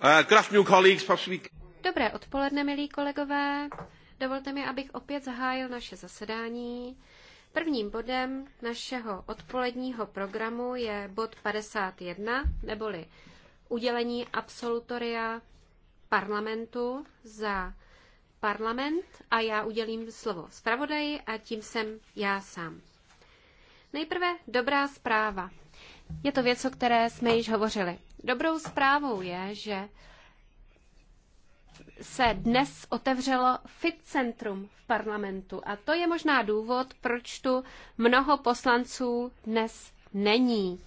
Eh, Dobré odpoledne, milí kolegové. Dovolte mi, abych opět zahájil naše zasedání. Prvním bodem našeho odpoledního programu je bod 51, neboli udělení absolutoria parlamentu za parlament a já udělím slovo zpravodaji a tím jsem já sám. Nejprve dobrá zpráva. Je to věc, o které jsme již hovořili. Dobrou zprávou je, že se dnes otevřelo FIT centrum v parlamentu a to je možná důvod, proč tu mnoho poslanců dnes není.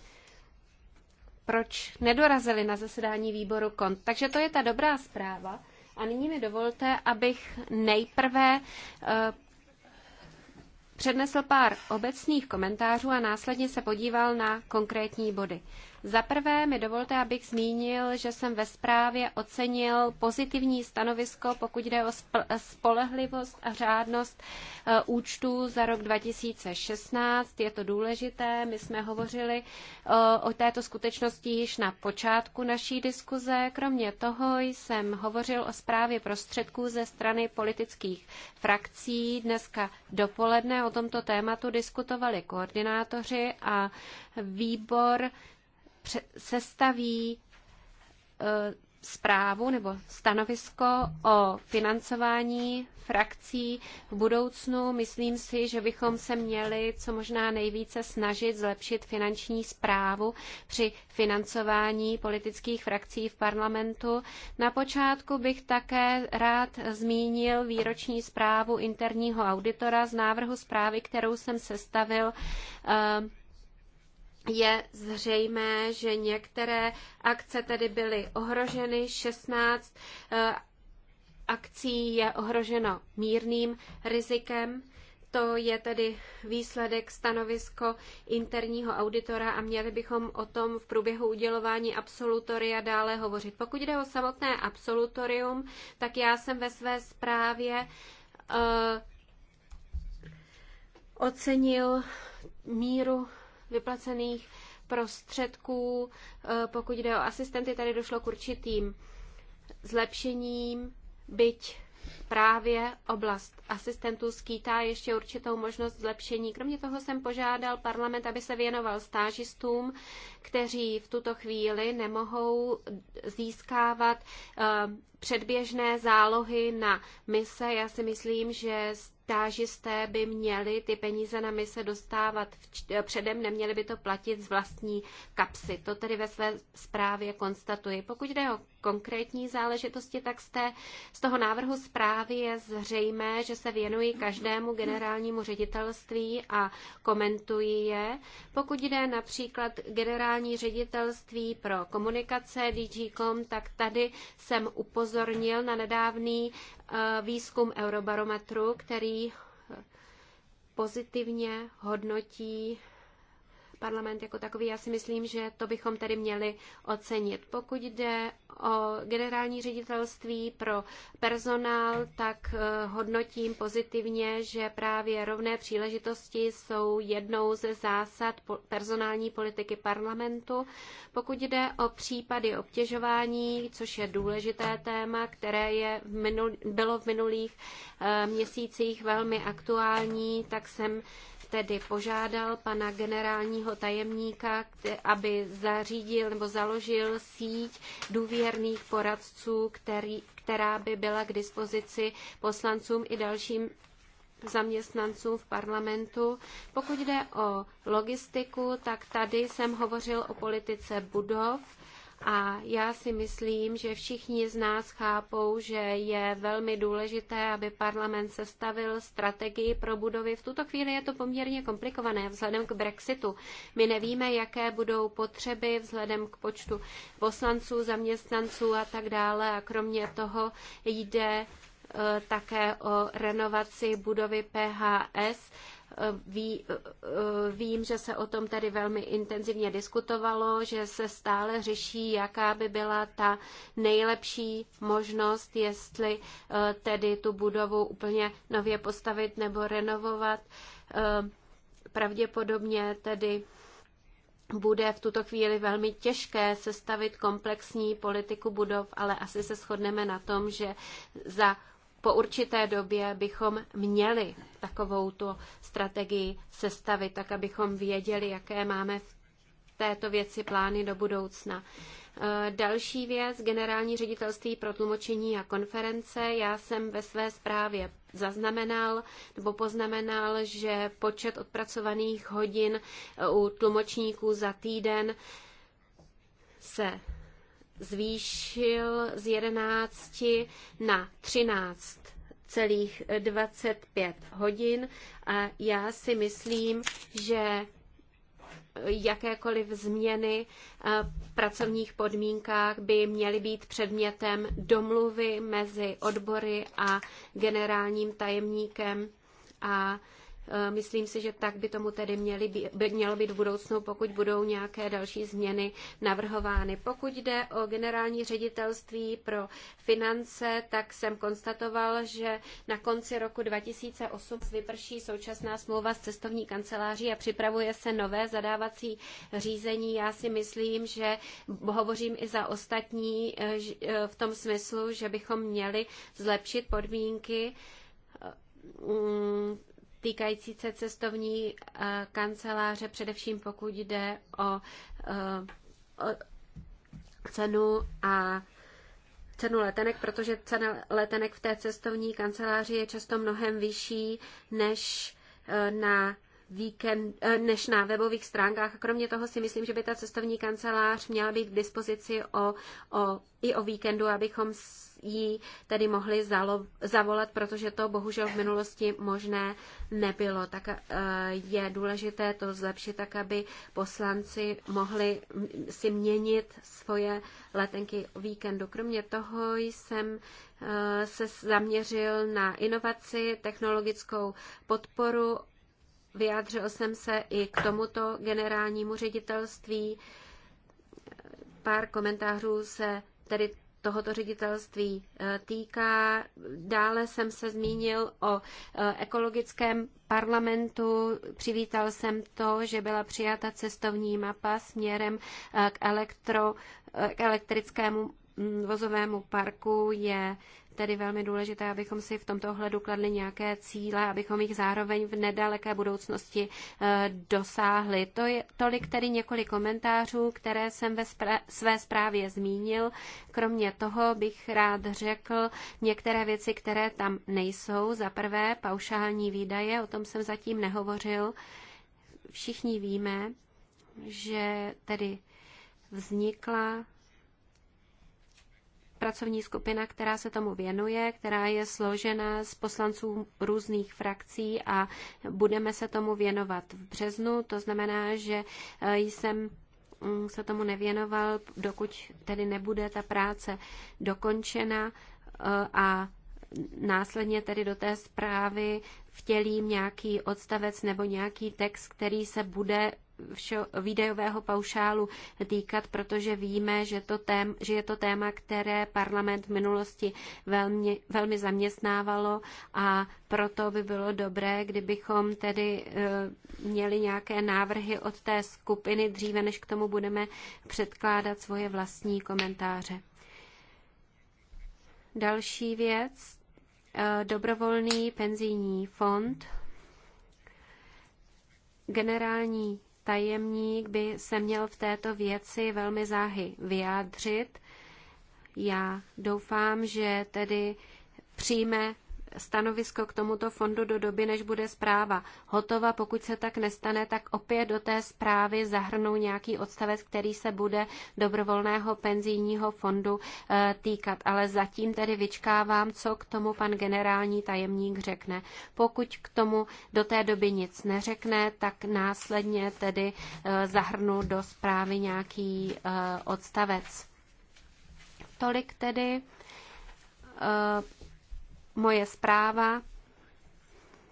Proč nedorazili na zasedání výboru KONT. Takže to je ta dobrá zpráva. A nyní mi dovolte, abych nejprve eh, přednesl pár obecných komentářů a následně se podíval na konkrétní body. Za prvé mi dovolte, abych zmínil, že jsem ve zprávě ocenil pozitivní stanovisko, pokud jde o spolehlivost a řádnost eh, účtů za rok 2016. Je to důležité, my jsme hovořili eh, o této skutečnosti již na počátku naší diskuze. Kromě toho jsem hovořil o zprávě prostředků ze strany politických frakcí. Dneska dopoledne o tomto tématu diskutovali koordinátoři a výbor sestaví eh, zprávu nebo stanovisko o financování frakcí v budoucnu. Myslím si, že bychom se měli co možná nejvíce snažit zlepšit finanční zprávu při financování politických frakcí v parlamentu. Na počátku bych také rád zmínil výroční zprávu interního auditora z návrhu zprávy, kterou jsem sestavil. Eh, je zřejmé, že některé akce tedy byly ohroženy, 16 eh, akcí je ohroženo mírným rizikem. To je tedy výsledek stanovisko interního auditora a měli bychom o tom v průběhu udělování absolutoria dále hovořit. Pokud jde o samotné absolutorium, tak já jsem ve své zprávě uh, ocenil míru vyplacených prostředků. Eh, pokud jde o asistenty, tady došlo k určitým zlepšením, byť právě oblast asistentů skýtá ještě určitou možnost zlepšení. Kromě toho jsem požádal parlament, aby se věnoval stážistům, kteří v tuto chvíli nemohou získávat eh, předběžné zálohy na mise. Já si myslím, že stážisté by měli ty peníze na mise dostávat eh, předem, neměli by to platit z vlastní kapsy. To tedy ve své zprávě konstatuji. Pokud jde o konkrétní záležitosti, tak z, té, z toho návrhu zprávy zprávy je zřejmé, že se věnují každému generálnímu ředitelství a komentují je. Pokud jde například generální ředitelství pro komunikace DG.com, tak tady jsem upozornil na nedávný eh, výzkum Eurobarometru, který eh, pozitivně hodnotí parlament jako takový. Já si myslím, že to bychom tady měli ocenit. Pokud jde o generální ředitelství pro personál, tak eh, hodnotím pozitivně, že právě rovné příležitosti jsou jednou ze zásad personální politiky parlamentu. Pokud jde o případy obtěžování, což je důležité téma, které je v minul, bylo v minulých eh, měsících velmi aktuální, tak jsem tedy požádal pana generálního tajemníka, aby zařídil nebo založil síť důvěrných poradců, který, která by byla k dispozici poslancům i dalším zaměstnancům v parlamentu. Pokud jde o logistiku, tak tady jsem hovořil o politice budov. A já si myslím, že všichni z nás chápou, že je velmi důležité, aby parlament sestavil strategii pro budovy. V tuto chvíli je to poměrně komplikované vzhledem k Brexitu. My nevíme, jaké budou potřeby vzhledem k počtu poslanců, zaměstnanců a tak dále. A kromě toho jde eh, také o renovaci budovy PHS Ví, eh, vím, že se o tom tady velmi intenzivně diskutovalo, že se stále řeší, jaká by byla ta nejlepší možnost, jestli eh, tedy tu budovu úplně nově postavit nebo renovovat. Eh, pravděpodobně tedy bude v tuto chvíli velmi těžké sestavit komplexní politiku budov, ale asi se shodneme na tom, že za po určité době bychom měli takovou tu strategii sestavit, tak abychom věděli, jaké máme v této věci plány do budoucna. E, další věc, generální ředitelství pro tlumočení a konference. Já jsem ve své zprávě zaznamenal nebo poznamenal, že počet odpracovaných hodin u tlumočníků za týden se zvýšil z 11 na 13 celých 25 hodin a já si myslím, že jakékoliv změny eh, v pracovních podmínkách by měly být předmětem domluvy mezi odbory a generálním tajemníkem a Myslím si, že tak by tomu tedy měly být, by mělo být v budoucnu, pokud budou nějaké další změny navrhovány. Pokud jde o generální ředitelství pro finance, tak jsem konstatoval, že na konci roku 2008 vyprší současná smlouva s cestovní kanceláří a připravuje se nové zadávací řízení. Já si myslím, že hovořím i za ostatní e, e, v tom smyslu, že bychom měli zlepšit podmínky e, mm, týkající se cestovní eh, kanceláře, především pokud jde o, eh, o cenu a cenu letenek, protože cena letenek v té cestovní kanceláři je často mnohem vyšší než eh, na víkend, než na webových stránkách. kromě toho si myslím, že by ta cestovní kancelář měla být k dispozici o, o, i o víkendu, abychom jí tedy mohli zavolat, protože to bohužel v minulosti možné nebylo. Tak eh, je důležité to zlepšit tak, aby poslanci mohli si měnit svoje letenky víkendu. Kromě toho jsem eh, se zaměřil na inovaci, technologickou podporu. Vyjádřil jsem se i k tomuto generálnímu ředitelství. Pár komentářů se tedy tohoto ředitelství eh, týká. Dále jsem se zmínil o eh, ekologickém parlamentu. Přivítal jsem to, že byla přijata cestovní mapa směrem eh, k, elektro, k elektrickému mm, vozovému parku je tedy velmi důležité, abychom si v tomto ohledu kladli nějaké cíle, abychom jich zároveň v nedaleké budoucnosti eh, dosáhli. To je tolik tedy několik komentářů, které jsem ve své zprávě zmínil. Kromě toho bych rád řekl některé věci, které tam nejsou. Za prvé, paušální výdaje, o tom jsem zatím nehovořil. Všichni víme, že tedy vznikla pracovní skupina, která se tomu věnuje, která je složena z poslanců různých frakcí a budeme se tomu věnovat v březnu. To znamená, že eh, jsem mm, se tomu nevěnoval, dokud tedy nebude ta práce dokončena eh, a následně tedy do té zprávy vtělím nějaký odstavec nebo nějaký text, který se bude všeho, výdajového paušálu týkat, protože víme, že, to tém, že je to téma, které parlament v minulosti velmi, velmi zaměstnávalo a proto by bylo dobré, kdybychom tedy eh, měli nějaké návrhy od té skupiny dříve, než k tomu budeme předkládat svoje vlastní komentáře. Další věc, eh, dobrovolný penzijní fond, generální tajemník by se měl v této věci velmi záhy vyjádřit. Já doufám, že tedy přijme stanovisko k tomuto fondu do doby, než bude zpráva hotova. Pokud se tak nestane, tak opět do té zprávy zahrnou nějaký odstavec, který se bude dobrovolného penzijního fondu eh, týkat. Ale zatím tedy vyčkávám, co k tomu pan generální tajemník řekne. Pokud k tomu do té doby nic neřekne, tak následně tedy eh, zahrnu do zprávy nějaký eh, odstavec. Tolik tedy moje zpráva.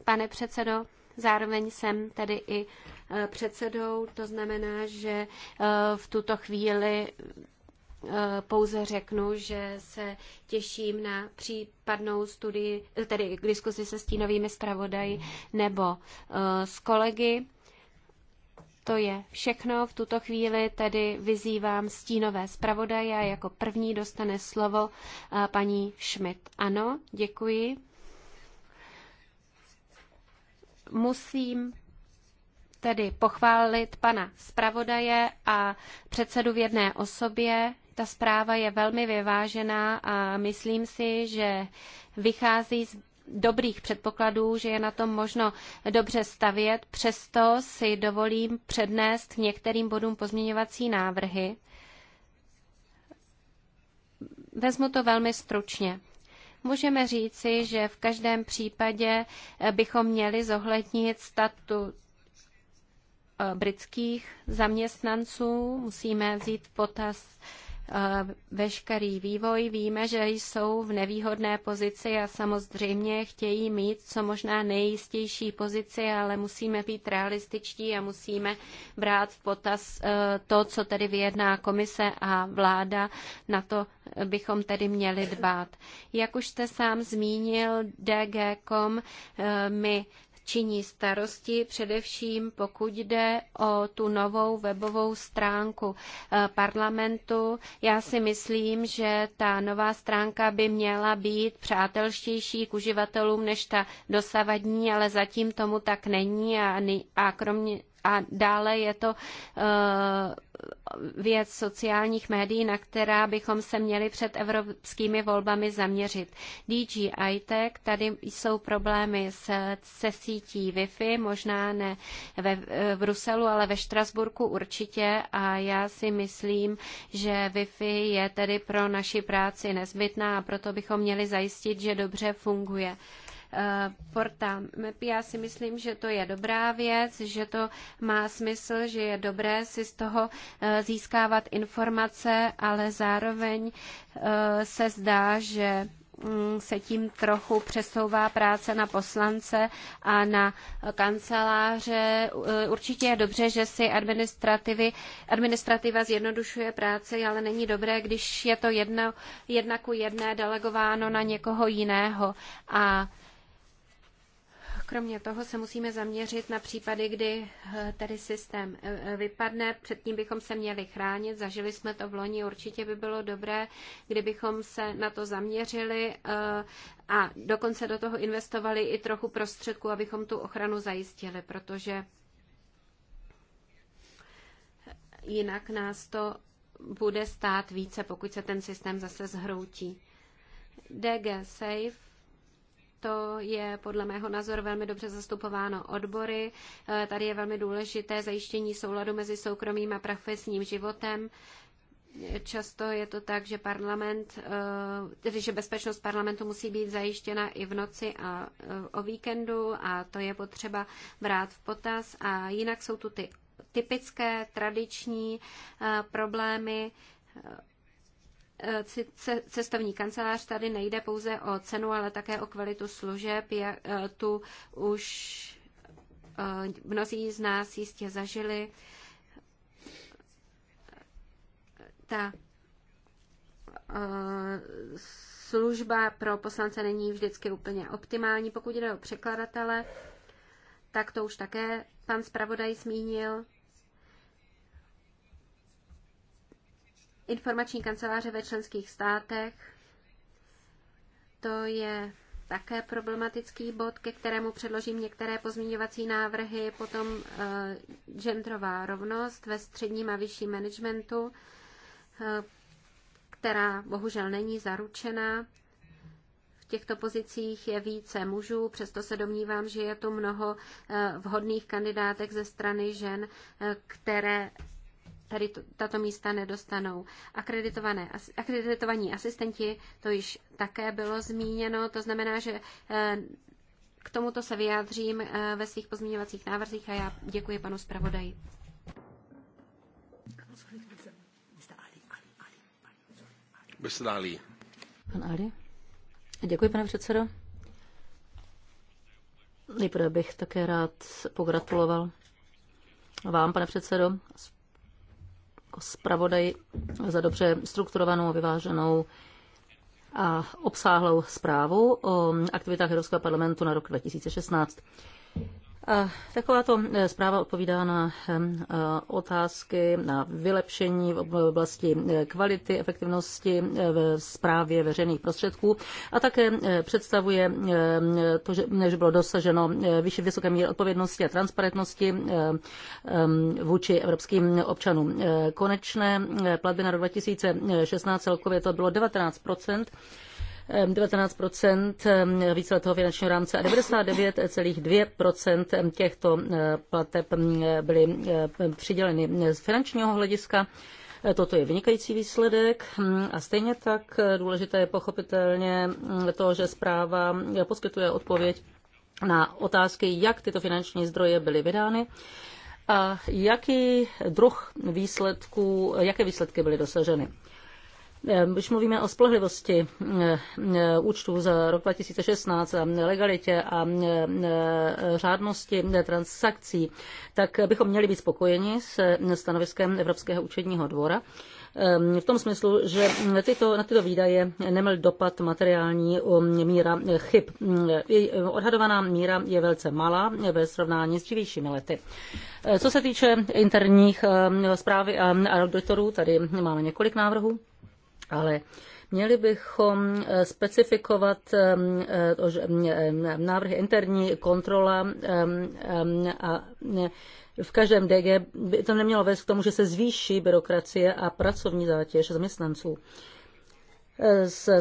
Pane předsedo, zároveň jsem tedy i e, předsedou, to znamená, že e, v tuto chvíli e, pouze řeknu, že se těším na případnou studii, tedy diskuzi se stínovými zpravodaji nebo s kolegy. To je všechno. V tuto chvíli tedy vyzývám stínové zpravodaje a jako první dostane slovo paní Schmidt. Ano, děkuji. Musím tedy pochválit pana zpravodaje a předsedu v jedné osobě. Ta zpráva je velmi vyvážená a myslím si, že vychází z dobrých předpokladů, že je na tom možno dobře stavět, přesto si dovolím přednést k některým bodům pozměňovací návrhy. Vezmu to velmi stručně. Můžeme říci, že v každém případě bychom měli zohlednit statut eh, britských zaměstnanců. Musíme vzít v potaz Eh, veškerý vývoj. Víme, že jsou v nevýhodné pozici a samozřejmě chtějí mít co možná nejistější pozici, ale musíme být realističtí a musíme brát v potaz eh, to, co tedy vyjedná komise a vláda. Na to bychom tedy měli dbát. Jak už jste sám zmínil, DG.com eh, my činí starosti, především pokud jde o tu novou webovou stránku eh, parlamentu. Já si myslím, že ta nová stránka by měla být přátelštější k uživatelům než ta dosavadní, ale zatím tomu tak není a, a kromě a dále je to uh, věc sociálních médií, na která bychom se měli před evropskými volbami zaměřit. DG ITech, tady jsou problémy se, se sítí Wi-Fi, možná ne ve v Bruselu, ale ve Štrasburku určitě a já si myslím, že Wi-Fi je tedy pro naši práci nezbytná a proto bychom měli zajistit, že dobře funguje. Eh, portál MEPI. Já si myslím, že to je dobrá věc, že to má smysl, že je dobré si z toho eh, získávat informace, ale zároveň eh, se zdá, že mm, se tím trochu přesouvá práce na poslance a na kanceláře. Určitě je dobře, že si administrativy, administrativa zjednodušuje práci, ale není dobré, když je to jedna, jedna ku jedné delegováno na někoho jiného. A Kromě toho se musíme zaměřit na případy, kdy eh, tady systém eh, eh, vypadne. Předtím bychom se měli chránit. Zažili jsme to v loni. Určitě by bylo dobré, kdybychom se na to zaměřili a dokonce do toho investovali i trochu prostředků, abychom tu ochranu zajistili, protože jinak nás to bude stát více, pokud se ten systém zase zhroutí. DG Safe to je podle mého názoru velmi dobře zastupováno odbory. Eh, tady je velmi důležité zajištění souladu mezi soukromým a profesním životem. Často je to tak, že parlament, eh, tedy že bezpečnost parlamentu musí být zajištěna i v noci a eh, o víkendu a to je potřeba brát v potaz a jinak jsou tu ty typické tradiční problémy Eh, cestovní kancelář tady nejde pouze o cenu, ale také o kvalitu služeb. Eh, tu už eh, mnozí z nás jistě zažili. Ta služba pro poslance není vždycky úplně optimální. Pokud jde o překladatele, tak to už také pan zpravodaj zmínil. informační kanceláře ve členských státech. To je také problematický bod, ke kterému předložím některé pozměňovací návrhy, potom uh, genderová rovnost ve středním a vyšším managementu, uh, která bohužel není zaručena. V těchto pozicích je více mužů, přesto se domnívám, že je tu mnoho uh, vhodných kandidátek ze strany žen, uh, které tady to, tato místa nedostanou. Akreditované, akreditovaní asistenti, to již také bylo zmíněno, to znamená, že eh, k tomuto se vyjádřím eh, ve svých pozměňovacích návrzích a já děkuji panu zpravodaji. Pan Ali. Děkuji, pane předsedo. Nejprve bych také rád pogratuloval vám, pane předsedo, jako zpravodaj za dobře strukturovanou, vyváženou a obsáhlou zprávu o aktivitách Evropského parlamentu na rok 2016. A takováto e, zpráva odpovídá na e, otázky na vylepšení v oblasti e, kvality, efektivnosti v zprávě veřejných prostředků a také představuje to, že bylo dosaženo vyšší vysoké míry odpovědnosti a transparentnosti vůči evropským občanům. Konečné platby na rok 2016 celkově to bylo 19 19 víceletého finančního rámce a 99,2 těchto plateb byly přiděleny z finančního hlediska. E, toto je vynikající výsledek a stejně tak e, důležité je pochopitelně to, že zpráva e, poskytuje odpověď na otázky, jak tyto finanční zdroje byly vydány a jaký druh výsledků, jaké výsledky byly dosaženy. Když eh, mluvíme o spolehlivosti eh, účtů za rok 2016 a legalitě a eh, řádnosti transakcí, tak bychom měli být spokojeni s stanoviskem Evropského účetního dvora v tom smyslu, že tyto, na tyto výdaje neměl dopad materiální um, míra chyb. Odhadovaná míra je velice malá ve srovnání s dřívějšími lety. Co se týče interních zprávy a auditorů, tady máme několik návrhů ale měli bychom eh, specifikovat ehm, eh, ehm, ehm, návrh interní kontrola a eh, v každém DG by to nemělo vést k tomu, že se zvýší byrokracie a pracovní zátěž zaměstnanců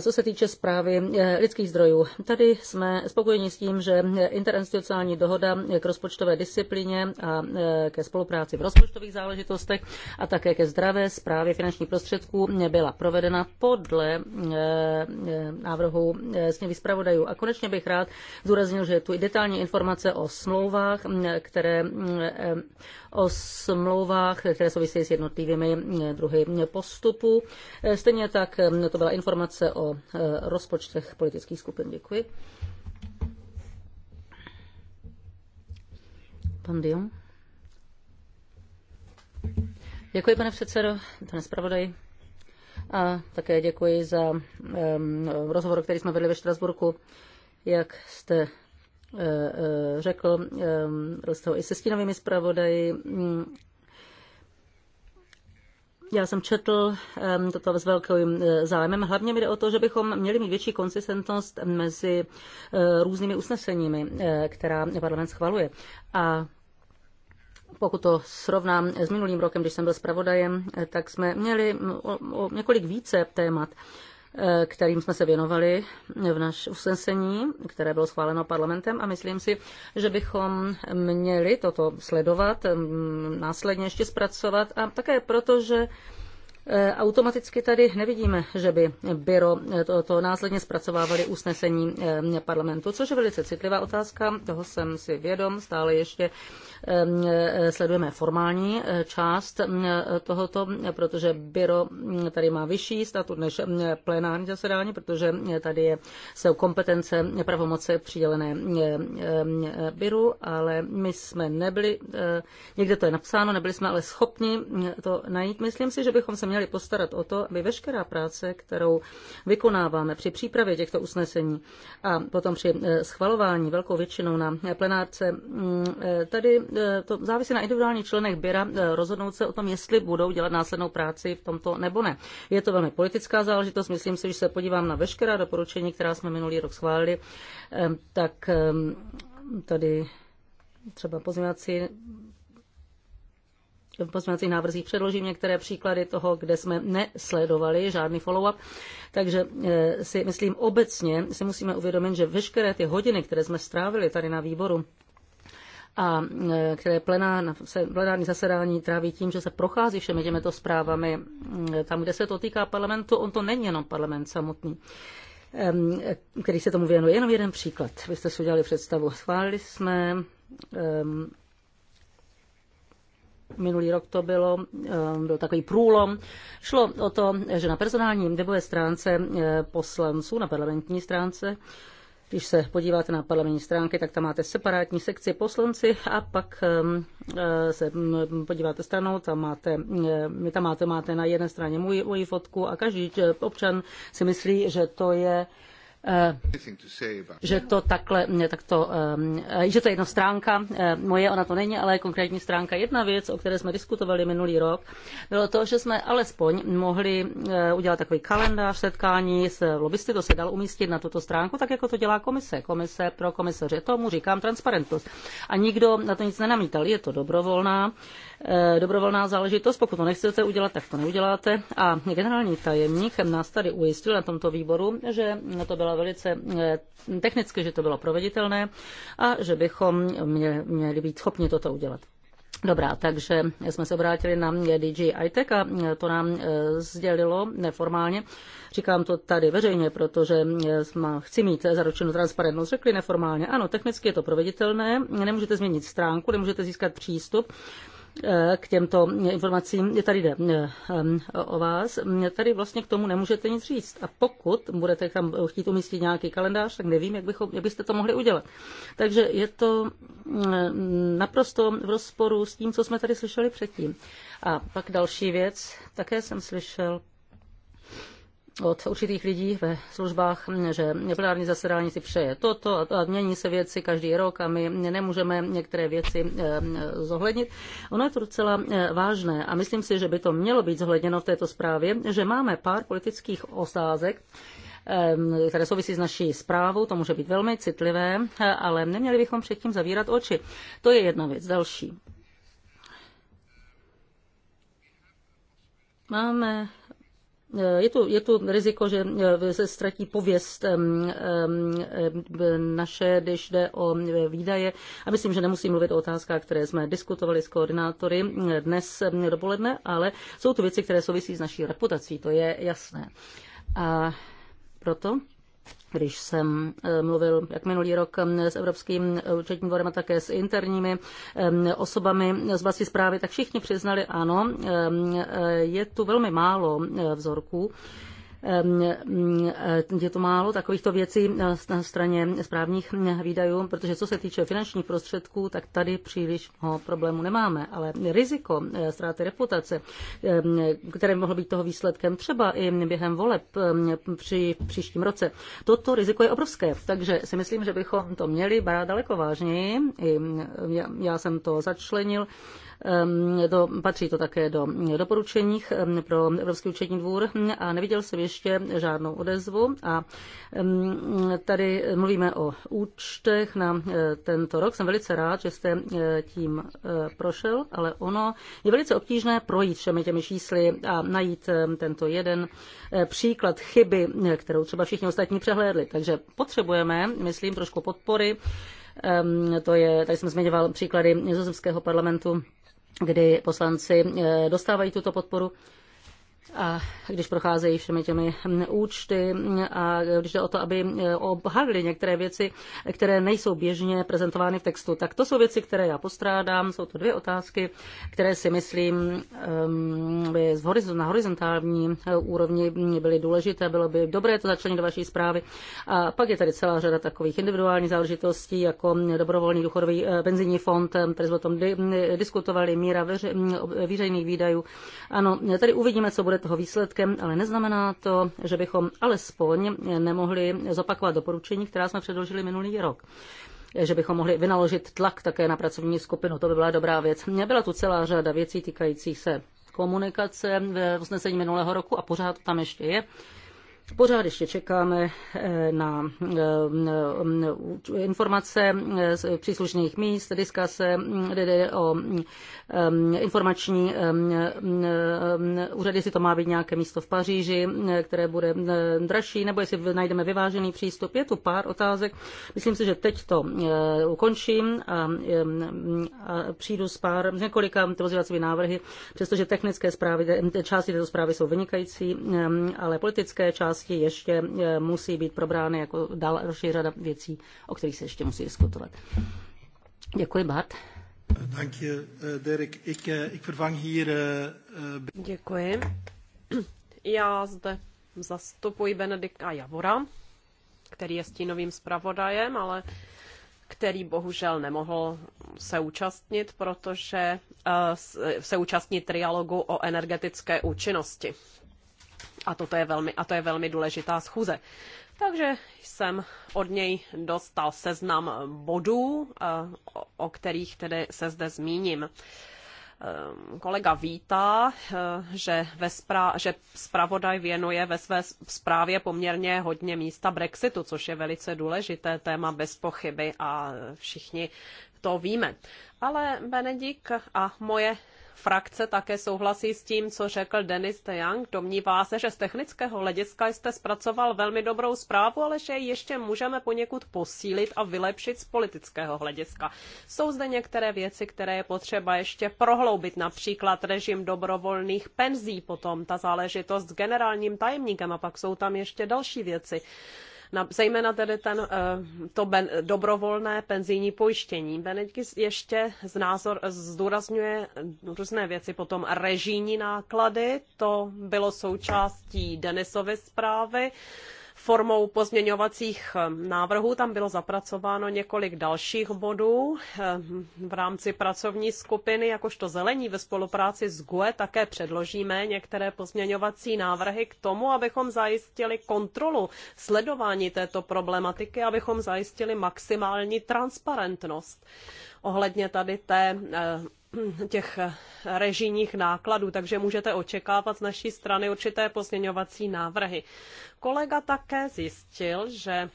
co se týče zprávy eh, lidských zdrojů. Tady jsme spokojeni s tím, že interinstitucionální dohoda k rozpočtové disciplíně a eh, ke spolupráci v rozpočtových záležitostech a také ke zdravé zprávě finančních prostředků byla provedena podle eh, návrhu sněvy zpravodajů. A konečně bych rád zúraznil, že je tu i detailní informace o smlouvách, které o smlouvách, které souvisí s jednotlivými druhy postupu. Stejně tak to byla informace informace o eh, rozpočtech politických skupin. Děkuji. Pan Dion. Děkuji, pane předsedo, pane zpravodaj. A také děkuji za um, rozhovor, který jsme vedli ve Štrasburku. Jak jste eh, eh, řekl, byl jste ho i se stínovými zpravodaji já jsem četl toto s velkým e, zájmem. Hlavně mi jde o to, že bychom měli mít větší konsistentnost mezi e, různými usneseními, e, která parlament schvaluje. A pokud to srovnám s minulým rokem, když jsem byl zpravodajem, tak jsme měli o, o několik více témat, Eh, kterým jsme se věnovali v naš usnesení, které bylo schváleno parlamentem a myslím si, že bychom měli toto sledovat, mm, následně ještě zpracovat a také proto, že Eh, automaticky tady nevidíme, že by byro eh, to, to následně zpracovávali usnesení eh, parlamentu, což je velice citlivá otázka, toho jsem si vědom, stále ještě ehm, sledujeme formální část mm, tohoto, protože byro mm, tady má vyšší statut než mm, plenární zasedání, protože tady je, jsou kompetence pravomoce přidělené ehm, byru, ale my jsme nebyli, někde to je napsáno, nebyli jsme ale schopni to najít. Myslím si, že bychom se měli měli postarat o to, aby veškerá práce, kterou vykonáváme při přípravě těchto usnesení a potom při eh, schvalování velkou většinou na eh, plenárce, mm, eh, tady to závisí na individuálních členech Běra rozhodnout se o tom, jestli budou dělat následnou práci v tomto nebo ne. Je to velmi politická záležitost. Myslím si, že se podívám na veškerá doporučení, která jsme minulý rok schválili, tak tady třeba pozměňovací v pozměňovacích návrzích předložím některé příklady toho, kde jsme nesledovali žádný follow-up. Takže eh, si myslím obecně si musíme uvědomit, že veškeré ty hodiny, které jsme strávili tady na výboru, a eh, které plenární, zasedání tráví tím, že se prochází všemi těmito zprávami. Mm, tam, kde se to týká parlamentu, on to není jenom parlament samotný který se tomu věnuje. Jenom jeden příklad. Vy jste si udělali představu. Schválili jsme Minulý rok to bylo, eh, byl takový průlom. Šlo o to, že na personální webové stránce eh, poslanců, na parlamentní stránce, když se podíváte na parlamentní stránky, tak tam máte separátní sekci poslanci a pak eh, se mm, mm, podíváte stranou, tam máte, my tam máte, máte na jedné straně můj, moji fotku a každý občan si myslí, že to je Eh, že to takhle, tak to, eh, eh, že to je jedna stránka moje, ona to není, ale konkrétní stránka. Jedna věc, o které jsme diskutovali minulý rok, bylo to, že jsme alespoň mohli udělat takový kalendář setkání s lobbysty, to se dal umístit na tuto stránku, tak jako to dělá komise, komise pro komisaře. Tomu říkám transparentnost. A nikdo na to nic nenamítal, je to dobrovolná dobrovolná záležitost. Pokud to nechcete udělat, tak to neuděláte. A generální tajemník nás tady ujistil na tomto výboru, že na to byla byla velice eh, technicky, že to bylo proveditelné a že bychom měli být schopni toto udělat. Dobrá, takže jsme se obrátili na DJ ITEC a to nám eh, sdělilo neformálně. Říkám to tady veřejně, protože eh, chci mít zaručenou transparentnost. Řekli neformálně, ano, technicky je to proveditelné, nemůžete změnit stránku, nemůžete získat přístup Eh, k těmto informacím. Je tady jde eh, o vás. Tady vlastně k tomu nemůžete nic říct. A pokud budete tam chtít umístit nějaký kalendář, tak nevím, jak, bychom, jak byste to mohli udělat. Takže je to eh, naprosto v rozporu s tím, co jsme tady slyšeli předtím. A pak další věc. Také jsem slyšel od určitých lidí ve službách, že plenární zasedání si přeje toto a mění se věci každý rok a my nemůžeme některé věci eh, zohlednit. Ono je to docela eh, vážné a myslím si, že by to mělo být zohledněno v této zprávě, že máme pár politických osázek, eh, které souvisí s naší zprávou, to může být velmi citlivé, ale neměli bychom předtím zavírat oči. To je jedna věc. Další. Máme je tu, je tu riziko, že eh, se ztratí pověst naše, když jde o eh, výdaje. A myslím, že nemusím mluvit o otázkách, které jsme diskutovali s koordinátory eh, dnes dopoledne, ale jsou to věci, které souvisí s naší reputací, to je jasné. A proto když jsem eh, mluvil jak minulý rok eh, s Evropským eh, účetním dvorem a také s interními osobami z vlastní zprávy, tak všichni přiznali, ano, je tu velmi málo vzorků Ehm, ehm, je to málo takovýchto věcí eh, na straně správních eh, výdajů, protože co se týče finančních prostředků, tak tady příliš ho problému nemáme. Ale riziko eh, ztráty reputace, ehm, které mohlo být toho výsledkem třeba i během voleb při příštím roce, toto riziko je obrovské. Takže si myslím, že bychom to měli brát daleko vážněji. Já jsem to začlenil do, ehm, patří to také do doporučeních ehm, pro Evropský účetní dvůr a neviděl jsem ještě žádnou odezvu. A ehm, tady mluvíme o účtech na eh, tento rok. Jsem velice rád, že jste eh, tím eh, prošel, ale ono je velice obtížné projít všemi těmi čísly a najít tento jeden příklad chyby, kterou třeba všichni ostatní přehlédli. Takže potřebujeme, myslím, trošku podpory. To je, tady jsem zmiňoval příklady nizozemského parlamentu kdy poslanci eh, dostávají tuto podporu a když procházejí všemi těmi účty a když jde o to, aby eh, obhadli některé věci, které nejsou běžně prezentovány v textu, tak to jsou věci, které já postrádám. Jsou to dvě otázky, které si myslím ehm, by na horizontální eh, úrovni byly důležité. Bylo by dobré to začlenit do vaší zprávy. A pak je tady celá řada takových individuálních záležitostí, jako dobrovolný důchodový eh, penzijní fond, který jsme o tom diskutovali, míra veřejných výdajů. Ano, tady uvidíme, co bude toho výsledkem, ale neznamená to, že bychom alespoň nemohli zopakovat doporučení, která jsme předložili minulý rok že bychom mohli vynaložit tlak také na pracovní skupinu. To by byla dobrá věc. Byla tu celá řada věcí týkajících se komunikace v usnesení minulého roku a pořád tam ještě je. Pořád ještě čekáme eh, na eh, informace eh, z příslušných míst, diskase o informační úřady, jestli to má být nějaké místo v Paříži, které bude dražší, nebo jestli najdeme vyvážený přístup. Je tu pár otázek. Myslím si, že teď to ukončím a, přijdu s pár několika pozvědacími návrhy, přestože technické zprávy, části této zprávy jsou vynikající, ale politické části oblasti ještě eh, musí být probrány jako další řada věcí, o kterých se ještě musí diskutovat. Děkuji, Bart. Děkuji. Já zde zastupuji Benedika Javora, který je stínovým zpravodajem, ale který bohužel nemohl se účastnit, protože eh, eh, se účastní trialogu o energetické účinnosti. A, toto je velmi, a to je velmi důležitá schůze. Takže jsem od něj dostal seznam bodů, eh, o kterých tedy se zde zmíním eh, kolega vítá, eh, že, ve spra- že spravodaj věnuje ve své zprávě poměrně hodně místa Brexitu, což je velice důležité téma bez pochyby a všichni to víme. Ale Benedik a moje frakce také souhlasí s tím, co řekl Denis de Young. Domnívá se, že z technického hlediska jste zpracoval velmi dobrou zprávu, ale že ji ještě můžeme poněkud posílit a vylepšit z politického hlediska. Jsou zde některé věci, které je potřeba ještě prohloubit, například režim dobrovolných penzí, potom ta záležitost s generálním tajemníkem a pak jsou tam ještě další věci zejména tedy ten, eh, to ben, dobrovolné penzijní pojištění. Benedikt ještě z názor zdůrazňuje různé věci, potom režijní náklady, to bylo součástí Denisovy zprávy. Formou pozměňovacích eh, návrhů tam bylo zapracováno několik dalších bodů eh, v rámci pracovní skupiny, jakožto zelení ve spolupráci s GUE také předložíme některé pozměňovací návrhy k tomu, abychom zajistili kontrolu sledování této problematiky, abychom zajistili maximální transparentnost ohledně tady té eh, těch eh, režijních nákladů, takže můžete očekávat z naší strany určité pozměňovací návrhy. Kolega také zjistil, že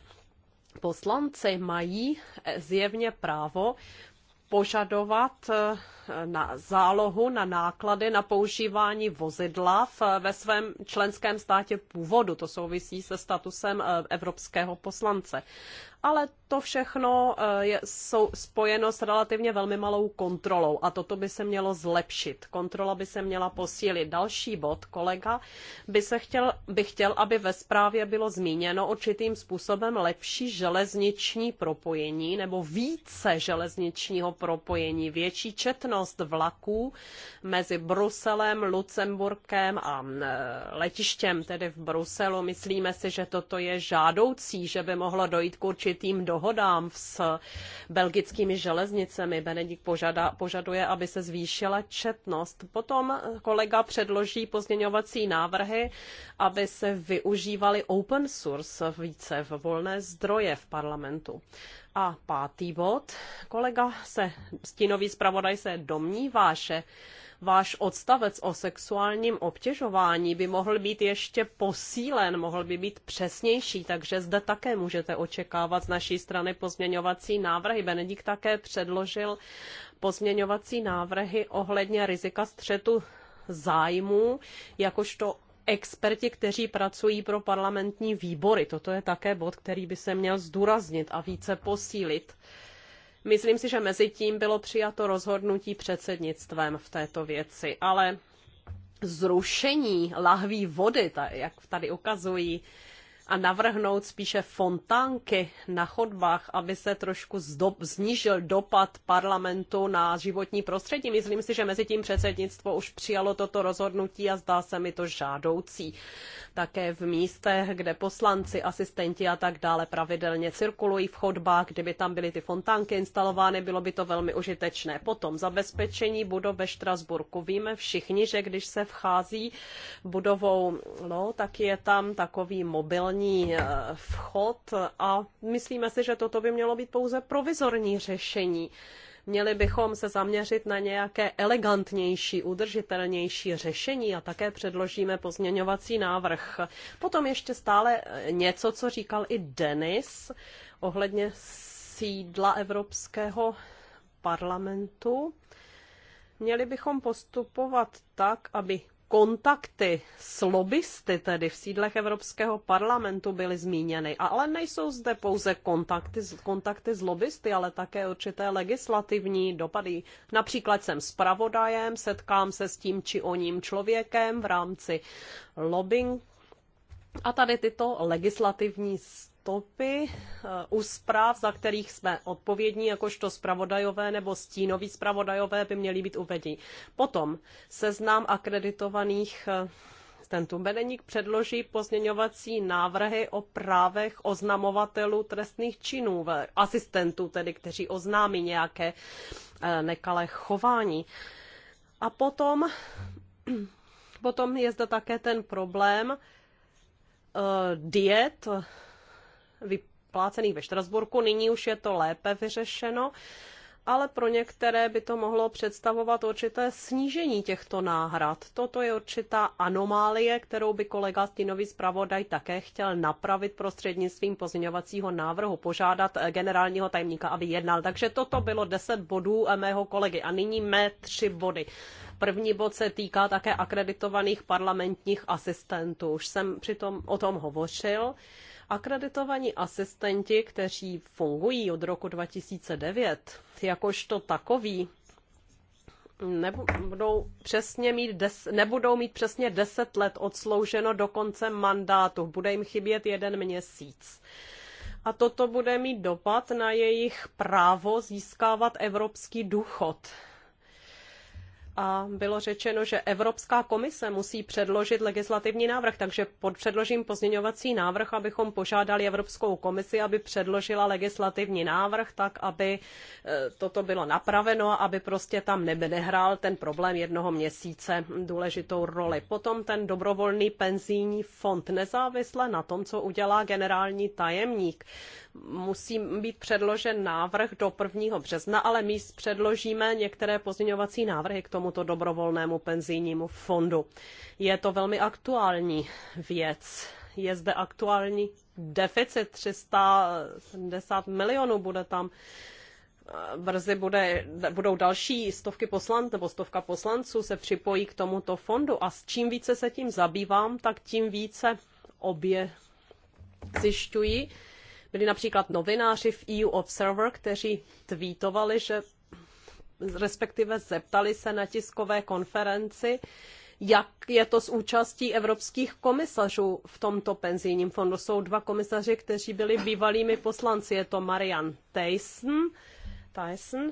poslanci mají eh, zjevně právo požadovat eh, na zálohu na náklady na používání vozidla v, ve svém členském státě původu. To souvisí se statusem evropského poslance ale to všechno eh, je jsou spojeno s relativně velmi malou kontrolou a toto by se mělo zlepšit. Kontrola by se měla posílit. Další bod, kolega, by, se chtěl, by chtěl, aby ve zprávě bylo zmíněno určitým způsobem lepší železniční propojení nebo více železničního propojení, větší četnost vlaků mezi Bruselem, Lucemburkem a mm, eh, letištěm, tedy v Bruselu. Myslíme si, že toto je žádoucí, že by mohlo dojít k určitým dvousitým dohodám s belgickými železnicemi. Benedikt požada, požaduje, aby se zvýšila četnost. Potom kolega předloží pozměňovací návrhy, aby se využívaly open source více volné zdroje v parlamentu. A pátý bod. Kolega se, stínový zpravodaj se domnívá, že váš odstavec o sexuálním obtěžování by mohl být ještě posílen, mohl by být přesnější, takže zde také můžete očekávat z naší strany pozměňovací návrhy. Benedikt také předložil pozměňovací návrhy ohledně rizika střetu zájmů, jakožto experti, kteří pracují pro parlamentní výbory. Toto je také bod, který by se měl zdůraznit a více posílit. Myslím si, že mezi tím bylo přijato rozhodnutí předsednictvem v této věci, ale zrušení lahví vody, jak tady ukazují a navrhnout spíše fontánky na chodbách, aby se trošku zdob, znížil dopad parlamentu na životní prostředí. Myslím si, že mezi tím předsednictvo už přijalo toto rozhodnutí a zdá se mi to žádoucí. Také v místech, kde poslanci, asistenti a tak dále pravidelně cirkulují v chodbách, kdyby tam byly ty fontánky instalovány, bylo by to velmi užitečné. Potom zabezpečení budov ve Štrasburku. Víme všichni, že když se vchází budovou, no, tak je tam takový mobilní legální eh, vchod a myslíme si, že toto by mělo být pouze provizorní řešení. Měli bychom se zaměřit na nějaké elegantnější, udržitelnější řešení a také předložíme pozměňovací návrh. Potom ještě stále eh, něco, co říkal i Denis ohledně sídla Evropského parlamentu. Měli bychom postupovat tak, aby kontakty s lobbysty tedy v sídlech Evropského parlamentu byly zmíněny, ale nejsou zde pouze kontakty, kontakty s lobbysty, ale také určité legislativní dopady. Například jsem zpravodajem, setkám se s tím či oním člověkem v rámci lobbying. A tady tyto legislativní stopy eh, u zpráv, za kterých jsme odpovědní, jakožto zpravodajové nebo stínoví zpravodajové by měly být uvedení. Potom seznám akreditovaných eh, tento bedeník předloží pozměňovací návrhy o právech oznamovatelů trestných činů, asistentů tedy, kteří oznámí nějaké eh, nekalé chování. A potom, potom je zde také ten problém diet vyplácených ve Štrasburku. Nyní už je to lépe vyřešeno, ale pro některé by to mohlo představovat určité snížení těchto náhrad. Toto je určitá anomálie, kterou by kolega Stinový zpravodaj také chtěl napravit prostřednictvím pozměňovacího návrhu, požádat eh, generálního tajemníka, aby jednal. Takže toto bylo 10 bodů eh, mého kolegy a nyní mé tři body. První bod se týká také akreditovaných parlamentních asistentů. Už jsem přitom o tom hovořil. Akreditovaní asistenti, kteří fungují od roku 2009, jakožto takoví, nebudou, přesně mít des, nebudou mít přesně 10 let odslouženo do konce mandátu. Bude jim chybět jeden měsíc. A toto bude mít dopad na jejich právo získávat evropský důchod a bylo řečeno, že Evropská komise musí předložit legislativní návrh, takže předložím pozměňovací návrh, abychom požádali Evropskou komisi, aby předložila legislativní návrh, tak aby e, toto bylo napraveno, aby prostě tam nehrál ten problém jednoho měsíce důležitou roli. Potom ten dobrovolný penzijní fond nezávisle na tom, co udělá generální tajemník. Musí být předložen návrh do 1. března, ale my předložíme některé pozměňovací návrhy k tomu, tomuto dobrovolnému penzijnímu fondu. Je to velmi aktuální věc. Je zde aktuální deficit 370 milionů, bude tam eh, brzy bude, budou další stovky poslanců nebo stovka poslanců se připojí k tomuto fondu a s čím více se tím zabývám, tak tím více obě zjišťují. Byli například novináři v EU Observer, kteří tweetovali, že respektive zeptali se na tiskové konferenci, jak je to s účastí evropských komisařů v tomto penzijním fondu. Jsou dva komisaři, kteří byli bývalými poslanci. Je to Marian Tyson, Tyson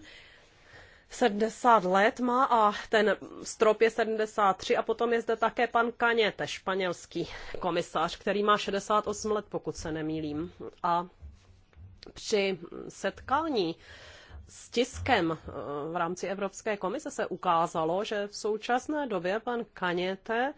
70 let má a ten strop je 73 a potom je zde také pan Kaněte, španělský komisař, který má 68 let, pokud se nemýlím. A při setkání s tiskem eh, v rámci Evropské komise se ukázalo, že v současné době pan Kaněte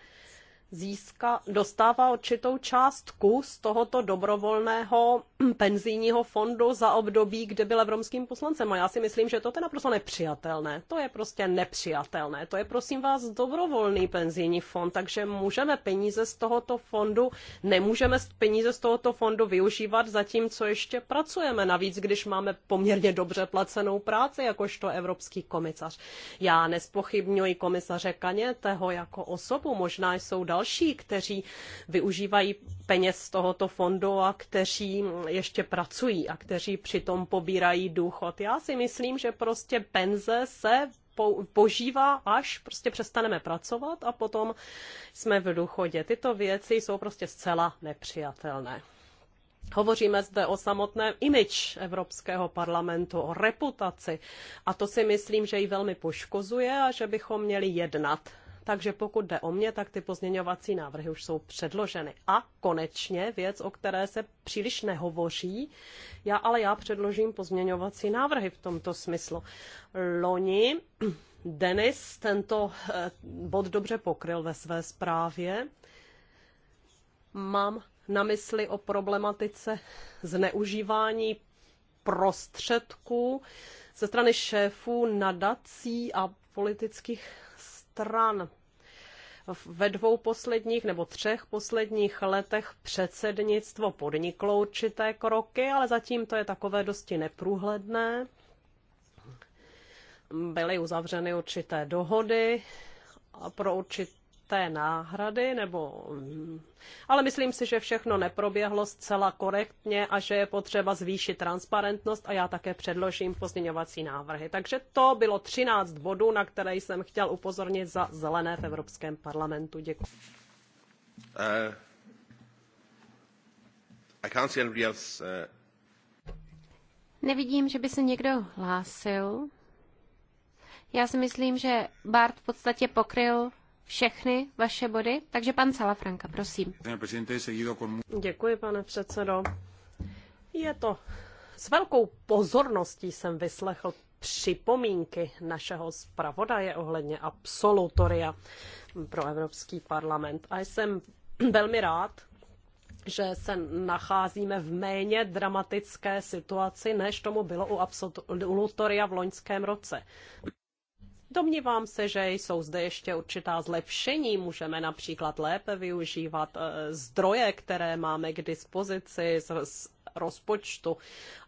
získá, dostává určitou částku z tohoto dobrovolného Mm, penzijního fondu za období, kde byl evropským poslancem. A já si myslím, že to je naprosto nepřijatelné. To je prostě nepřijatelné. To je, prosím vás, dobrovolný penzijní fond, takže můžeme peníze z tohoto fondu, nemůžeme peníze z tohoto fondu využívat co ještě pracujeme. Navíc, když máme poměrně dobře placenou práci, jakožto evropský komisař. Já nespochybňuji komisaře Kaněteho jako osobu. Možná jsou další, kteří využívají peněz z tohoto fondu a kteří ještě pracují a kteří přitom pobírají důchod. Já si myslím, že prostě penze se požívá, až prostě přestaneme pracovat a potom jsme v důchodě. Tyto věci jsou prostě zcela nepřijatelné. Hovoříme zde o samotném image Evropského parlamentu, o reputaci a to si myslím, že ji velmi poškozuje a že bychom měli jednat takže pokud jde o mě, tak ty pozměňovací návrhy už jsou předloženy. A konečně věc, o které se příliš nehovoří, já, ale já předložím pozměňovací návrhy v tomto smyslu. Loni Denis tento eh, bod dobře pokryl ve své zprávě. Mám na mysli o problematice zneužívání prostředků ze strany šéfů nadací a politických TRAN ve dvou posledních nebo třech posledních letech předsednictvo podniklo určité kroky, ale zatím to je takové dosti neprůhledné. Byly uzavřeny určité dohody pro určité té náhrady, nebo... Mm, ale myslím si, že všechno neproběhlo zcela korektně a že je potřeba zvýšit transparentnost a já také předložím pozměňovací návrhy. Takže to bylo 13 bodů, na které jsem chtěl upozornit za zelené v Evropském parlamentu. Děkuji. Uh, I can't see anybody else, uh... Nevidím, že by se někdo hlásil. Já si myslím, že Bart v podstatě pokryl všechny vaše body, takže pan Salafranka, prosím. Děkuji, pane předsedo. Je to. S velkou pozorností jsem vyslechl připomínky našeho zpravodaje ohledně absolutoria pro Evropský parlament. A jsem velmi rád, že se nacházíme v méně dramatické situaci, než tomu bylo u absolutoria v loňském roce. Domnívám se, že jsou zde ještě určitá zlepšení. Můžeme například lépe využívat eh, zdroje, které máme k dispozici z rozpočtu.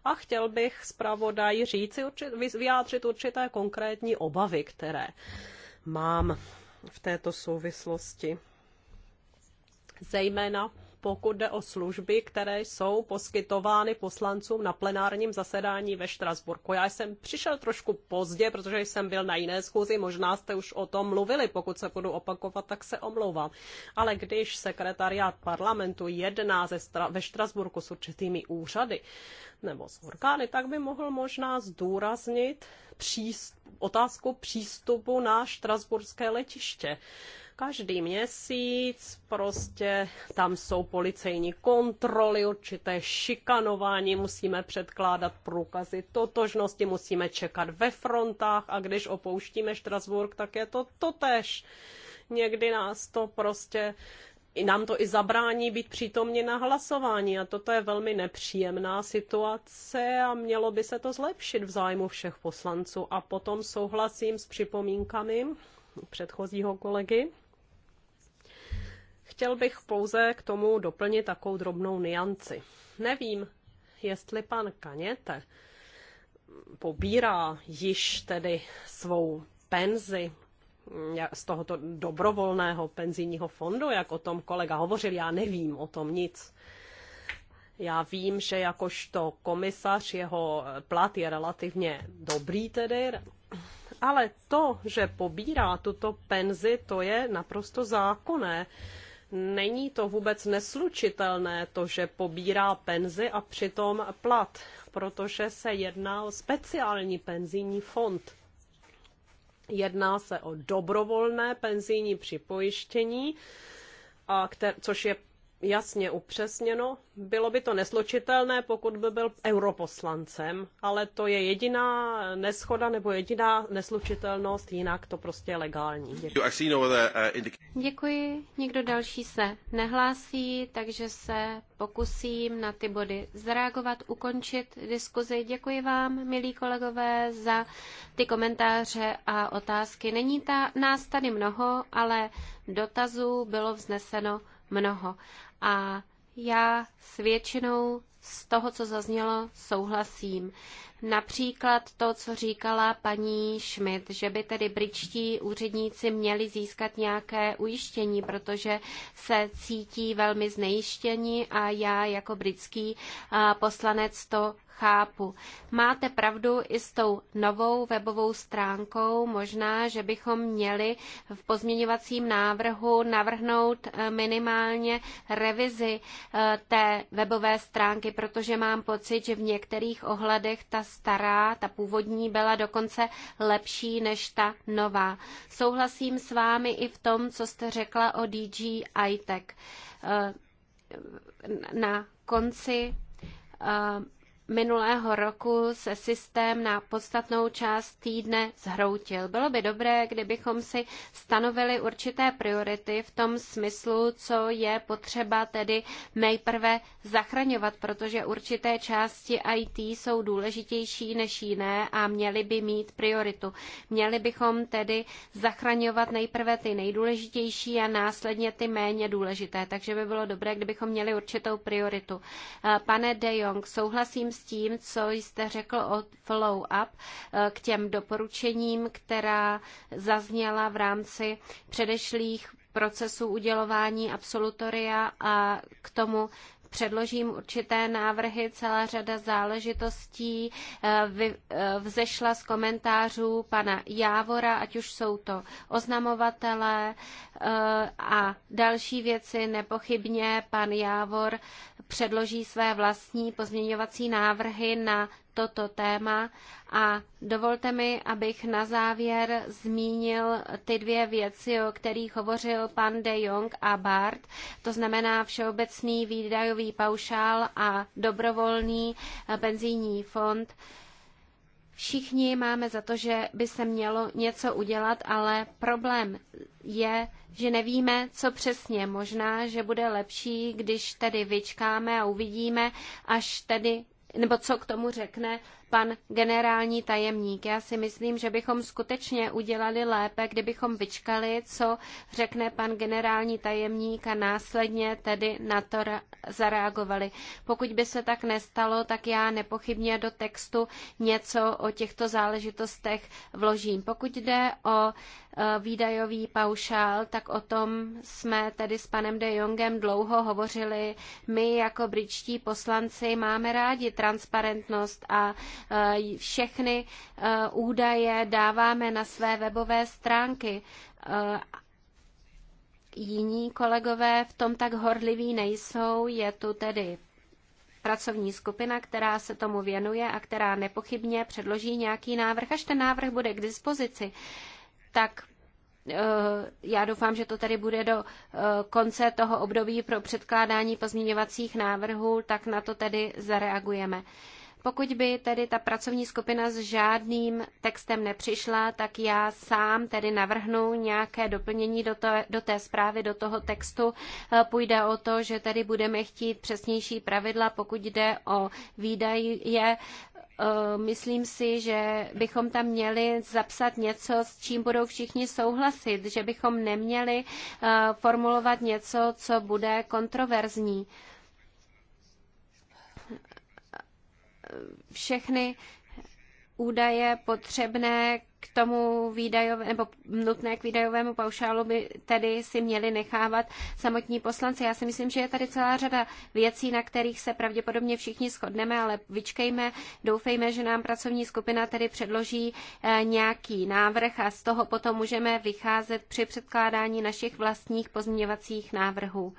A chtěl bych zpravodaj říci, vyjádřit určité konkrétní obavy, které mám v této souvislosti. Zejména pokud jde o služby, které jsou poskytovány poslancům na plenárním zasedání ve Štrasburku. Já jsem přišel trošku pozdě, protože jsem byl na jiné schůzi, možná jste už o tom mluvili, pokud se budu opakovat, tak se omlouvám. Ale když sekretariát parlamentu jedná ze stra- ve Štrasburku s určitými úřady nebo s orgány, tak by mohl možná zdůraznit příst- otázku přístupu na štrasburské letiště Každý měsíc prostě tam jsou policejní kontroly, určité šikanování, musíme předkládat průkazy totožnosti, musíme čekat ve frontách a když opouštíme Štrasburg, tak je to totež. Někdy nás to prostě nám to i zabrání být přítomně na hlasování a toto je velmi nepříjemná situace a mělo by se to zlepšit v zájmu všech poslanců. A potom souhlasím s připomínkami předchozího kolegy. Chtěl bych pouze k tomu doplnit takovou drobnou nianci. Nevím, jestli pan Kaněte pobírá již tedy svou penzi z tohoto dobrovolného penzijního fondu, jak o tom kolega hovořil, já nevím o tom nic. Já vím, že jakožto komisař jeho plat je relativně dobrý tedy, ale to, že pobírá tuto penzi, to je naprosto zákonné. Není to vůbec neslučitelné to, že pobírá penzi a přitom plat, protože se jedná o speciální penzijní fond. Jedná se o dobrovolné penzijní připojištění, a kter- což je jasně upřesněno. Bylo by to neslučitelné, pokud by byl europoslancem, ale to je jediná neschoda nebo jediná neslučitelnost, jinak to prostě je legální. Děkuji. Uh, Děkuji. Nikdo další se nehlásí, takže se pokusím na ty body zareagovat, ukončit diskuzi. Děkuji vám, milí kolegové, za ty komentáře a otázky. Není ta, nás tady mnoho, ale dotazů bylo vzneseno mnoho a já s většinou z toho, co zaznělo, souhlasím. Například to, co říkala paní Schmidt, že by tedy britští úředníci měli získat nějaké ujištění, protože se cítí velmi znejištění a já jako britský poslanec to chápu. Máte pravdu i s tou novou webovou stránkou. Možná, že bychom měli v pozměňovacím návrhu navrhnout e, minimálně revizi e, té webové stránky, protože mám pocit, že v některých ohledech ta stará, ta původní byla dokonce lepší než ta nová. Souhlasím s vámi i v tom, co jste řekla o DG iTech. Eh, na konci eh, minulého roku se systém na podstatnou část týdne zhroutil. Bylo by dobré, kdybychom si stanovili určité priority v tom smyslu, co je potřeba tedy nejprve zachraňovat, protože určité části IT jsou důležitější než jiné a měly by mít prioritu. Měli bychom tedy zachraňovat nejprve ty nejdůležitější a následně ty méně důležité, takže by bylo dobré, kdybychom měli určitou prioritu. Pane De Jong, souhlasím s tím, co jste řekl o follow-up eh, k těm doporučením, která zazněla v rámci předešlých procesů udělování absolutoria a k tomu předložím určité návrhy, celá řada záležitostí eh, eh, vzešla z komentářů pana Jávora, ať už jsou to oznamovatelé a další věci. Nepochybně pan Jávor předloží své vlastní pozměňovací návrhy na toto téma a dovolte mi, abych na závěr zmínil ty dvě věci, o kterých hovořil pan De Jong a Bart, to znamená všeobecný výdajový paušál a dobrovolný eh, penzijní fond. Všichni máme za to, že by se mělo něco udělat, ale problém je, že nevíme, co přesně. Možná, že bude lepší, když tedy vyčkáme a uvidíme, až tedy nebo co k tomu řekne pan generální tajemník. Já si myslím, že bychom skutečně udělali lépe, kdybychom vyčkali, co řekne pan generální tajemník a následně tedy na to zareagovali. Pokud by se tak nestalo, tak já nepochybně do textu něco o těchto záležitostech vložím. Pokud jde o e, výdajový paušál, tak o tom jsme tedy s panem de Jongem dlouho hovořili. My jako britští poslanci máme rádi transparentnost a Eh, všechny eh, údaje dáváme na své webové stránky eh, jiní kolegové v tom tak horliví nejsou. Je tu tedy pracovní skupina, která se tomu věnuje a která nepochybně předloží nějaký návrh. Až ten návrh bude k dispozici, tak já doufám, že to tady bude do konce toho období pro předkládání pozměňovacích návrhů, tak na to tedy zareagujeme. Pokud by tedy ta pracovní skupina s žádným textem nepřišla, tak já sám tedy navrhnu nějaké doplnění do, to, do té zprávy, do toho textu. Eh, půjde o to, že tady budeme chtít přesnější pravidla, pokud jde o výdaje eh, myslím si, že bychom tam měli zapsat něco, s čím budou všichni souhlasit, že bychom neměli eh, formulovat něco, co bude kontroverzní. všechny údaje potřebné k tomu výdajové, nebo nutné k výdajovému paušálu by tedy si měli nechávat samotní poslanci. Já si myslím, že je tady celá řada věcí, na kterých se pravděpodobně všichni shodneme, ale vyčkejme, doufejme, že nám pracovní skupina tedy předloží eh, nějaký návrh a z toho potom můžeme vycházet při předkládání našich vlastních pozměňovacích návrhů.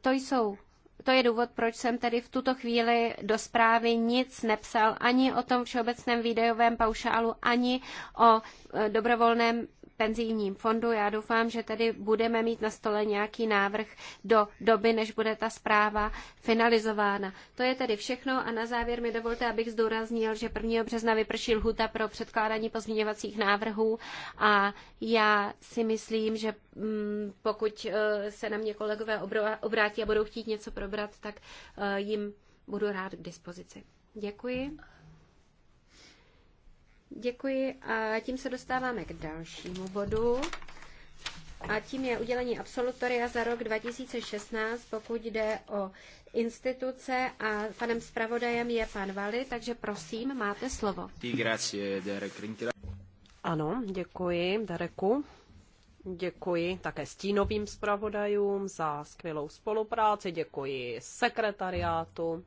To jsou to je důvod, proč jsem tedy v tuto chvíli do zprávy nic nepsal ani o tom všeobecném výdejovém paušálu, ani o e, dobrovolném penzijním fondu. Já doufám, že tedy budeme mít na stole nějaký návrh do doby, než bude ta zpráva finalizována. To je tedy všechno a na závěr mi dovolte, abych zdůraznil, že 1. března vyprší lhuta pro předkládání pozměňovacích návrhů a já si myslím, že mm, pokud eh, se na mě kolegové obrátí a budou chtít něco probrat, tak eh, jim budu rád k dispozici. Děkuji. Děkuji a tím se dostáváme k dalšímu bodu. A tím je udělení absolutoria za rok 2016, pokud jde o instituce a panem zpravodajem je pan Vali, takže prosím, máte slovo. Ano, děkuji, Dareku. Děkuji také stínovým zpravodajům za skvělou spolupráci, děkuji sekretariátu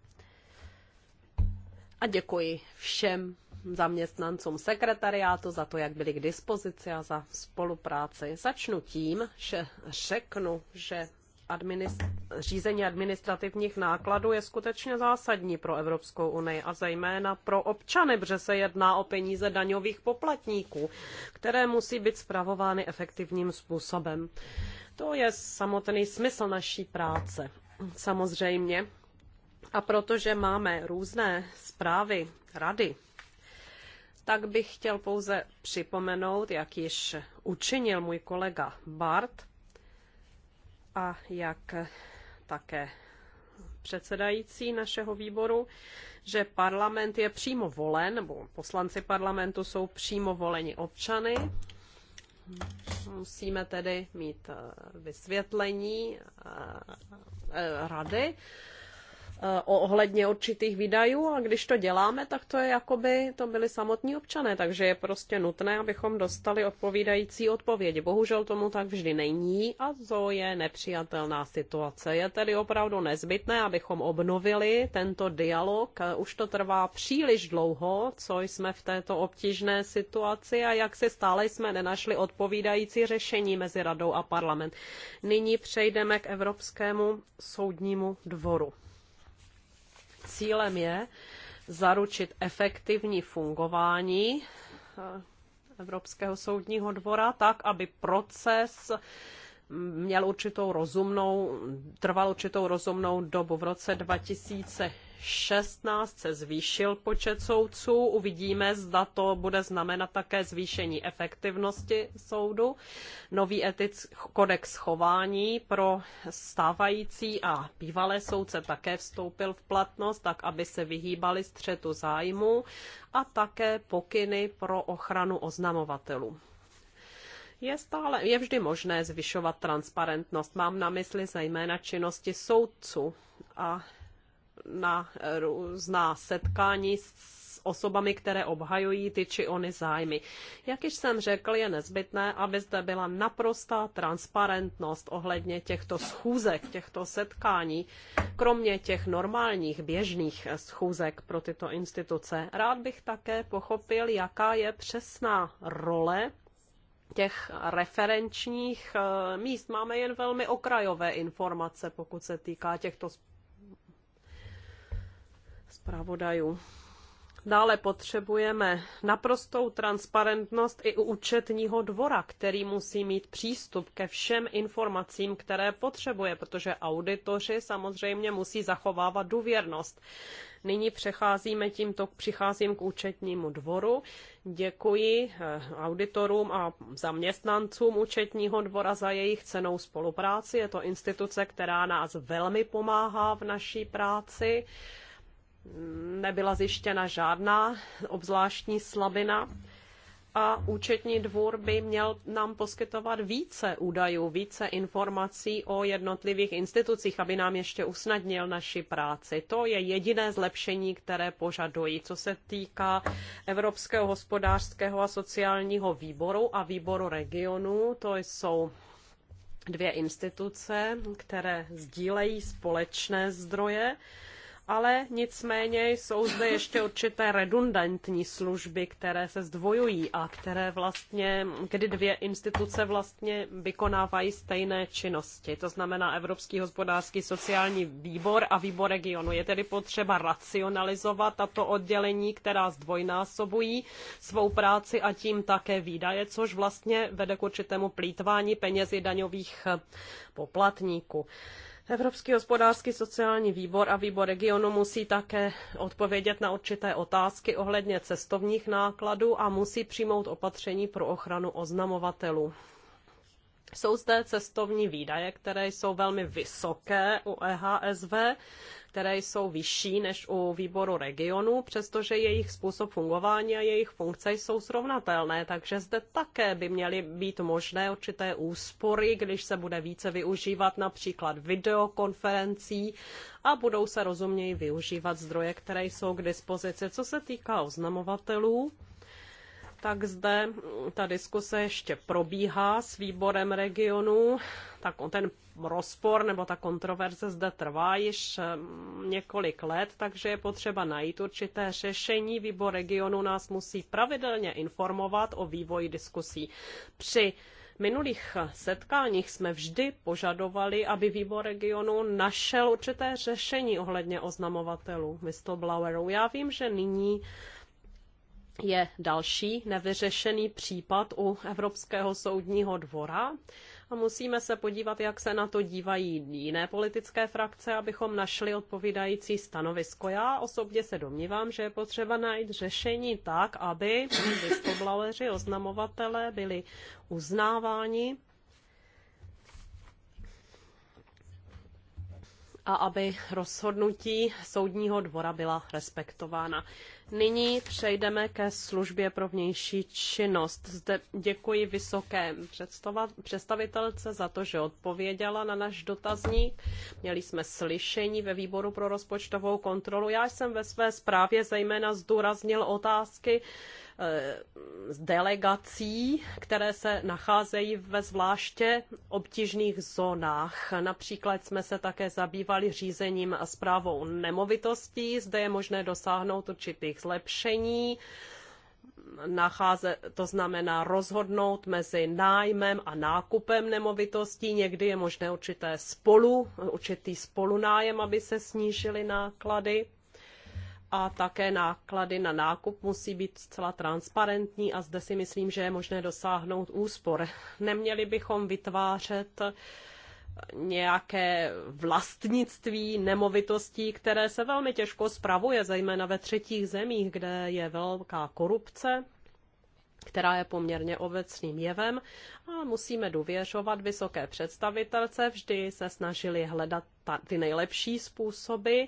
a děkuji všem zaměstnancům sekretariátu za to, jak byli k dispozici a za spolupráci. Začnu tím, že řeknu, že administ- řízení administrativních nákladů je skutečně zásadní pro Evropskou unii a zejména pro občany, protože se jedná o peníze daňových poplatníků, které musí být spravovány efektivním způsobem. To je samotný smysl naší práce. Samozřejmě. A protože máme různé zprávy, rady, tak bych chtěl pouze připomenout, jak již učinil můj kolega Bart a jak také předsedající našeho výboru, že parlament je přímo volen, nebo poslanci parlamentu jsou přímo voleni občany. Musíme tedy mít eh, vysvětlení eh, eh, rady Eh, ohledně určitých výdajů a když to děláme, tak to je jako by to byli samotní občané, takže je prostě nutné, abychom dostali odpovídající odpovědi. Bohužel tomu tak vždy není a to je nepřijatelná situace. Je tedy opravdu nezbytné, abychom obnovili tento dialog. Eh, už to trvá příliš dlouho, co jsme v této obtížné situaci a jak si stále jsme nenašli odpovídající řešení mezi radou a parlament. Nyní přejdeme k Evropskému soudnímu dvoru. Cílem je zaručit efektivní fungování eh, Evropského soudního dvora tak, aby proces měl určitou rozumnou, trval určitou rozumnou dobu. V roce 2000 16 se zvýšil počet soudců. Uvidíme, zda to bude znamenat také zvýšení efektivnosti soudu. Nový etic, kodex chování pro stávající a bývalé soudce také vstoupil v platnost, tak aby se vyhýbali střetu zájmu a také pokyny pro ochranu oznamovatelů je stále, je vždy možné zvyšovat transparentnost. Mám na mysli zejména činnosti soudců a na různá setkání s osobami, které obhajují ty či ony zájmy. Jak již jsem řekl, je nezbytné, aby zde byla naprostá transparentnost ohledně těchto schůzek, těchto setkání, kromě těch normálních běžných schůzek pro tyto instituce. Rád bych také pochopil, jaká je přesná role těch referenčních eh, míst máme jen velmi okrajové informace, pokud se týká těchto zpravodajů. Dále potřebujeme naprostou transparentnost i u účetního dvora, který musí mít přístup ke všem informacím, které potřebuje, protože auditoři samozřejmě musí zachovávat důvěrnost. Nyní přecházíme tímto, přicházím k účetnímu dvoru. Děkuji eh, auditorům a zaměstnancům účetního dvora za jejich cenou spolupráci. Je to instituce, která nás velmi pomáhá v naší práci nebyla zjištěna žádná obzvláštní slabina a účetní dvůr by měl nám poskytovat více údajů, více informací o jednotlivých institucích, aby nám ještě usnadnil naši práci. To je jediné zlepšení, které požadují. Co se týká Evropského hospodářského a sociálního výboru a výboru regionů, to jsou dvě instituce, které sdílejí společné zdroje ale nicméně jsou zde ještě určité redundantní služby, které se zdvojují a které vlastně, kdy dvě instituce vlastně vykonávají stejné činnosti. To znamená Evropský hospodářský sociální výbor a výbor regionu. Je tedy potřeba racionalizovat tato oddělení, která zdvojnásobují svou práci a tím také výdaje, což vlastně vede k určitému plítvání penězi daňových poplatníků. Evropský hospodářský sociální výbor a výbor regionu musí také odpovědět na určité otázky ohledně cestovních nákladů a musí přijmout opatření pro ochranu oznamovatelů. Jsou zde cestovní výdaje, které jsou velmi vysoké u EHSV které jsou vyšší než u výboru regionu, přestože jejich způsob fungování a jejich funkce jsou srovnatelné, takže zde také by měly být možné určité úspory, když se bude více využívat například videokonferencí a budou se rozumněji využívat zdroje, které jsou k dispozici. Co se týká oznamovatelů, tak zde ta diskuse ještě probíhá s výborem regionu. Tak ten rozpor nebo ta kontroverze zde trvá již mm, několik let, takže je potřeba najít určité řešení. Výbor regionu nás musí pravidelně informovat o vývoji diskusí. Při minulých setkáních jsme vždy požadovali, aby výbor regionu našel určité řešení ohledně oznamovatelů whistleblowerů. Já vím, že nyní je další nevyřešený případ u Evropského soudního dvora a musíme se podívat, jak se na to dívají jiné politické frakce, abychom našli odpovídající stanovisko. Já osobně se domnívám, že je potřeba najít řešení tak, aby whistlebloweři, oznamovatele byli uznáváni a aby rozhodnutí soudního dvora byla respektována. Nyní přejdeme ke službě pro vnější činnost. Zde děkuji vysoké představitelce za to, že odpověděla na náš dotazník. Měli jsme slyšení ve výboru pro rozpočtovou kontrolu. Já jsem ve své zprávě zejména zdůraznil otázky, Eh, z delegací, které se nacházejí ve zvláště obtížných zónách. Například jsme se také zabývali řízením a zprávou nemovitostí. Zde je možné dosáhnout určitých zlepšení nacháze, to znamená rozhodnout mezi nájmem a nákupem nemovitostí. Někdy je možné určité spolu, určitý spolunájem, aby se snížily náklady a také náklady na nákup musí být zcela transparentní a zde si myslím, že je možné dosáhnout úspor. Neměli bychom vytvářet nějaké vlastnictví nemovitostí, které se velmi těžko spravuje, zejména ve třetích zemích, kde je velká korupce, která je poměrně obecným jevem a musíme důvěřovat vysoké představitelce. Vždy se snažili hledat ta, ty nejlepší způsoby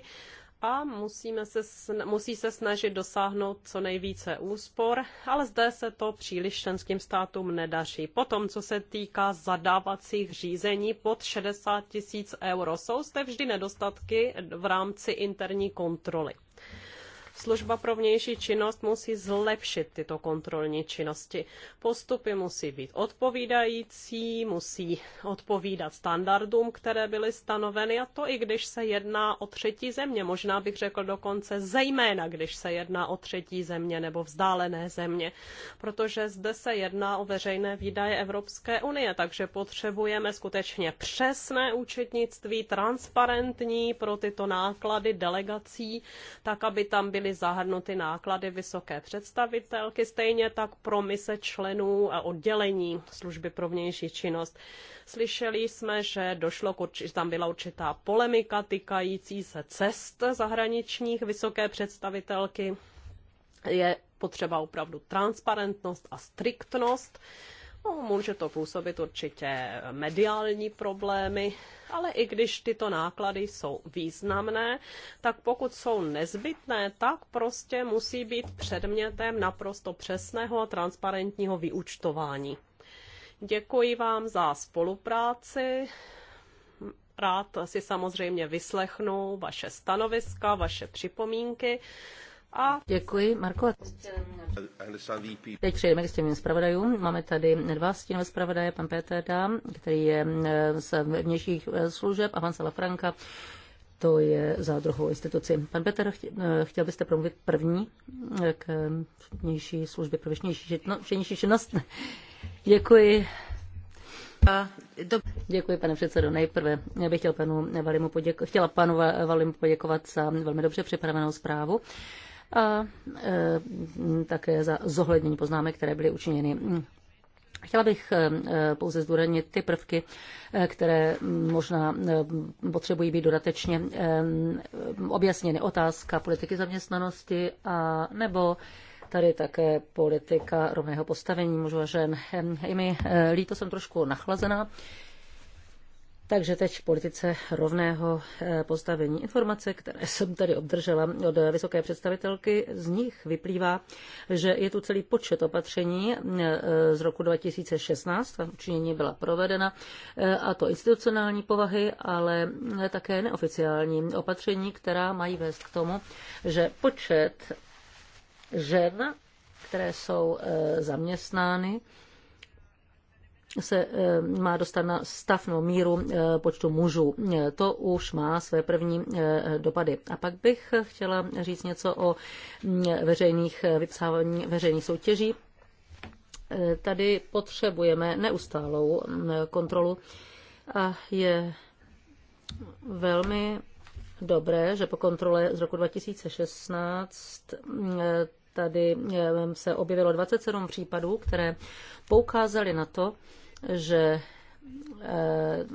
a musíme se, musí se snažit dosáhnout co nejvíce úspor, ale zde se to příliš členským státům nedaří. Potom, co se týká zadávacích řízení pod 60 tisíc euro, jsou zde vždy nedostatky v rámci interní kontroly. Služba pro vnější činnost musí zlepšit tyto kontrolní činnosti. Postupy musí být odpovídající, musí odpovídat standardům, které byly stanoveny, a to i když se jedná o třetí země. Možná bych řekl dokonce zejména, když se jedná o třetí země nebo vzdálené země, protože zde se jedná o veřejné výdaje Evropské unie, takže potřebujeme skutečně přesné účetnictví, transparentní pro tyto náklady delegací, tak aby tam byly byly zahrnuty náklady vysoké představitelky, stejně tak promise členů a oddělení služby pro vnější činnost. Slyšeli jsme, že došlo k určitě, tam byla určitá polemika týkající se cest zahraničních vysoké představitelky. Je potřeba opravdu transparentnost a striktnost No, může to působit určitě mediální problémy, ale i když tyto náklady jsou významné, tak pokud jsou nezbytné, tak prostě musí být předmětem naprosto přesného a transparentního vyučtování. Děkuji vám za spolupráci. Rád si samozřejmě vyslechnu vaše stanoviska, vaše připomínky a... Děkuji, Marko. Teď přejdeme k stěným zpravodajům. Máme tady dva stěnové zpravodaje, pan Petr Dám, který je eh, z vnějších eh, služeb a pan Franka. to je za druhou instituci. Pan Petr, eh, chtěl byste promluvit první k vnější službě pro vnější no, činnost? Děkuji. Děkuji, pane předsedo. Nejprve bych chtěl panu Valimu poděko- chtěla panu Valimu poděkovat za velmi dobře připravenou zprávu a e, také za zohlednění poznámek, které byly učiněny Chtěla bych e, pouze zdůraznit ty prvky, e, které možná potřebují být dodatečně objasněny. Otázka politiky zaměstnanosti a nebo tady také politika rovného postavení mužů a žen. I mi líto, jsem trošku nachlazená takže teď v politice rovného eh, postavení informace, které jsem tady obdržela od eh, vysoké představitelky, z nich vyplývá, že je tu celý počet opatření eh, z roku 2016, učinění byla provedena, a to institucionální povahy, ale také neoficiální opatření, která mají vést k tomu, že počet žen, které jsou zaměstnány, se eh, má dostat na stav no, míru eh, počtu mužů. Eh, to už má své první dopady. A pak bych chtěla říct něco o mm, veřejných vypsávání veřejných soutěží. Tady potřebujeme neustálou mm, kontrolu a je velmi dobré, že po kontrole z roku 2016 mm, tady se objevilo 27 případů, které poukázaly na to, že eh,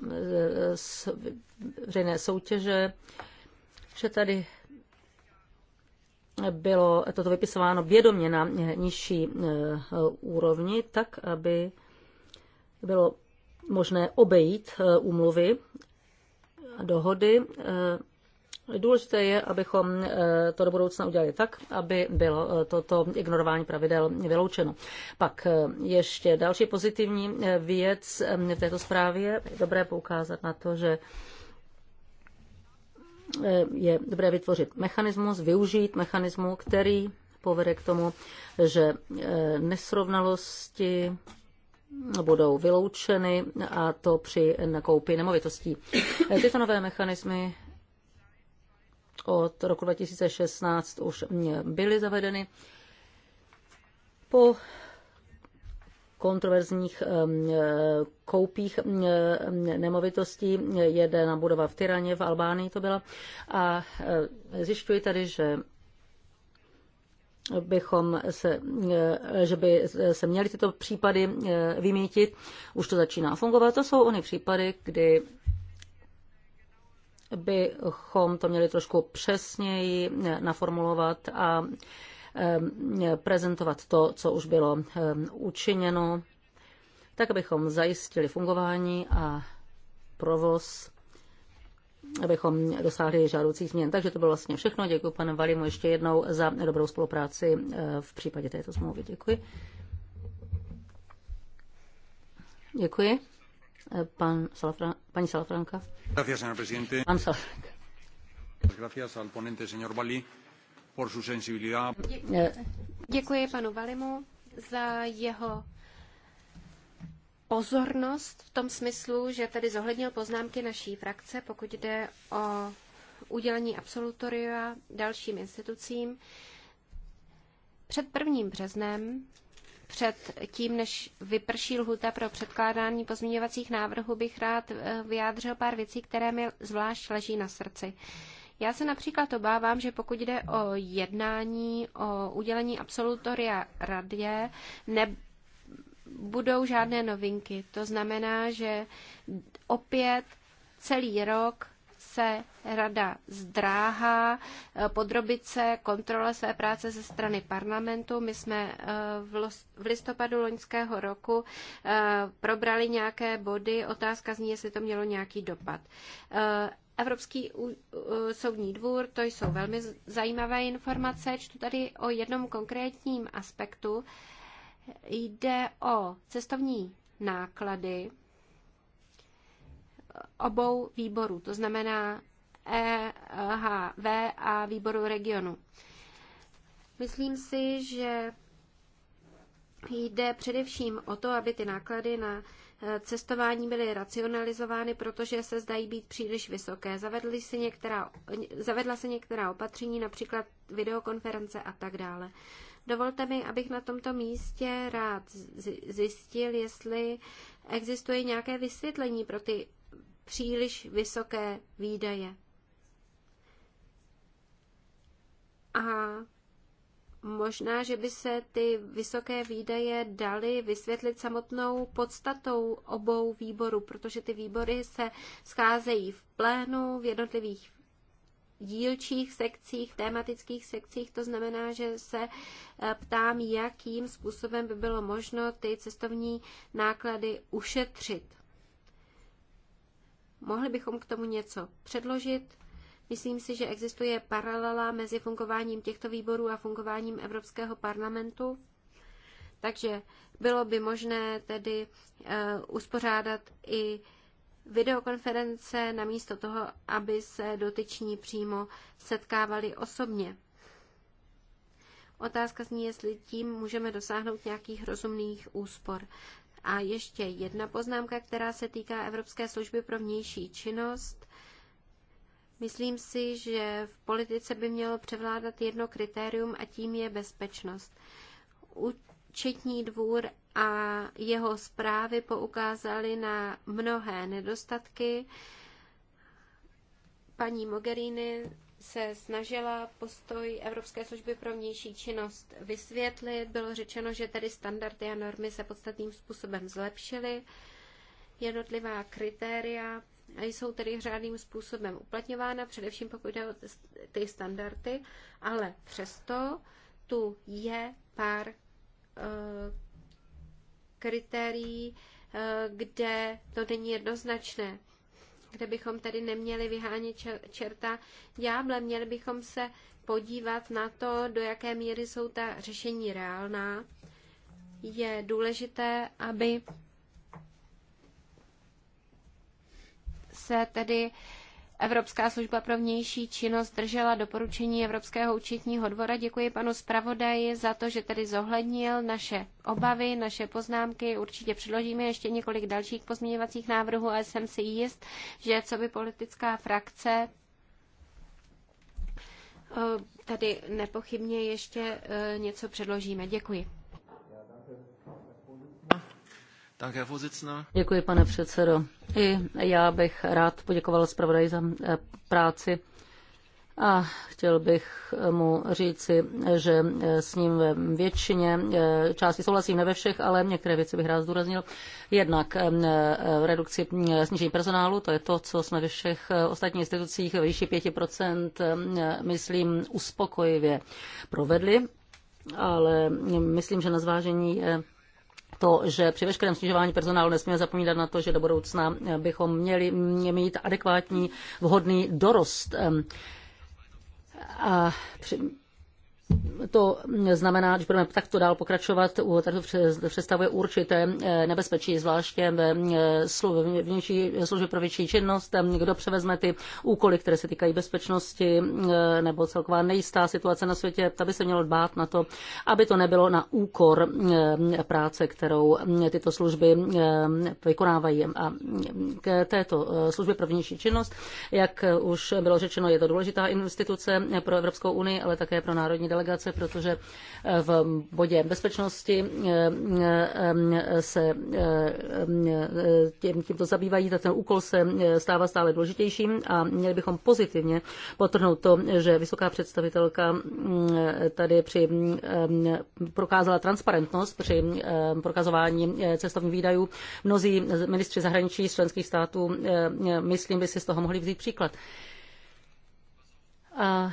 veřejné soutěže, že tady bylo toto vypisováno vědomě na nižší eh, úrovni, tak aby bylo možné obejít eh, úmluvy a dohody Důležité je, abychom eh, to do budoucna udělali tak, aby bylo eh, toto ignorování pravidel vyloučeno. Pak eh, ještě další pozitivní věc v této zprávě. Je dobré poukázat na to, že je dobré vytvořit mechanismus, využít mechanismu, který povede k tomu, že nesrovnalosti budou vyloučeny a to při nakoupi nemovitostí. Tyto nové mechanismy od roku 2016 už byly zavedeny. Po kontroverzních koupích nemovitostí. na budova v Tyraně, v Albánii to byla. A e, zjišťuji tady, že bychom se, e, že by se měly tyto případy e, vymítit. Už to začíná fungovat. To jsou ony případy, kdy bychom to měli trošku přesněji naformulovat a prezentovat to, co už bylo učiněno, tak abychom zajistili fungování a provoz abychom dosáhli žádoucích změn. Takže to bylo vlastně všechno. Děkuji panu Valimu ještě jednou za dobrou spolupráci v případě této smlouvy. Děkuji. Děkuji. Pan Salafran, paní Salafranka. Gracias, señor presidente. Pan Salafranka. Gracias al ponente, señor Bali, por su sensibilidad. Děkuji panu Valimu za jeho pozornost v tom smyslu, že tedy zohlednil poznámky naší frakce, pokud jde o udělení absolutoria dalším institucím. Před prvním březnem před tím, než vyprší lhuta pro předkládání pozměňovacích návrhů, bych rád eh, vyjádřil pár věcí, které mi zvlášť leží na srdci. Já se například obávám, že pokud jde o jednání, o udělení absolutoria radě, ne, budou žádné novinky. To znamená, že opět celý rok se rada zdráhá eh, podrobit se kontrole své práce ze strany parlamentu. My jsme eh, v listopadu loňského roku eh, probrali nějaké body. Otázka zní, jestli to mělo nějaký dopad. Evropský soudní dvůr, to jsou velmi zajímavé informace. Čtu tady o jednom konkrétním aspektu. Jde o cestovní náklady obou výborů, to znamená EHV a výboru regionu. Myslím si, že jde především o to, aby ty náklady na e, cestování byly racionalizovány, protože se zdají být příliš vysoké. Zavedly se některá, zavedla se některá opatření, například videokonference a tak dále. Dovolte mi, abych na tomto místě rád zjistil, jestli existuje nějaké vysvětlení pro ty příliš vysoké výdaje. A možná, že by se ty vysoké výdaje daly vysvětlit samotnou podstatou obou výborů, protože ty výbory se scházejí v plénu, v jednotlivých dílčích sekcích, tématických sekcích, to znamená, že se eh, ptám, jakým způsobem by bylo možno ty cestovní náklady ušetřit. Mohli bychom k tomu něco předložit. Myslím si, že existuje paralela mezi fungováním těchto výborů a fungováním Evropského parlamentu. Takže bylo by možné tedy eh, uspořádat i videokonference namísto toho, aby se dotyční přímo setkávali osobně. Otázka zní, jestli tím můžeme dosáhnout nějakých rozumných úspor. A ještě jedna poznámka, která se týká Evropské služby pro vnější činnost. Myslím si, že v politice by mělo převládat jedno kritérium a tím je bezpečnost. Učetní dvůr a jeho zprávy poukázaly na mnohé nedostatky. Paní Mogherini se snažila postoj Evropské služby pro vnější činnost vysvětlit. Bylo řečeno, že tedy standardy a normy se podstatným způsobem zlepšily. Jednotlivá kritéria jsou tedy řádným způsobem uplatňována, především pokud jde o ty standardy, ale přesto tu je pár eh, kritérií, eh, kde to není jednoznačné kde bychom tedy neměli vyhánět čerta ďáble, měli bychom se podívat na to, do jaké míry jsou ta řešení reálná. Je důležité, aby se tedy uh, Evropská služba pro vnější činnost držela doporučení Evropského účetního dvora. Děkuji panu zpravodaji za to, že tedy zohlednil naše obavy, naše poznámky. Určitě předložíme ještě několik dalších pozměňovacích návrhů Ale jsem si jist, že co by politická frakce eh, tady nepochybně ještě eh, něco předložíme. Děkuji. Děkuji, pane předsedo. I já bych rád poděkoval zpravodaji za eh, práci a chtěl bych eh, mu říci, že eh, s ním ve většině části souhlasím, ne ve všech, ale některé věci bych rád zdůraznil. Jednak redukci snížení personálu, to je to, co jsme ve všech ostatních institucích ve výši 5%, myslím, uspokojivě provedli, ale myslím, že na zvážení je to, že při veškerém snižování personálu nesmíme zapomínat na to, že do budoucna eh, bychom měli mít adekvátní, vhodný dorost. Ehm, a při, to znamená, když budeme takto dál pokračovat, tak to představuje určité eh, nebezpečí, zvláště ve eh, vnější služby pro větší činnost, kdo převezme ty úkoly, které se týkají bezpečnosti eh, nebo celková nejistá situace na světě, ta by se mělo dbát na to, aby to nebylo na úkor práce, kterou tyto služby vykonávají. A mm, k této službě pro vnější činnost, jak už bylo řečeno, je to důležitá instituce pro Evropskou unii, ale také pro národní delegace delegace, protože eh, v bodě bezpečnosti eh, eh, se tím, tímto zabývají, tak ten úkol se stává stále důležitějším a měli bychom pozitivně potrhnout to, že vysoká představitelka mm, tady při mm, prokázala transparentnost při prokazování cestovních výdajů. Mnozí ministři zahraničí z členských států, myslím, by si z toho mohli vzít příklad. A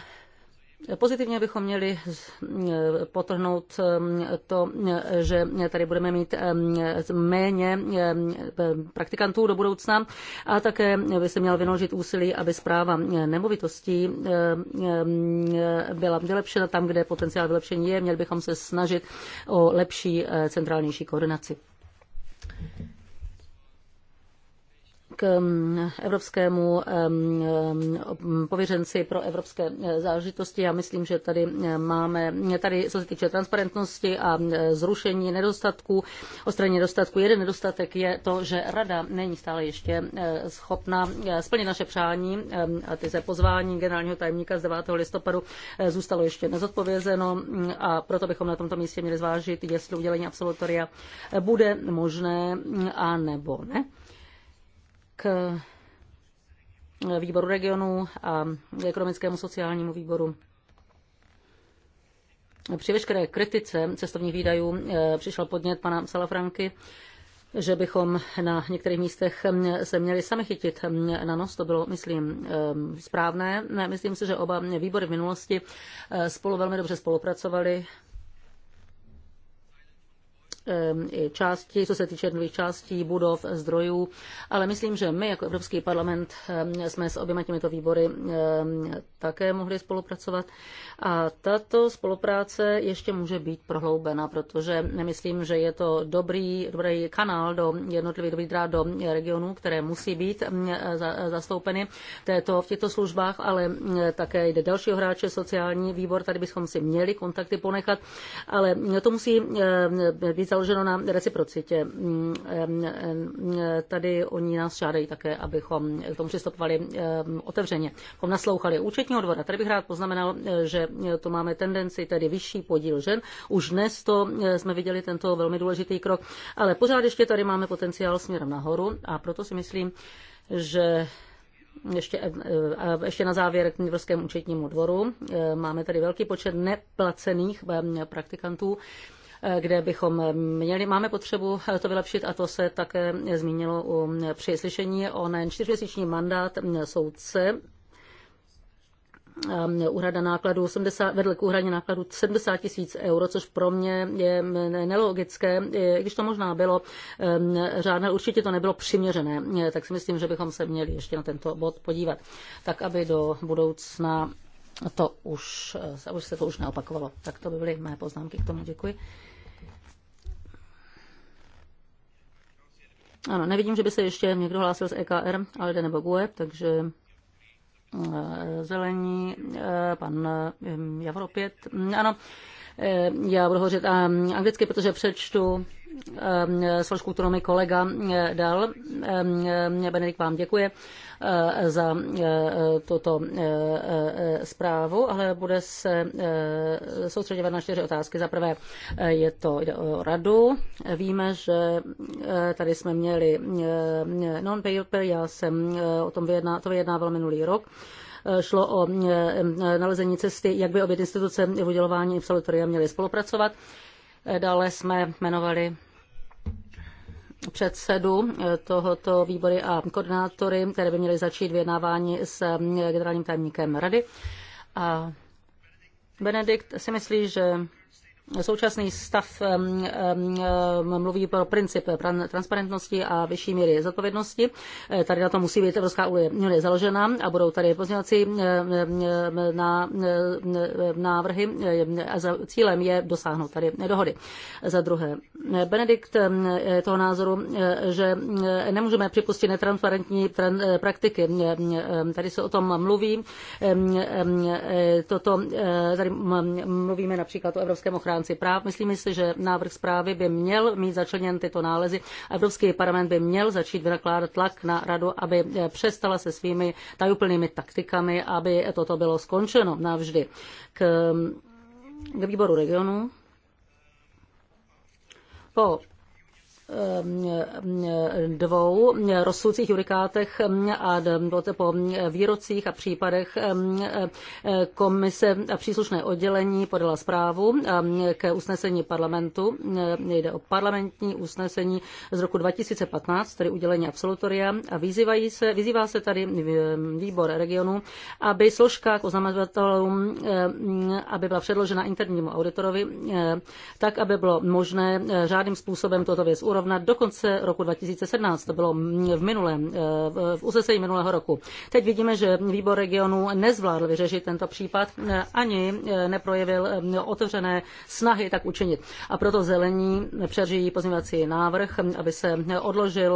Pozitivně bychom měli potrhnout um, to, že tady budeme mít um, méně um, praktikantů do budoucna a také by se měl vynaložit úsilí, aby zpráva nemovitostí byla vylepšena tam, kde potenciál vylepšení je. Měli bychom se snažit o lepší eh, centrálnější koordinaci k mm, evropskému mm, mm, pověřenci pro evropské eh, záležitosti. Já myslím, že tady eh, máme, tady co se týče transparentnosti a eh, zrušení nedostatků, ostraně nedostatku, jeden nedostatek je to, že rada není stále ještě schopna splnit naše přání a ty se pozvání generálního tajemníka z 9. listopadu zůstalo ještě nezodpovězeno a proto bychom na tomto místě měli zvážit, jestli udělení absolutoria bude možné a nebo ne k výboru regionu a ekonomickému sociálnímu výboru. Při veškeré kritice cestovních výdajů eh, přišel podnět pana Salafranky, že bychom na některých místech eh, se měli sami chytit eh, na nos. To bylo, myslím, správné. Myslím si, že oba výbory v minulosti spolu velmi dobře spolupracovali Ehm, části, co se týče jednotlivých částí, budov, zdrojů, ale myslím, že my jako Evropský parlament ehm, jsme s oběma těmito výbory ehm, také mohli spolupracovat a tato spolupráce ještě může být prohloubena, protože myslím, že je to dobrý, dobrý kanál do jednotlivých dobrý drát do regionů, které musí být zastoupeny této, v těchto službách, ale také jde dalšího hráče, sociální výbor, tady bychom si měli kontakty ponechat, ale to musí být založeno na reciprocitě. Mm, tady oni nás žádají také, abychom k tomu přistupovali otevřeně, abychom naslouchali účetního dvora. Tady bych rád poznamenal, eh, že to máme tendenci, tedy vyšší podíl žen. Už dnes to eh, jsme viděli tento velmi důležitý krok, ale pořád ještě tady máme potenciál směrem nahoru a proto si myslím, že ještě, eh, ještě na závěr k Nivrskému účetnímu dvoru. Máme tady velký počet neplacených praktikantů kde bychom měli, máme potřebu to vylepšit a to se také zmínilo u, při slyšení nejen čtyřměsíční mandát soudce ehm, úhrada nákladů 80, vedle k úhradě nákladů 70 tisíc euro, což pro mě je nelogické. I když to možná bylo ehm, řádné, určitě to nebylo přiměřené, tak si myslím, že bychom se měli ještě na tento bod podívat, tak aby do budoucna to už, eh, už se to už neopakovalo. Tak to by byly mé poznámky k tomu. Děkuji. Ano, nevidím, že by se ještě někdo hlásil z EKR, Alde nebo GUE, takže eh, zelení, eh, pan eh, Javor opět. Ano, já budu hovořit anglicky, protože přečtu Ehm, složku, kterou mi kolega eh, dal. Ehm, eh, Benedikt vám děkuje eh, za tuto zprávu, ale bude se soustředěvat na čtyři otázky. Za prvé je to jde o radu. Víme, že tady jsme měli non-paper, já jsem o tom vyjedná, to vyjednával minulý rok šlo o nalezení cesty, jak by obě instituce v udělování absolutoria měly spolupracovat. Dále jsme jmenovali předsedu eh, tohoto výbory a koordinátory, které by měly začít vyjednávání s eh, generálním tajemníkem rady. A Benedikt si myslí, že současný stav mluví pro princip transparentnosti a vyšší míry zodpovědnosti. E, tady na to musí být Evropská unie založena a budou tady pozměňovací na návrhy. E, cílem je dosáhnout tady dohody. Za druhé, Benedikt toho názoru, e, že nemůžeme připustit netransparentní praktiky. Tady se o tom mluví. Toto, tady mluvíme například o Evropském ochránci ochránci práv. Myslíme si, že návrh zprávy by měl mít začleněn tyto nálezy. Evropský parlament by měl začít vynakládat tlak na radu, aby přestala se svými tajuplnými taktikami, aby toto bylo skončeno navždy. K, k výboru regionu. Po dvou rozsudcích judikátech a po výrocích a případech komise a příslušné oddělení podala zprávu k usnesení parlamentu. Jde o parlamentní usnesení z roku 2015, tedy udělení absolutoria a vyzývají se, vyzývá se tady výbor regionu, aby složka k oznamovatelům, aby byla předložena internímu auditorovi, tak, aby bylo možné řádným způsobem toto věc urovnat porovnat do konce roku 2017. To bylo v minulém, e, v usesení minulého roku. Teď vidíme, že výbor regionu nezvládl vyřešit tento případ e, ani e, neprojevil otevřené snahy tak učinit. A proto zelení přežijí pozměňovací návrh, aby se odložil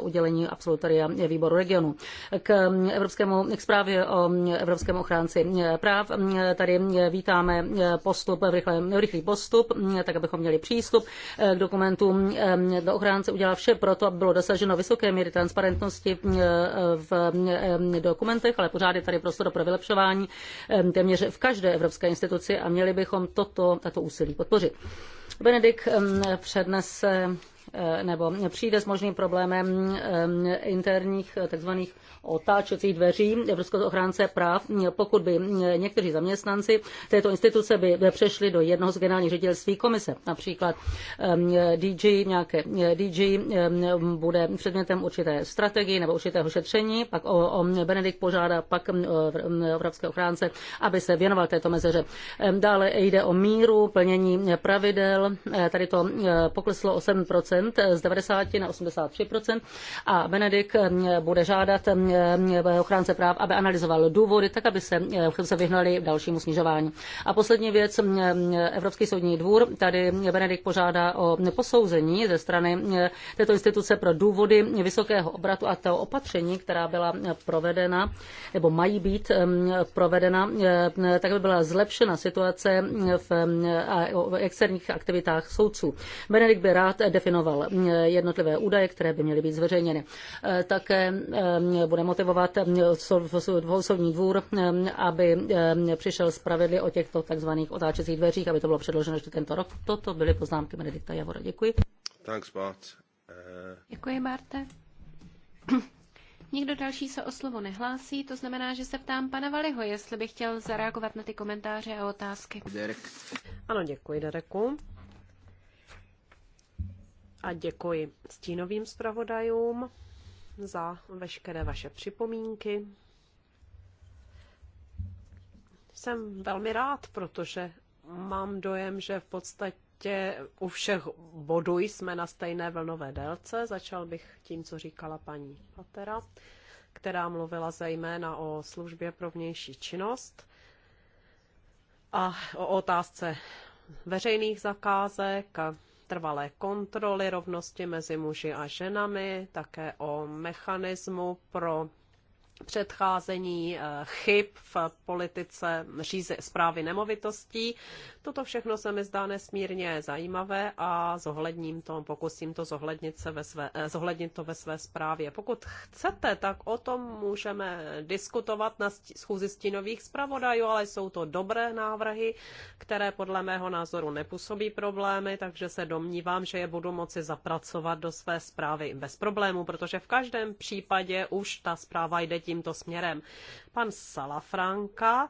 udělení absolutoria výboru regionu. K, evropskému, k zprávě o Evropském ochránci práv tady vítáme postup, rychlý postup, tak abychom měli přístup k dokumentům do ochránce udělá vše pro to, aby bylo dosaženo vysoké míry transparentnosti eh, v eh, dokumentech, ale pořád je tady prostor pro vylepšování eh, téměř v každé evropské instituci a měli bychom toto, tato úsilí podpořit. Benedikt přednese Eh, nebo přijde s možným problémem eh, interních eh, tzv. otáčecích dveří Evropského ochránce práv, pokud by někteří zaměstnanci této instituce by přešli do jednoho z generálních ředitelství komise. Například DG, nějaké DG bude předmětem určité strategii nebo určitého šetření, pak o, o Benedikt požádá pak Evropského ochránce, aby se věnoval této mezeře. Dále jde o míru, plnění pravidel, tady to pokleslo o 7 z 90 na 83 a Benedik mm, bude žádat mm, eh, ochránce práv, aby analyzoval důvody, tak aby se, eh, se vyhnali dalšímu snižování. A poslední věc, mm, eh, Evropský soudní dvůr, tady Benedik požádá o posouzení ze strany této instituce pro důvody vysokého obratu a to opatření, která byla provedena, nebo mají být provedena, tak by byla zlepšena situace v externích aktivitách soudců. Benedikt by rád definoval kontrol jednotlivé údaje, které by měly být zveřejněny. E, také bude motivovat soudní dvůr, aby přišel spravedlivě o těchto takzvaných otáčecích dveřích, aby to bylo předloženo ještě tento rok. Toto byly poznámky Benedikta Javora. Děkuji. Thanks, Bart. Uh... Děkuji, Barte. Nikdo další se o slovo nehlásí, to znamená, že se ptám pana Valiho, jestli by chtěl zareagovat na ty komentáře a otázky. Derek. Ano, děkuji, Dereku a děkuji stínovým zpravodajům za veškeré vaše připomínky. Jsem velmi rád, protože mám dojem, že v podstatě u všech bodů jsme na stejné vlnové délce. Začal bych tím, co říkala paní Patera, která mluvila zejména o službě pro vnější činnost a o otázce veřejných zakázek a trvalé kontroly rovnosti mezi muži a ženami, také o mechanismu pro předcházení eh, chyb v politice zprávy nemovitostí. Toto všechno se mi zdá nesmírně zajímavé a zohledním to, pokusím to zohlednit, se ve své, eh, zohlednit to ve své zprávě. Pokud chcete, tak o tom můžeme diskutovat na schůzi stínových zpravodajů, ale jsou to dobré návrhy, které podle mého názoru nepůsobí problémy, takže se domnívám, že je budu moci zapracovat do své zprávy bez problému, protože v každém případě už ta zpráva jde tímto směrem. Pan Salafranka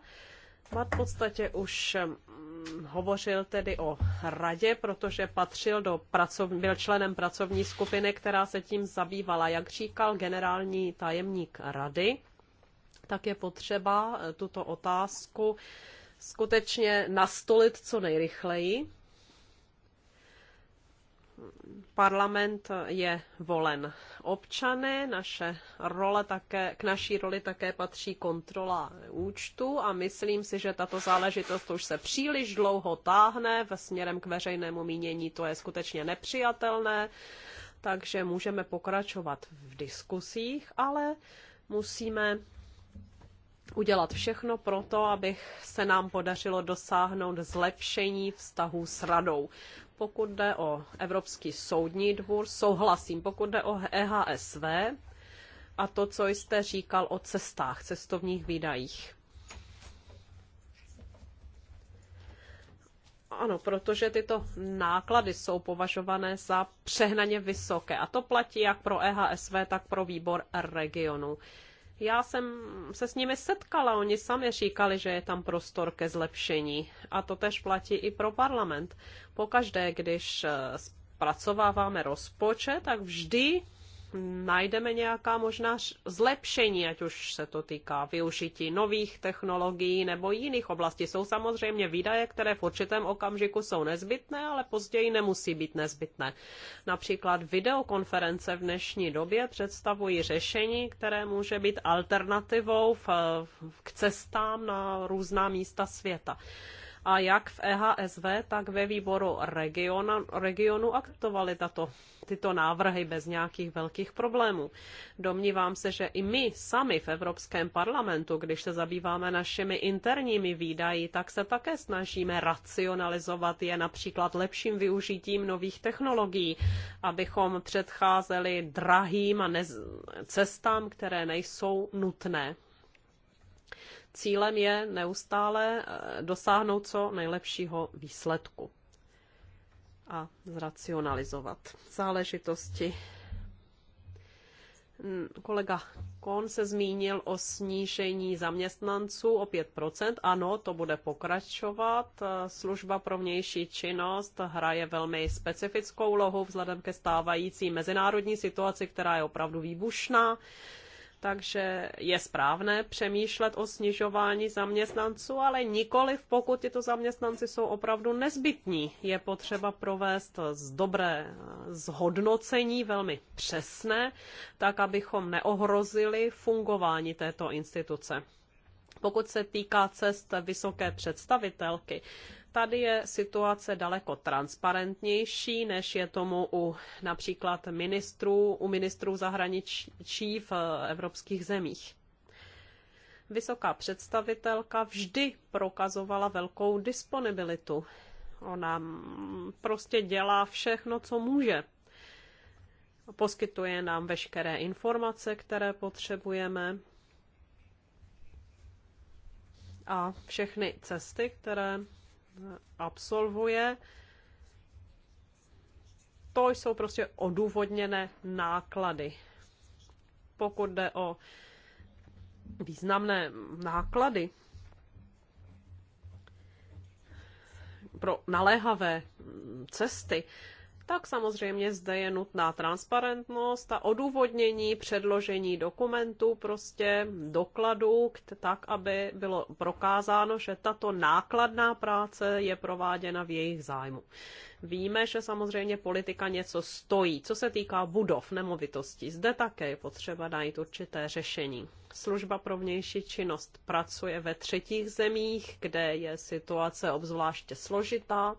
Mat v podstatě už mm, hovořil tedy o radě, protože patřil do pracov, byl členem pracovní skupiny, která se tím zabývala. Jak říkal generální tajemník rady, tak je potřeba eh, tuto otázku skutečně nastolit co nejrychleji, parlament je volen občany, naše role také, k naší roli také patří kontrola účtu a myslím si, že tato záležitost už se příliš dlouho táhne ve směrem k veřejnému mínění, to je skutečně nepřijatelné, takže můžeme pokračovat v diskusích, ale musíme udělat všechno pro to, aby se nám podařilo dosáhnout zlepšení vztahů s radou. Pokud jde o Evropský soudní dvůr, souhlasím. Pokud jde o EHSV a to, co jste říkal o cestách, cestovních výdajích. Ano, protože tyto náklady jsou považované za přehnaně vysoké. A to platí jak pro EHSV, tak pro výbor regionu. Já jsem se s nimi setkala, oni sami říkali, že je tam prostor ke zlepšení. A to tež platí i pro parlament. Pokaždé, když eh, zpracováváme rozpočet, tak vždy najdeme nějaká možná zlepšení, ať už se to týká využití nových technologií nebo jiných oblastí. Jsou samozřejmě výdaje, které v určitém okamžiku jsou nezbytné, ale později nemusí být nezbytné. Například videokonference v dnešní době představují řešení, které může být alternativou v, v, k cestám na různá místa světa a jak v EHSV, tak ve výboru regiona, regionu aktovali tato, tyto návrhy bez nějakých velkých problémů. Domnívám se, že i my sami v Evropském parlamentu, když se zabýváme našimi interními výdaji, tak se také snažíme racionalizovat je například lepším využitím nových technologií, abychom předcházeli drahým a nez- cestám, které nejsou nutné cílem je neustále eh, dosáhnout co nejlepšího výsledku a zracionalizovat záležitosti. Kolega Kohn se zmínil o snížení zaměstnanců o 5%. Ano, to bude pokračovat. Eh, služba pro vnější činnost hraje velmi specifickou lohu vzhledem ke stávající mezinárodní situaci, která je opravdu výbušná takže je správné přemýšlet o snižování zaměstnanců, ale nikoli pokud tyto zaměstnanci jsou opravdu nezbytní. Je potřeba provést z dobré zhodnocení, velmi přesné, tak abychom neohrozili fungování této instituce. Pokud se týká cest vysoké představitelky, Tady je situace daleko transparentnější, než je tomu u například ministrů, u ministrů zahraničí v evropských zemích. Vysoká představitelka vždy prokazovala velkou disponibilitu. Ona prostě dělá všechno, co může. Poskytuje nám veškeré informace, které potřebujeme a všechny cesty, které absolvuje. To jsou prostě odůvodněné náklady. Pokud jde o významné náklady pro naléhavé cesty, tak samozřejmě zde je nutná transparentnost a odůvodnění předložení dokumentů, prostě dokladů, tak, aby bylo prokázáno, že tato nákladná práce je prováděna v jejich zájmu. Víme, že samozřejmě politika něco stojí. Co se týká budov, nemovitostí, zde také je potřeba najít určité řešení. Služba pro vnější činnost pracuje ve třetích zemích, kde je situace obzvláště složitá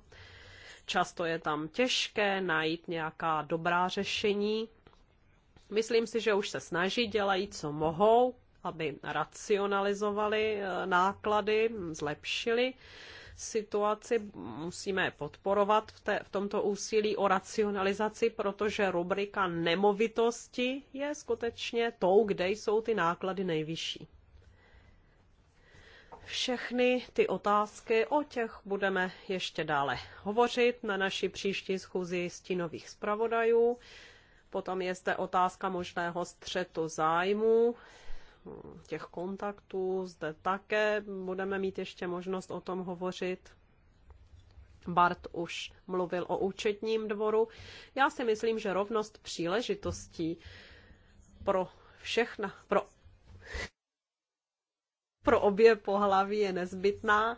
Často je tam těžké najít nějaká dobrá řešení. Myslím si, že už se snaží, dělají, co mohou, aby racionalizovali eh, náklady, zlepšili situaci. Musíme podporovat v, té, v tomto úsilí o racionalizaci, protože rubrika nemovitosti je skutečně tou, kde jsou ty náklady nejvyšší všechny ty otázky, o těch budeme ještě dále hovořit na naší příští schůzi stínových zpravodajů. Potom je zde otázka možného střetu zájmu, těch kontaktů. Zde také budeme mít ještě možnost o tom hovořit. Bart už mluvil o účetním dvoru. Já si myslím, že rovnost příležitostí pro všechna, pro pro obě pohlaví je nezbytná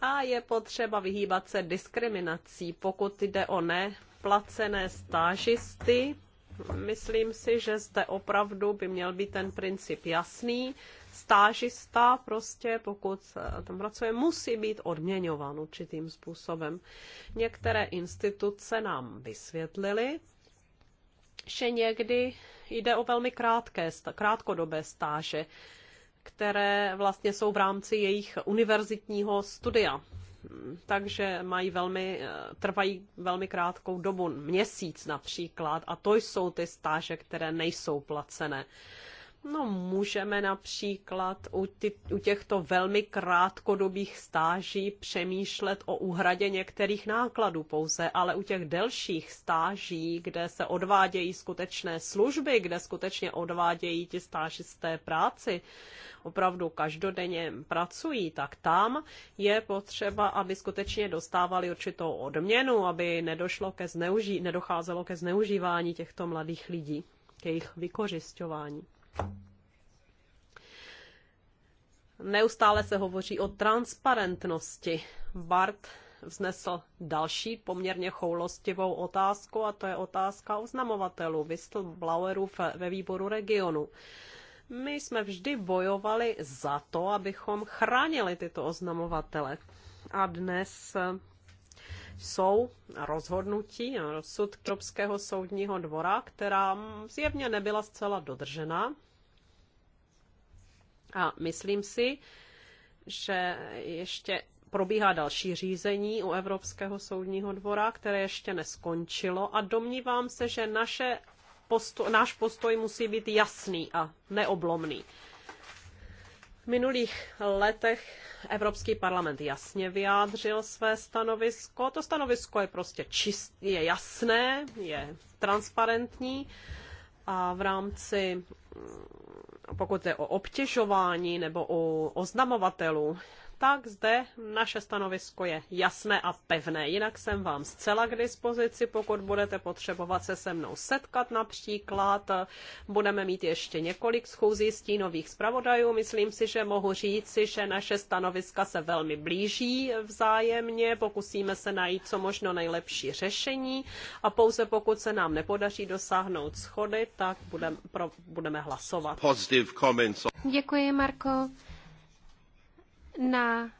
a je potřeba vyhýbat se diskriminací, pokud jde o neplacené stážisty. Myslím si, že zde opravdu by měl být ten princip jasný. Stážista prostě, pokud tam pracuje, musí být odměňován určitým způsobem. Některé instituce nám vysvětlili, že někdy jde o velmi krátké, krátkodobé stáže které vlastně jsou v rámci jejich univerzitního studia. Takže mají velmi, eh, trvají velmi krátkou dobu, měsíc například, a to jsou ty stáže, které nejsou placené. No, můžeme například u, ty, u těchto velmi krátkodobých stáží přemýšlet o úhradě některých nákladů pouze, ale u těch delších stáží, kde se odvádějí skutečné služby, kde skutečně odvádějí ti stážisté práci, opravdu každodenně pracují, tak tam je potřeba, aby skutečně dostávali určitou odměnu, aby nedošlo ke zneuží, nedocházelo ke zneužívání těchto mladých lidí, ke jejich vykořišťování. Neustále se hovoří o transparentnosti. Bart vznesl další poměrně choulostivou otázku a to je otázka oznamovatelů, whistleblowerů ve výboru regionu. My jsme vždy bojovali za to, abychom chránili tyto oznamovatele. A dnes jsou rozhodnutí rozsud Evropského soudního dvora, která zjevně nebyla zcela dodržena. A myslím si, že ještě probíhá další řízení u Evropského soudního dvora, které ještě neskončilo a domnívám se, že naše posto- náš postoj musí být jasný a neoblomný minulých letech Evropský parlament jasně vyjádřil své stanovisko. To stanovisko je prostě čist, je jasné, je transparentní a v rámci, pokud je o obtěžování nebo o oznamovatelů, tak zde naše stanovisko je jasné a pevné. Jinak jsem vám zcela k dispozici, pokud budete potřebovat se se mnou setkat například. Budeme mít ještě několik schůzí stínových zpravodajů. Myslím si, že mohu říci, že naše stanoviska se velmi blíží vzájemně. Pokusíme se najít co možno nejlepší řešení a pouze pokud se nám nepodaří dosáhnout schody, tak budeme, pro, budeme hlasovat. Děkuji, Marko na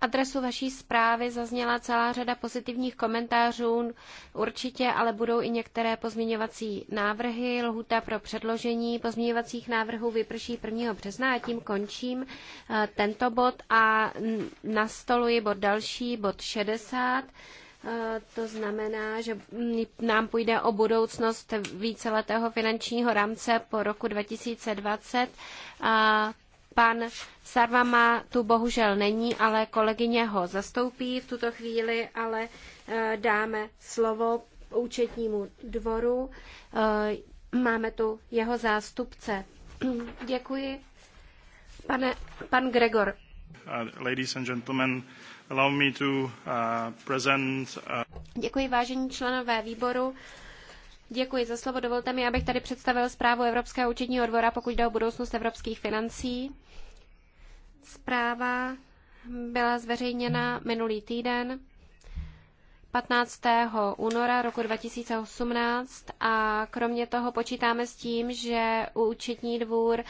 adresu vaší zprávy zazněla celá řada pozitivních komentářů, určitě ale budou i některé pozměňovací návrhy. Lhuta pro předložení pozměňovacích návrhů vyprší 1. března a tím končím eh, tento bod a nastoluji bod další, bod 60. Eh, to znamená, že nám půjde o budoucnost víceletého finančního rámce po roku 2020. A Pan Sarvama tu bohužel není, ale kolegyně ho zastoupí v tuto chvíli, ale eh, dáme slovo účetnímu dvoru. Eh, máme tu jeho zástupce. Děkuji. Pane, pan Gregor. Uh, ladies and gentlemen, allow me to uh, present... Uh... Děkuji, vážení členové výboru. Děkuji za slovo. Dovolte mi, abych tady představil zprávu Evropského účetního dvora, pokud jde o budoucnost evropských financí. Zpráva byla zveřejněna minulý týden 15. února roku 2018 a kromě toho počítáme s tím, že účetní dvůr eh,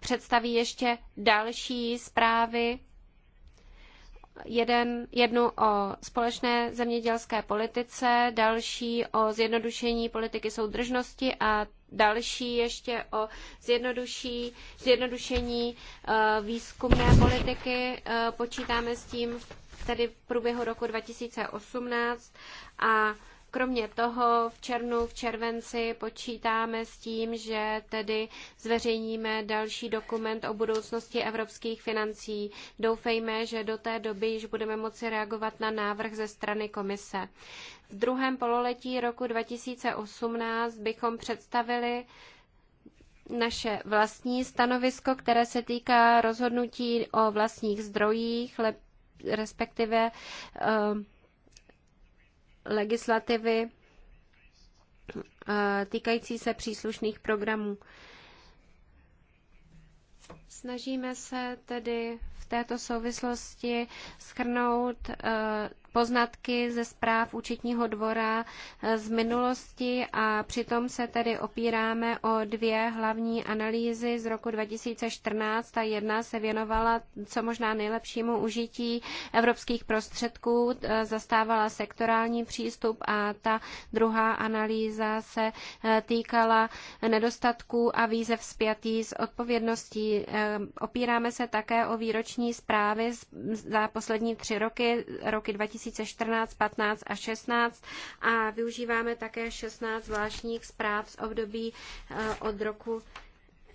představí ještě další zprávy jeden, jednu o společné zemědělské politice, další o zjednodušení politiky soudržnosti a další ještě o zjednodušení eh, výzkumné politiky. Eh, počítáme s tím tady v průběhu roku 2018 a Kromě toho v červnu, v červenci počítáme s tím, že tedy zveřejníme další dokument o budoucnosti evropských financí. Doufejme, že do té doby již budeme moci reagovat na návrh ze strany komise. V druhém pololetí roku 2018 bychom představili naše vlastní stanovisko, které se týká rozhodnutí o vlastních zdrojích, respektive uh, legislativy eh, týkající se příslušných programů. Snažíme se tedy v této souvislosti schrnout eh, poznatky ze zpráv účetního dvora eh, z minulosti a přitom se tedy opíráme o dvě hlavní analýzy z roku 2014. Ta jedna se věnovala co možná nejlepšímu užití evropských prostředků, eh, zastávala sektorální přístup a ta druhá analýza se eh, týkala nedostatků a výzev zpětý s odpovědností. Opíráme se také o výroční zprávy za poslední tři roky, roky 2000 2014, 15 a 16 a využíváme také 16 zvláštních zpráv z období eh, od roku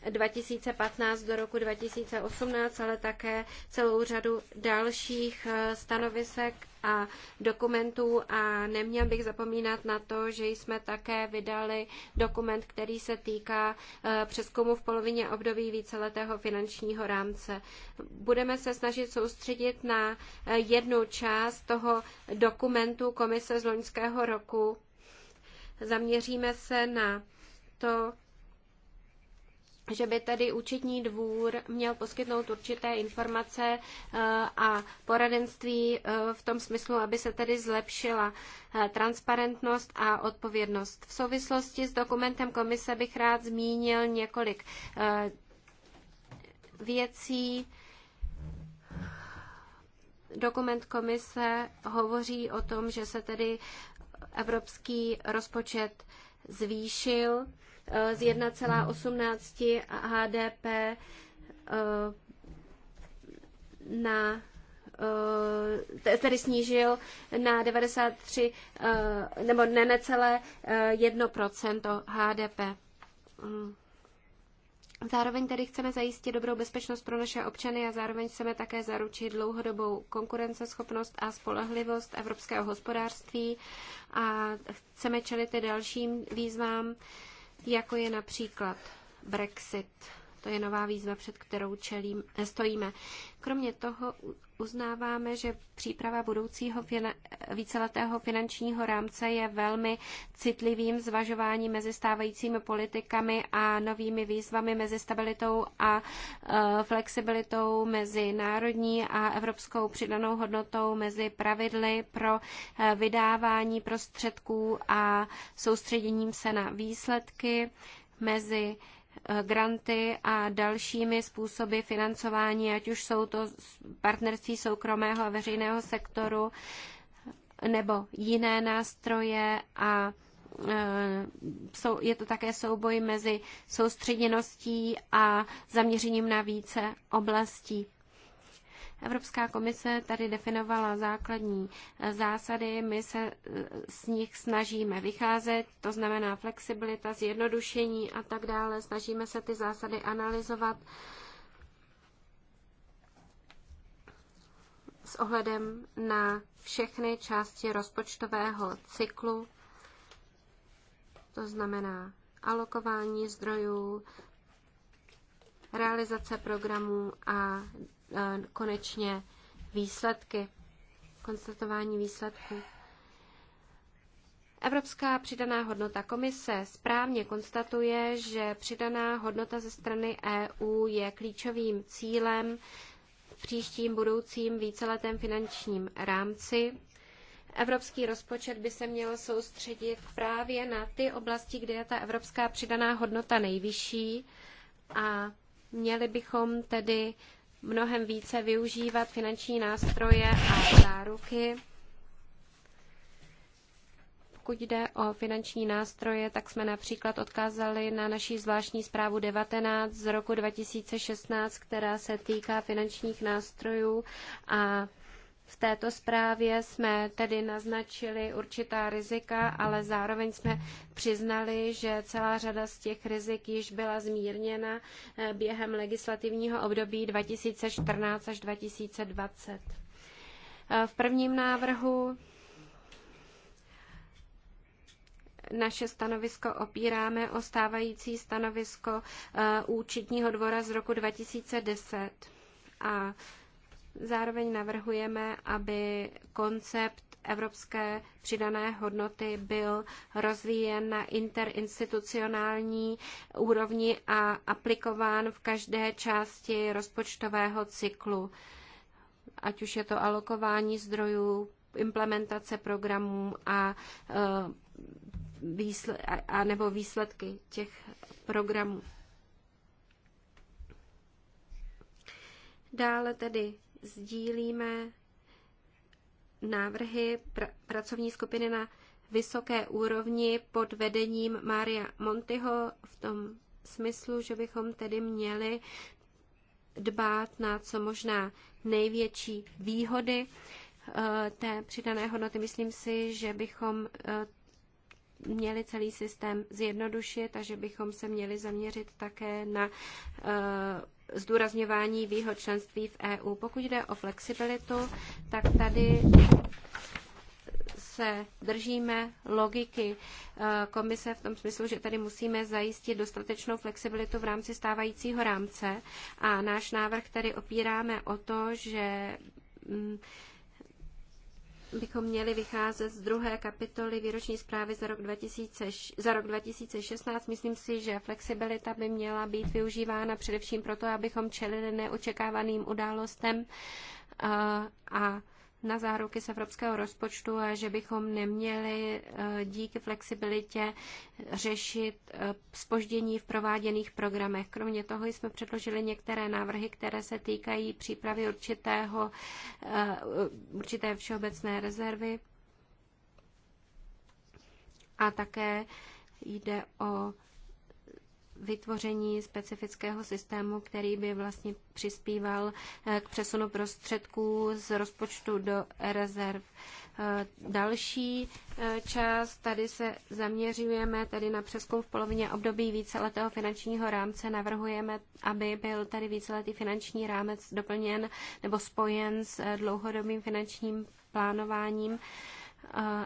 2015 do roku 2018, ale také celou řadu dalších eh, stanovisek a dokumentů a neměl bych zapomínat na to, že jsme také vydali dokument, který se týká eh, přeskumu v polovině období víceletého finančního rámce. Budeme se snažit soustředit na eh, jednu část toho dokumentu Komise z loňského roku. Zaměříme se na to, že by tedy účetní dvůr měl poskytnout určité informace eh, a poradenství eh, v tom smyslu, aby se tedy zlepšila eh, transparentnost a odpovědnost. V souvislosti s dokumentem komise bych rád zmínil několik věcí. Dokument komise hovoří o tom, že se tedy evropský rozpočet zvýšil z 1,18 HDP eh, na eh, tedy snížil na 93 eh, nebo ne necelé 1% HDP. Zároveň tedy chceme zajistit dobrou bezpečnost pro naše občany a zároveň chceme také zaručit dlouhodobou konkurenceschopnost a spolehlivost evropského hospodářství a chceme čelit i dalším výzvám, jako je například Brexit. To je nová výzva, před kterou čelím, stojíme. Kromě toho uznáváme, že příprava budoucího fina- víceletého finančního rámce je velmi citlivým zvažováním mezi stávajícími politikami a novými výzvami mezi stabilitou a e, flexibilitou, mezi národní a evropskou přidanou hodnotou, mezi pravidly pro e, vydávání prostředků a soustředěním se na výsledky, mezi Eh, granty a dalšími způsoby financování, ať už jsou to partnerství soukromého a veřejného sektoru nebo jiné nástroje a eh, je to také souboj mezi soustředěností a zaměřením na více oblastí. Evropská komise tady definovala základní eh, zásady, my se eh, s nich snažíme vycházet, to znamená flexibilita, zjednodušení a tak dále. Snažíme se ty zásady analyzovat s ohledem na všechny části rozpočtového cyklu, to znamená alokování zdrojů, realizace programů a konečně výsledky, konstatování výsledků. Evropská přidaná hodnota komise správně konstatuje, že přidaná hodnota ze strany EU je klíčovým cílem v příštím budoucím víceletém finančním rámci. Evropský rozpočet by se měl soustředit právě na ty oblasti, kde je ta evropská přidaná hodnota nejvyšší a měli bychom tedy mnohem více využívat finanční nástroje a záruky. Pokud jde o finanční nástroje, tak jsme například odkázali na naší zvláštní zprávu 19 z roku 2016, která se týká finančních nástrojů a v této zprávě jsme tedy naznačili určitá rizika, ale zároveň jsme přiznali, že celá řada z těch rizik již byla zmírněna eh, během legislativního období 2014 až 2020. Eh, v prvním návrhu naše stanovisko opíráme o stávající stanovisko eh, účetního dvora z roku 2010. A Zároveň navrhujeme, aby koncept evropské přidané hodnoty byl rozvíjen na interinstitucionální úrovni a aplikován v každé části rozpočtového cyklu, ať už je to alokování zdrojů, implementace programů a, e, a nebo výsledky těch programů. Dále tedy sdílíme návrhy pr- pracovní skupiny na vysoké úrovni pod vedením Mária Montyho v tom smyslu, že bychom tedy měli dbát na co možná největší výhody eh, té přidané hodnoty. Myslím si, že bychom eh, měli celý systém zjednodušit a že bychom se měli zaměřit také na eh, zdůrazňování výhod členství v EU. Pokud jde o flexibilitu, tak tady se držíme logiky e, komise v tom smyslu, že tady musíme zajistit dostatečnou flexibilitu v rámci stávajícího rámce a náš návrh tedy opíráme o to, že mm, bychom měli vycházet z druhé kapitoly výroční zprávy za rok, 2000, za rok 2016. Myslím si, že flexibilita by měla být využívána především proto, abychom čelili neočekávaným událostem a, a na záruky z evropského rozpočtu a že bychom neměli eh, díky flexibilitě řešit spoždění eh, v prováděných programech. Kromě toho jsme předložili některé návrhy, které se týkají přípravy určitého, eh, určité všeobecné rezervy a také jde o vytvoření specifického systému, který by vlastně přispíval eh, k přesunu prostředků z rozpočtu do rezerv. Eh, další eh, část, tady se zaměřujeme tady na přeskum v polovině období víceletého finančního rámce. Navrhujeme, aby byl tady víceletý finanční rámec doplněn nebo spojen s dlouhodobým finančním plánováním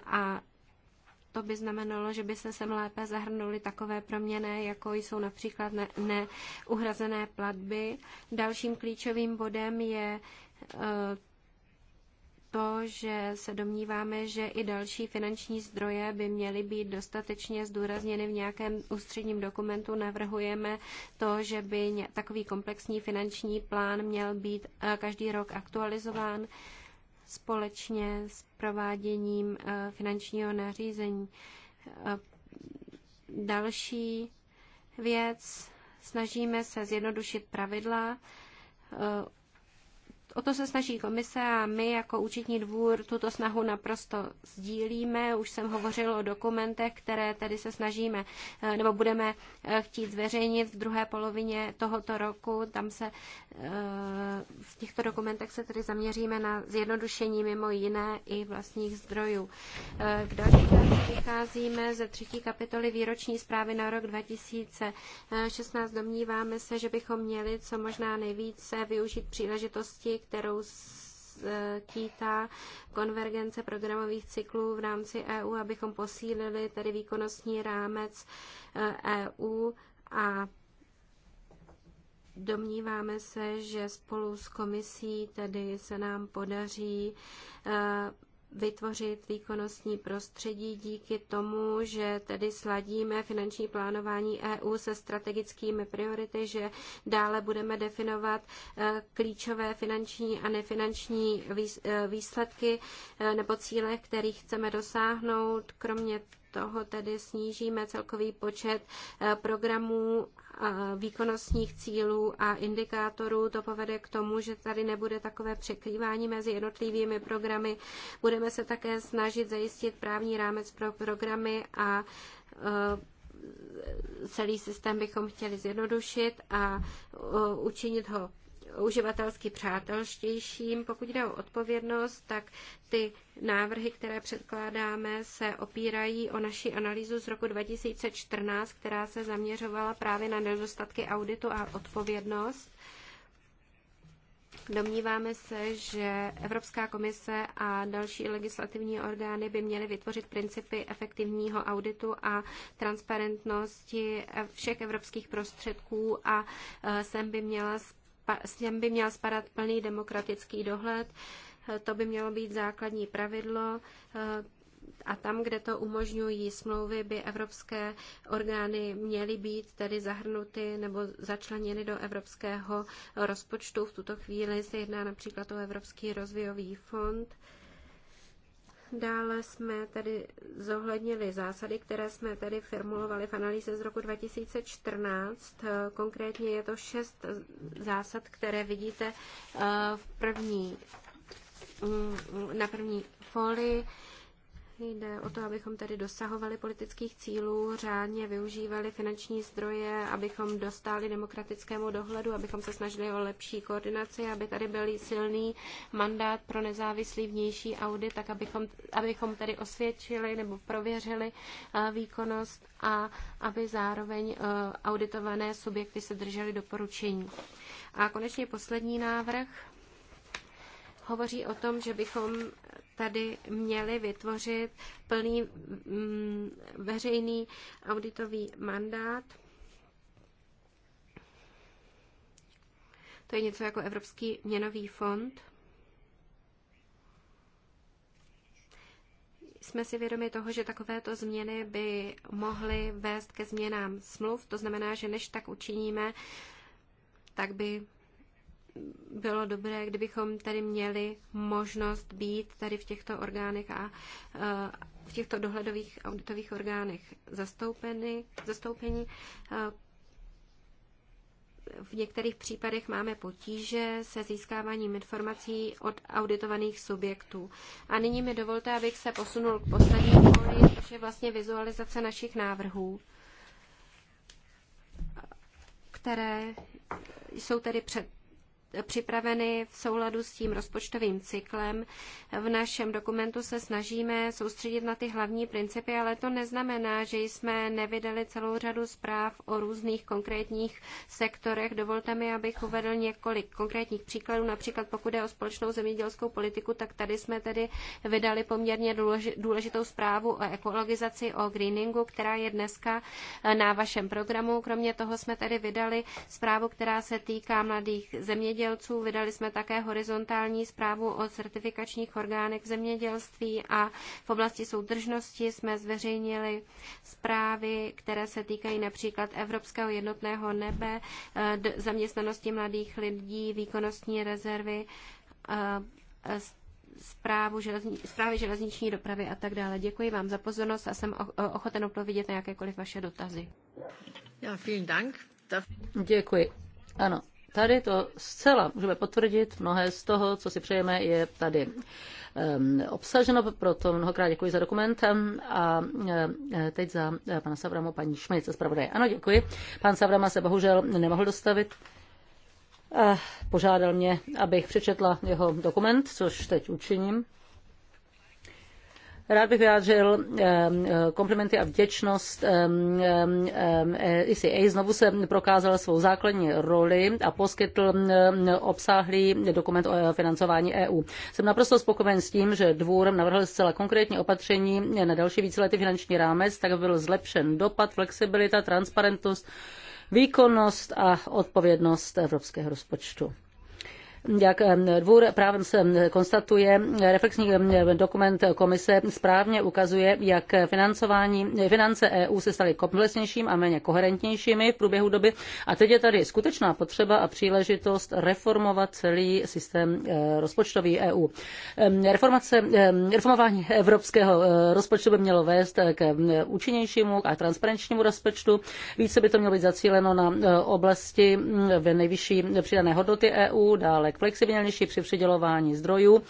a to by znamenalo, že by se sem lépe zahrnuly takové proměny, jako jsou například neuhrazené ne platby. Dalším klíčovým bodem je e, to, že se domníváme, že i další finanční zdroje by měly být dostatečně zdůrazněny v nějakém ústředním dokumentu. Navrhujeme to, že by takový komplexní finanční plán měl být e, každý rok aktualizován společně s prováděním eh, finančního nařízení. Eh, další věc, snažíme se zjednodušit pravidla, eh, O to se snaží komise a my jako účetní dvůr tuto snahu naprosto sdílíme. Už jsem hovořil o dokumentech, které tady se snažíme eh, nebo budeme eh, chtít zveřejnit v druhé polovině tohoto roku. Tam se eh, v těchto dokumentech se tedy zaměříme na zjednodušení mimo jiné i vlastních zdrojů. K dalšímu vycházíme ze třetí kapitoly výroční zprávy na rok 2016. Domníváme se, že bychom měli co možná nejvíce využít příležitosti, kterou skýtá e, konvergence programových cyklů v rámci EU, abychom posílili tedy výkonnostní rámec EU e a Domníváme se, že spolu s komisí tedy se nám podaří e, vytvořit výkonnostní prostředí díky tomu, že tedy sladíme finanční plánování EU se strategickými priority, že dále budeme definovat eh, klíčové finanční a nefinanční eh, výsledky eh, nebo cíle, kterých chceme dosáhnout. Kromě toho tedy snížíme celkový počet programů výkonnostních cílů a indikátorů. To povede k tomu, že tady nebude takové překrývání mezi jednotlivými programy. Budeme se také snažit zajistit právní rámec pro programy a e, celý systém bychom chtěli zjednodušit a e, učinit ho uživatelsky přátelštějším. Pokud jde o odpovědnost, tak ty návrhy, které předkládáme, se opírají o naši analýzu z roku 2014, která se zaměřovala právě na nedostatky auditu a odpovědnost. Domníváme se, že Evropská komise a další legislativní orgány by měly vytvořit principy efektivního auditu a transparentnosti všech evropských prostředků a e, sem by měla s těm by měl spadat plný demokratický dohled. To by mělo být základní pravidlo a tam, kde to umožňují smlouvy, by evropské orgány měly být tedy zahrnuty nebo začleněny do evropského rozpočtu. V tuto chvíli se jedná například o Evropský rozvojový fond. Dále jsme tady zohlednili zásady, které jsme tady formulovali v analýze z roku 2014. Konkrétně je to šest zásad, které vidíte eh, v první, mm, na první folii. Jde o to, abychom tedy dosahovali politických cílů, řádně využívali finanční zdroje, abychom dostali demokratickému dohledu, abychom se snažili o lepší koordinaci, aby tady byl silný mandát pro nezávislý vnější audit, tak abychom, abychom tedy osvědčili nebo prověřili eh, výkonnost a aby zároveň eh, auditované subjekty se držely doporučení. A konečně poslední návrh hovoří o tom, že bychom tady měli vytvořit plný mm, veřejný auditový mandát. To je něco jako Evropský měnový fond. jsme si vědomi toho, že takovéto změny by mohly vést ke změnám smluv. To znamená, že než tak učiníme, tak by bylo dobré, kdybychom tady měli možnost být tady v těchto orgánech a eh, v těchto dohledových auditových orgánech zastoupeny, zastoupení. Eh, v některých případech máme potíže se získáváním informací od auditovaných subjektů. A nyní mi dovolte, abych se posunul k poslední poli, což je vlastně vizualizace našich návrhů, které jsou tedy před připraveny v souladu s tím rozpočtovým cyklem. V našem dokumentu se snažíme soustředit na ty hlavní principy, ale to neznamená, že jsme nevydali celou řadu zpráv o různých konkrétních sektorech. Dovolte mi, abych uvedl několik konkrétních příkladů. Například pokud je o společnou zemědělskou politiku, tak tady jsme tedy vydali poměrně důležitou zprávu o ekologizaci, o greeningu, která je dneska eh, na vašem programu. Kromě toho jsme tady vydali zprávu, která se týká mladých zemědělců zemědělců. Vydali jsme také horizontální zprávu o certifikačních orgánech v zemědělství a v oblasti soudržnosti jsme zveřejnili zprávy, které se týkají například Evropského jednotného nebe, eh, zaměstnanosti mladých lidí, výkonnostní rezervy, eh, zprávu železni, zprávy železniční dopravy a tak dále. Děkuji vám za pozornost a jsem ochoten odpovědět na jakékoliv vaše dotazy. Ja, vielen Dank. Děkuji. Ano, tady to zcela můžeme potvrdit. Mnohé z toho, co si přejeme, je tady ehm, obsaženo, proto mnohokrát děkuji za dokument ehm, a e, teď za e, pana Savramu, paní Šmice, zpravodaje. Ano, děkuji. Pan Savrama se bohužel nemohl dostavit. Požádal mě, abych přečetla jeho dokument, což teď učiním. Rád bych vyjádřil eh, eh, komplimenty a vděčnost ECA. Eh, znovu se prokázal svou základní roli a poskytl obsáhlý dokument o financování EU. Jsem naprosto spokojen s tím, že dvůr navrhl zcela konkrétní opatření na další víceletý finanční rámec, tak byl zlepšen dopad, flexibilita, transparentnost, výkonnost a odpovědnost evropského rozpočtu jak dvůr právem se konstatuje, reflexní dokument komise správně ukazuje, jak financování, finance EU se staly komplexnějším a méně koherentnějšími v průběhu doby. A teď je tady skutečná potřeba a příležitost reformovat celý systém e, rozpočtový EU. Reformace, reformování evropského e, rozpočtu by mělo vést k účinnějšímu a transparentnímu rozpočtu. Více by to mělo být zacíleno na e, oblasti ve nejvyšší přidané hodnoty EU, dále flexibilnější při přidělování zdrojů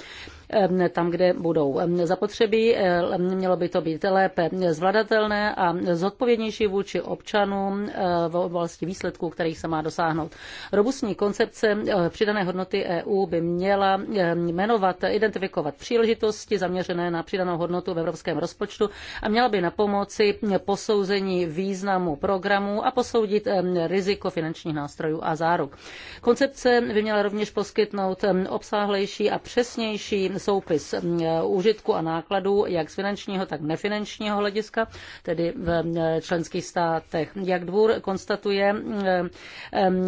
tam, kde budou zapotřebí. Mělo by to být lépe zvladatelné a zodpovědnější vůči občanům eh, v oblasti výsledků, kterých se má dosáhnout. Robustní koncepce eh, přidané hodnoty EU by měla jmenovat, identifikovat příležitosti zaměřené na přidanou hodnotu v evropském rozpočtu a měla by na pomoci posouzení významu programu a posoudit riziko finančních nástrojů a záruk. Koncepce by měla rovněž poskytnout obsáhlejší a přesnější soupis mm, úžitku a nákladů jak z finančního, tak nefinančního hlediska, tedy v mm, členských státech. Jak dvůr konstatuje, mm,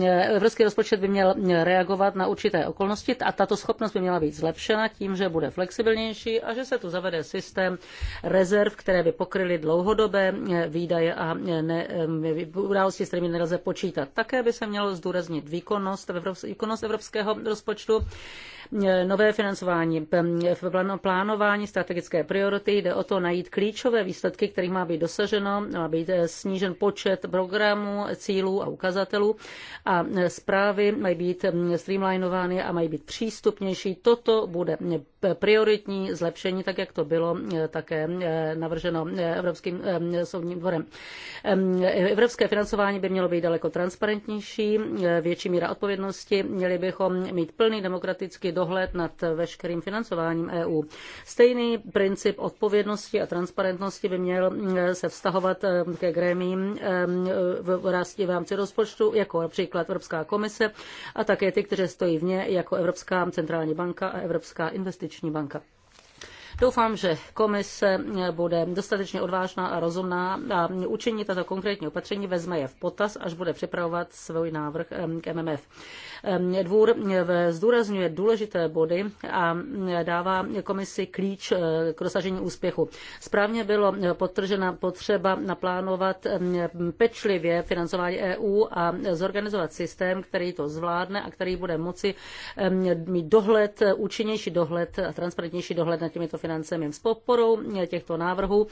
evropský rozpočet by měl reagovat na určité okolnosti a tato schopnost by měla být zlepšena tím, že bude flexibilnější a že se tu zavede systém rezerv, které by pokryly dlouhodobé výdaje a ne, události, s kterými nelze počítat. Také by se mělo zdůraznit výkonnost, výkonnost evropského rozpočtu E, nové financování, plánování, strategické priority. Jde o to najít klíčové výsledky, kterých má být dosaženo, má být e, snížen počet programů, cílů a ukazatelů a e, zprávy mají být streamlinovány a mají být přístupnější. Toto bude prioritní zlepšení, tak jak to bylo také navrženo Evropským soudním dvorem. Evropské financování by mělo být daleko transparentnější, větší míra odpovědnosti, měli bychom mít plný demokratický dohled nad veškerým financováním EU. Stejný princip odpovědnosti a transparentnosti by měl eh, se vztahovat eh, ke grémím eh, v rámci rozpočtu, jako například Evropská komise a také ty, kteří stojí v ně, jako Evropská centrální banka a Evropská investiční banka. Doufám, že komise bude dostatečně odvážná a rozumná a učiní tato konkrétní opatření vezme je v potaz, až bude připravovat svůj návrh k MMF. Ehm, dvůr eh, zdůrazňuje důležité body a eh, dává komisi klíč eh, k dosažení úspěchu. Správně bylo potržena potřeba naplánovat ehm, pečlivě financování EU a zorganizovat systém, který to zvládne a který bude moci ehm, mít dohled, účinnější dohled a transparentnější dohled nad těmito financemi. S podporou těchto návrhů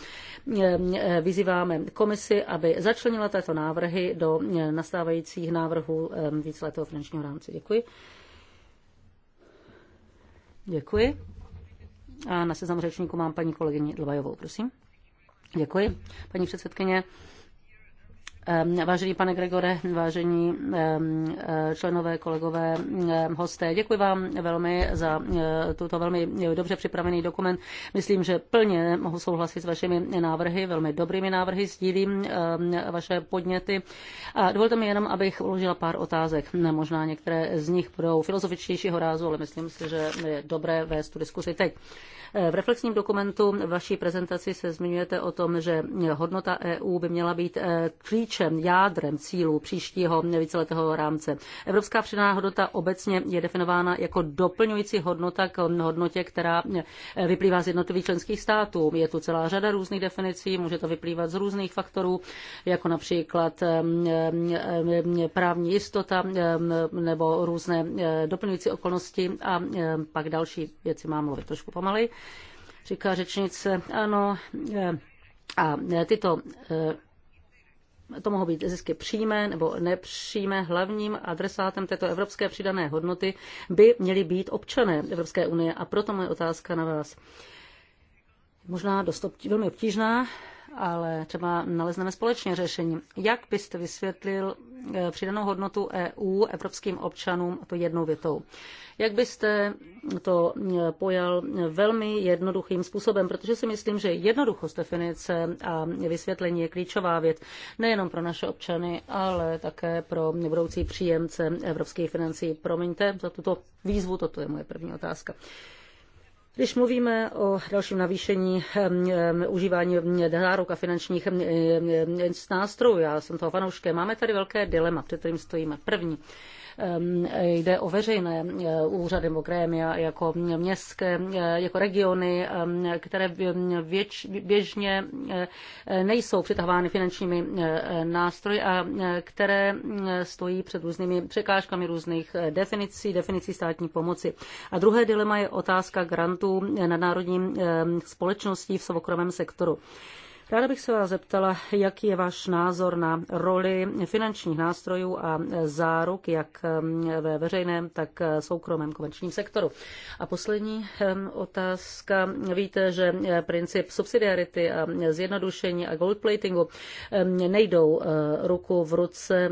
vyzýváme komisi, aby začlenila této návrhy do nastávajících návrhů víceletého finančního rámce rámci. Děkuji. Děkuji. A na seznam řečníku mám paní kolegyni Dlbajovou, prosím. Děkuji, paní předsedkyně. Ehm, vážený pane Gregore, vážení ehm, eh, členové, kolegové, ehm, hosté, děkuji vám velmi za eh, tuto velmi dobře připravený dokument. Myslím, že plně mohu souhlasit s vašimi návrhy, velmi dobrými návrhy, sdílím vaše podněty. A dovolte mi jenom, abych uložila pár otázek. Možná některé z nich budou filozofičtějšího rázu, ale myslím si, že je dobré vést tu diskusi teď. Eh, v reflexním dokumentu vaší prezentaci se zmiňujete o tom, že hodnota EU by měla být klíč klíčem, jádrem cílů příštího víceletého rámce. Evropská přidaná hodnota obecně je definována jako doplňující hodnota k hodnotě, která vyplývá z jednotlivých členských států. Je tu celá řada různých definicí, může to vyplývat z různých faktorů, jako například právní jistota nebo různé doplňující okolnosti a pak další věci mám mluvit trošku pomalej. Říká řečnice, ano, a tyto to mohou být zisky přímé nebo nepřímé. Hlavním adresátem této evropské přidané hodnoty by měly být občané Evropské unie. A proto moje otázka na vás. Možná dost obtí, velmi obtížná, ale třeba nalezneme společně řešení. Jak byste vysvětlil eh, přidanou hodnotu EU evropským občanům to jednou větou? Jak byste to eh, pojal eh, velmi jednoduchým způsobem, protože si myslím, že jednoduchost definice a vysvětlení je klíčová věc nejenom pro naše občany, ale také pro budoucí příjemce evropských financí. Promiňte za tuto výzvu, toto je moje první otázka. Když mluvíme o dalším navýšení užívání nárok a finančních nástrojů, já jsem toho fanouškem, máme tady velké dilema, před kterým stojíme. První, Ehm, jde o veřejné eh, úřady nebo grémia jako městské, eh, jako regiony, ehm, které věč, běžně eh, nejsou přitahovány finančními nástroji a které stojí před různými překážkami různých definicí, definicí státní pomoci. A druhé dilema je otázka grantů nadnárodním společností v soukromém sektoru. Ráda bych se vás zeptala, jaký je váš názor na roli finančních nástrojů a záruk, jak ve veřejném, tak eh, soukromém komerčním sektoru. A poslední otázka. Víte, že eh, princip subsidiarity a zjednodušení a goldplatingu nejdou eh, ruku v ruce,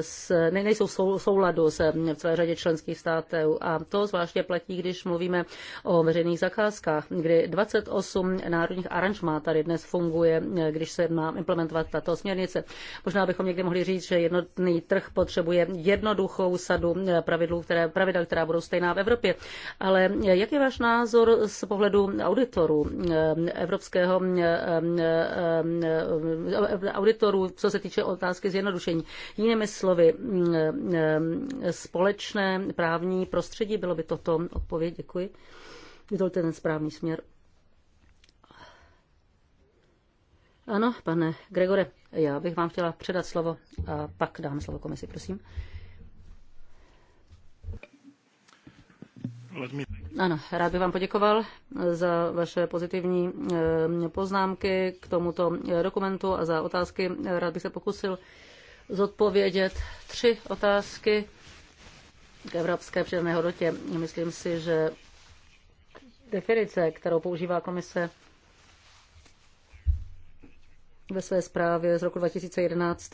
s, ne, nejsou v souladu se v celé řadě členských států. A to zvláště platí, když mluvíme o veřejných zakázkách, kdy 28 národních aranžmá tady dnes funguje když se má implementovat tato směrnice. Možná bychom někdy mohli říct, že jednotný trh potřebuje jednoduchou sadu eh, pravidlů, které, pravidel, která budou stejná v Evropě. Ale eh, jak je váš názor z pohledu auditorů eh, evropského auditorů, co se týče otázky zjednodušení? Jinými slovy, mm, společné právní prostředí, bylo by toto odpověď, děkuji. to ten správný směr. Ano, pane Gregore, já bych vám chtěla předat slovo a pak dám slovo komisi, prosím. Ano, rád bych vám poděkoval za vaše pozitivní eh, poznámky k tomuto dokumentu a za otázky. Rád bych se pokusil zodpovědět tři otázky k evropské přidané hodnotě. Myslím si, že definice, kterou používá komise, ve své zprávě z roku 2011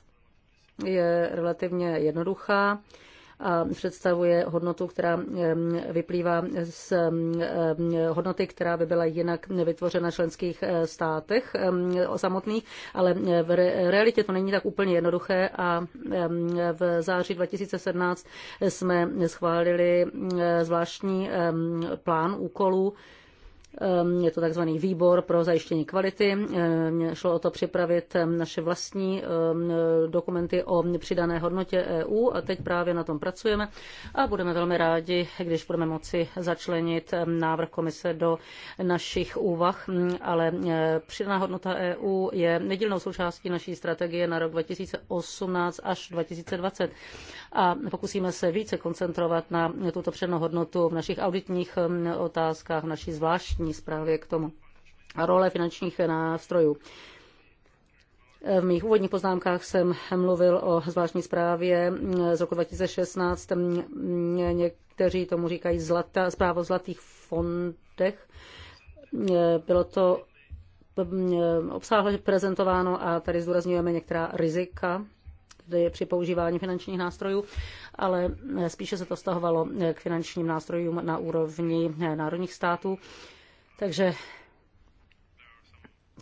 je relativně jednoduchá a představuje hodnotu, která vyplývá z hodnoty, která by byla jinak vytvořena v členských eh, státech samotných, ale eh, v realitě to není tak úplně jednoduché a v září 2017 jsme schválili eh, zvláštní plán úkolů, Ehm, je to takzvaný výbor pro zajištění kvality. Ehm, šlo o to připravit ehm, naše vlastní dokumenty o přidané hodnotě EU a teď právě na tom pracujeme a budeme velmi rádi, když budeme moci začlenit návrh komise do našich úvah, ale e, přidaná hodnota EU je nedílnou součástí naší strategie na rok 2018 až 2020 a pokusíme se více koncentrovat na tuto přednou hodnotu v našich auditních otázkách, v naší zvláštní finanční zprávě k tomu. A role finančních nástrojů. V mých úvodních poznámkách jsem mluvil o zvláštní zprávě z roku 2016. Někteří tomu říkají zlata, zpráva o zlatých fondech. Bylo to obsáhle prezentováno a tady zdůrazňujeme některá rizika při používání finančních nástrojů, ale spíše se to stahovalo k finančním nástrojům na úrovni národních států. Takže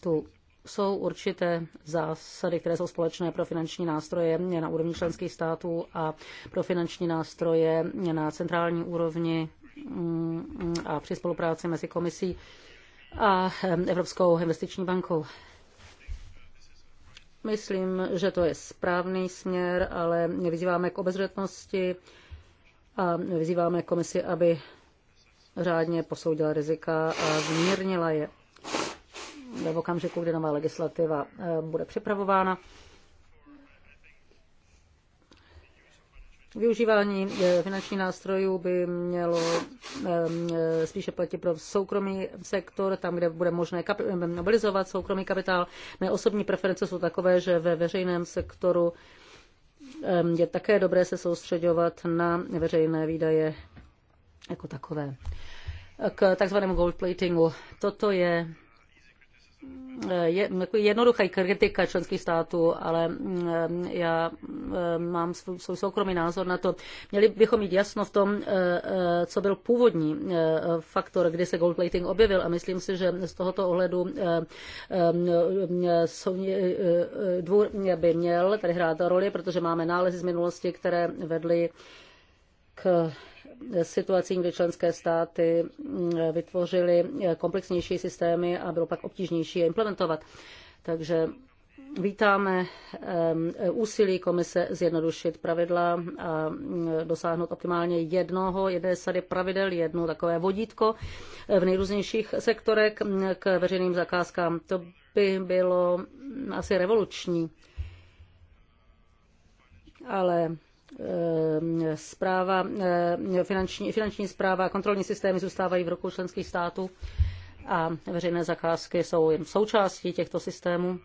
tu jsou určité zásady, které jsou společné pro finanční nástroje na úrovni členských států a pro finanční nástroje na centrální úrovni mm, a při spolupráci mezi komisí a Evropskou investiční bankou. Myslím, že to je správný směr, ale vyzýváme k obezřetnosti a vyzýváme komisi, aby řádně posoudila rizika a zmírnila je ve okamžiku, kdy nová legislativa eh, bude připravována. Využívání eh, finančních nástrojů by mělo eh, spíše platit pro soukromý sektor, tam, kde bude možné mobilizovat soukromý kapitál. Mé osobní preference jsou takové, že ve veřejném sektoru je také dobré se soustředovat na veřejné výdaje jako takové. K takzvanému gold platingu. Toto je je jako jednoduchá kritika členských států, ale mm, já mm, mám svůj soukromý názor na to. Měli bychom mít jasno v tom, eh, eh, co byl původní eh, faktor, kdy se goldplating objevil a myslím si, že z tohoto ohledu mm, dvůr by měl tady hrát roli, protože máme nálezy z minulosti, které vedly k situací, kdy členské státy mm, vytvořily komplexnější systémy a bylo pak obtížnější je implementovat. Takže vítáme úsilí komise zjednodušit pravidla a mm, dosáhnout optimálně jednoho, jedné sady pravidel, jedno takové vodítko v nejrůznějších sektorech mm, k veřejným zakázkám. To by bylo asi revoluční. Ale Ehm, zpráva, ehm, finanční, finanční zpráva, kontrolní systémy zůstávají v rukou členských států a veřejné zakázky jsou jen součástí těchto systémů,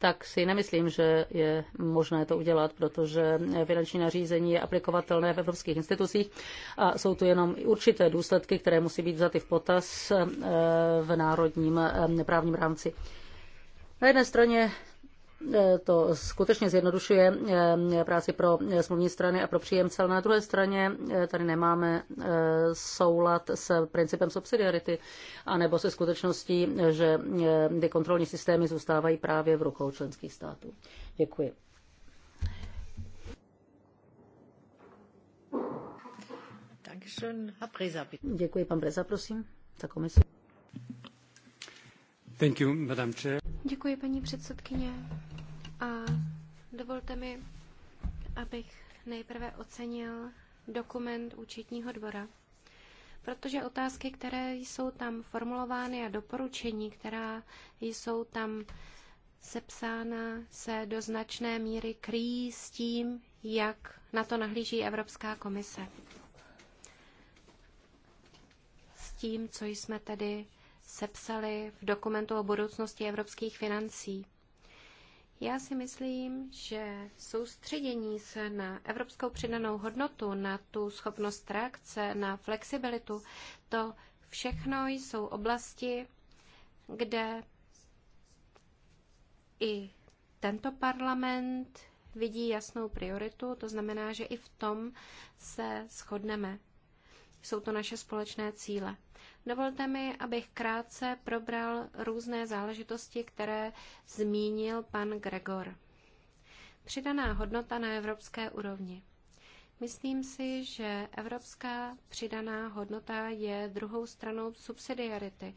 tak si nemyslím, že je možné to udělat, protože finanční nařízení je aplikovatelné v evropských institucích a jsou tu jenom určité důsledky, které musí být vzaty v potaz ehm, v národním právním rámci. Na jedné straně E, to skutečně zjednodušuje e, práci pro e, smluvní strany a pro příjemce, ale na druhé straně tady nemáme soulad s principem subsidiarity anebo se skutečností, že ty kontrolní systémy zůstávají právě v rukou členských států. Děkuji. Děkuji, pan Breza, prosím, za komisi. Thank you, Madam Chair. Děkuji, paní předsedkyně. A dovolte mi, abych nejprve ocenil dokument účetního dvora, protože otázky, které jsou tam formulovány a doporučení, která jsou tam sepsána, se do značné míry kryjí s tím, jak na to nahlíží Evropská komise. S tím, co jsme tedy sepsali v dokumentu o budoucnosti evropských financí. Já si myslím, že soustředění se na evropskou přidanou hodnotu, na tu schopnost reakce, na flexibilitu, to všechno jsou oblasti, kde i tento parlament vidí jasnou prioritu, to znamená, že i v tom se shodneme. Jsou to naše společné cíle. Dovolte mi, abych krátce probral různé záležitosti, které zmínil pan Gregor. Přidaná hodnota na evropské úrovni. Myslím si, že evropská přidaná hodnota je druhou stranou subsidiarity.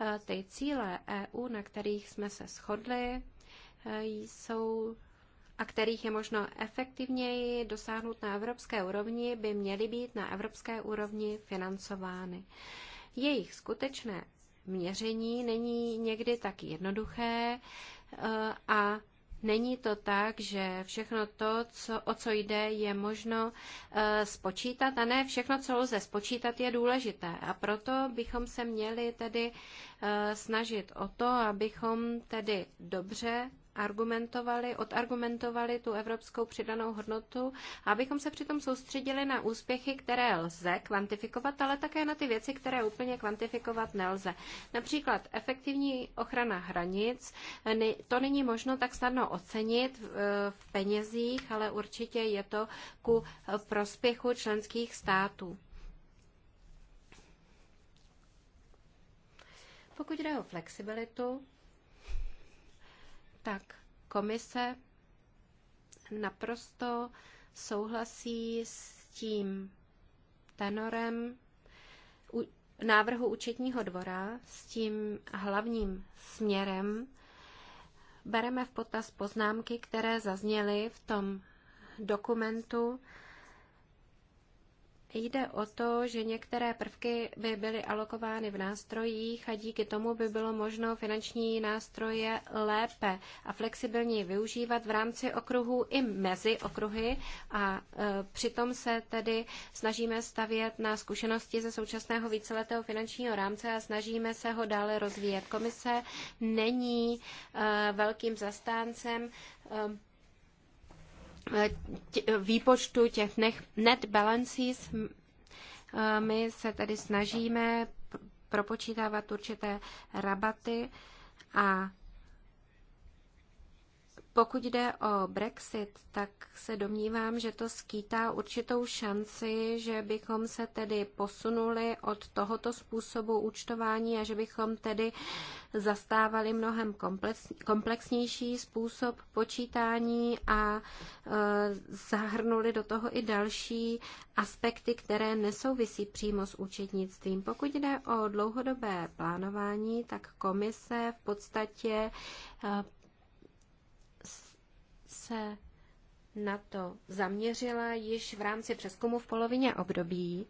Eh, ty cíle EU, na kterých jsme se shodli, eh, jsou a kterých je možno efektivněji dosáhnout na evropské úrovni, by měly být na evropské úrovni financovány. Jejich skutečné měření není někdy tak jednoduché eh, a Není to tak, že všechno to, co, o co jde, je možno eh, spočítat a ne všechno, co lze spočítat, je důležité. A proto bychom se měli tedy eh, snažit o to, abychom tedy dobře argumentovali, odargumentovali tu evropskou přidanou hodnotu, abychom se přitom soustředili na úspěchy, které lze kvantifikovat, ale také na ty věci, které úplně kvantifikovat nelze. Například efektivní ochrana hranic, to není možno tak snadno ocenit v penězích, ale určitě je to ku prospěchu členských států. Pokud jde o flexibilitu, tak komise naprosto souhlasí s tím tenorem návrhu účetního dvora, s tím hlavním směrem. Bereme v potaz poznámky, které zazněly v tom dokumentu Jde o to, že některé prvky by byly alokovány v nástrojích a díky tomu by bylo možno finanční nástroje lépe a flexibilněji využívat v rámci okruhů i mezi okruhy a e, přitom se tedy snažíme stavět na zkušenosti ze současného víceletého finančního rámce a snažíme se ho dále rozvíjet. Komise není e, velkým zastáncem e, výpočtu těch net balances. My se tady snažíme propočítávat určité rabaty a pokud jde o Brexit, tak se domnívám, že to skýtá určitou šanci, že bychom se tedy posunuli od tohoto způsobu účtování a že bychom tedy zastávali mnohem komplex, komplexnější způsob počítání a e, zahrnuli do toho i další aspekty, které nesouvisí přímo s účetnictvím. Pokud jde o dlouhodobé plánování, tak komise v podstatě e, se na to zaměřila již v rámci přeskumu v polovině období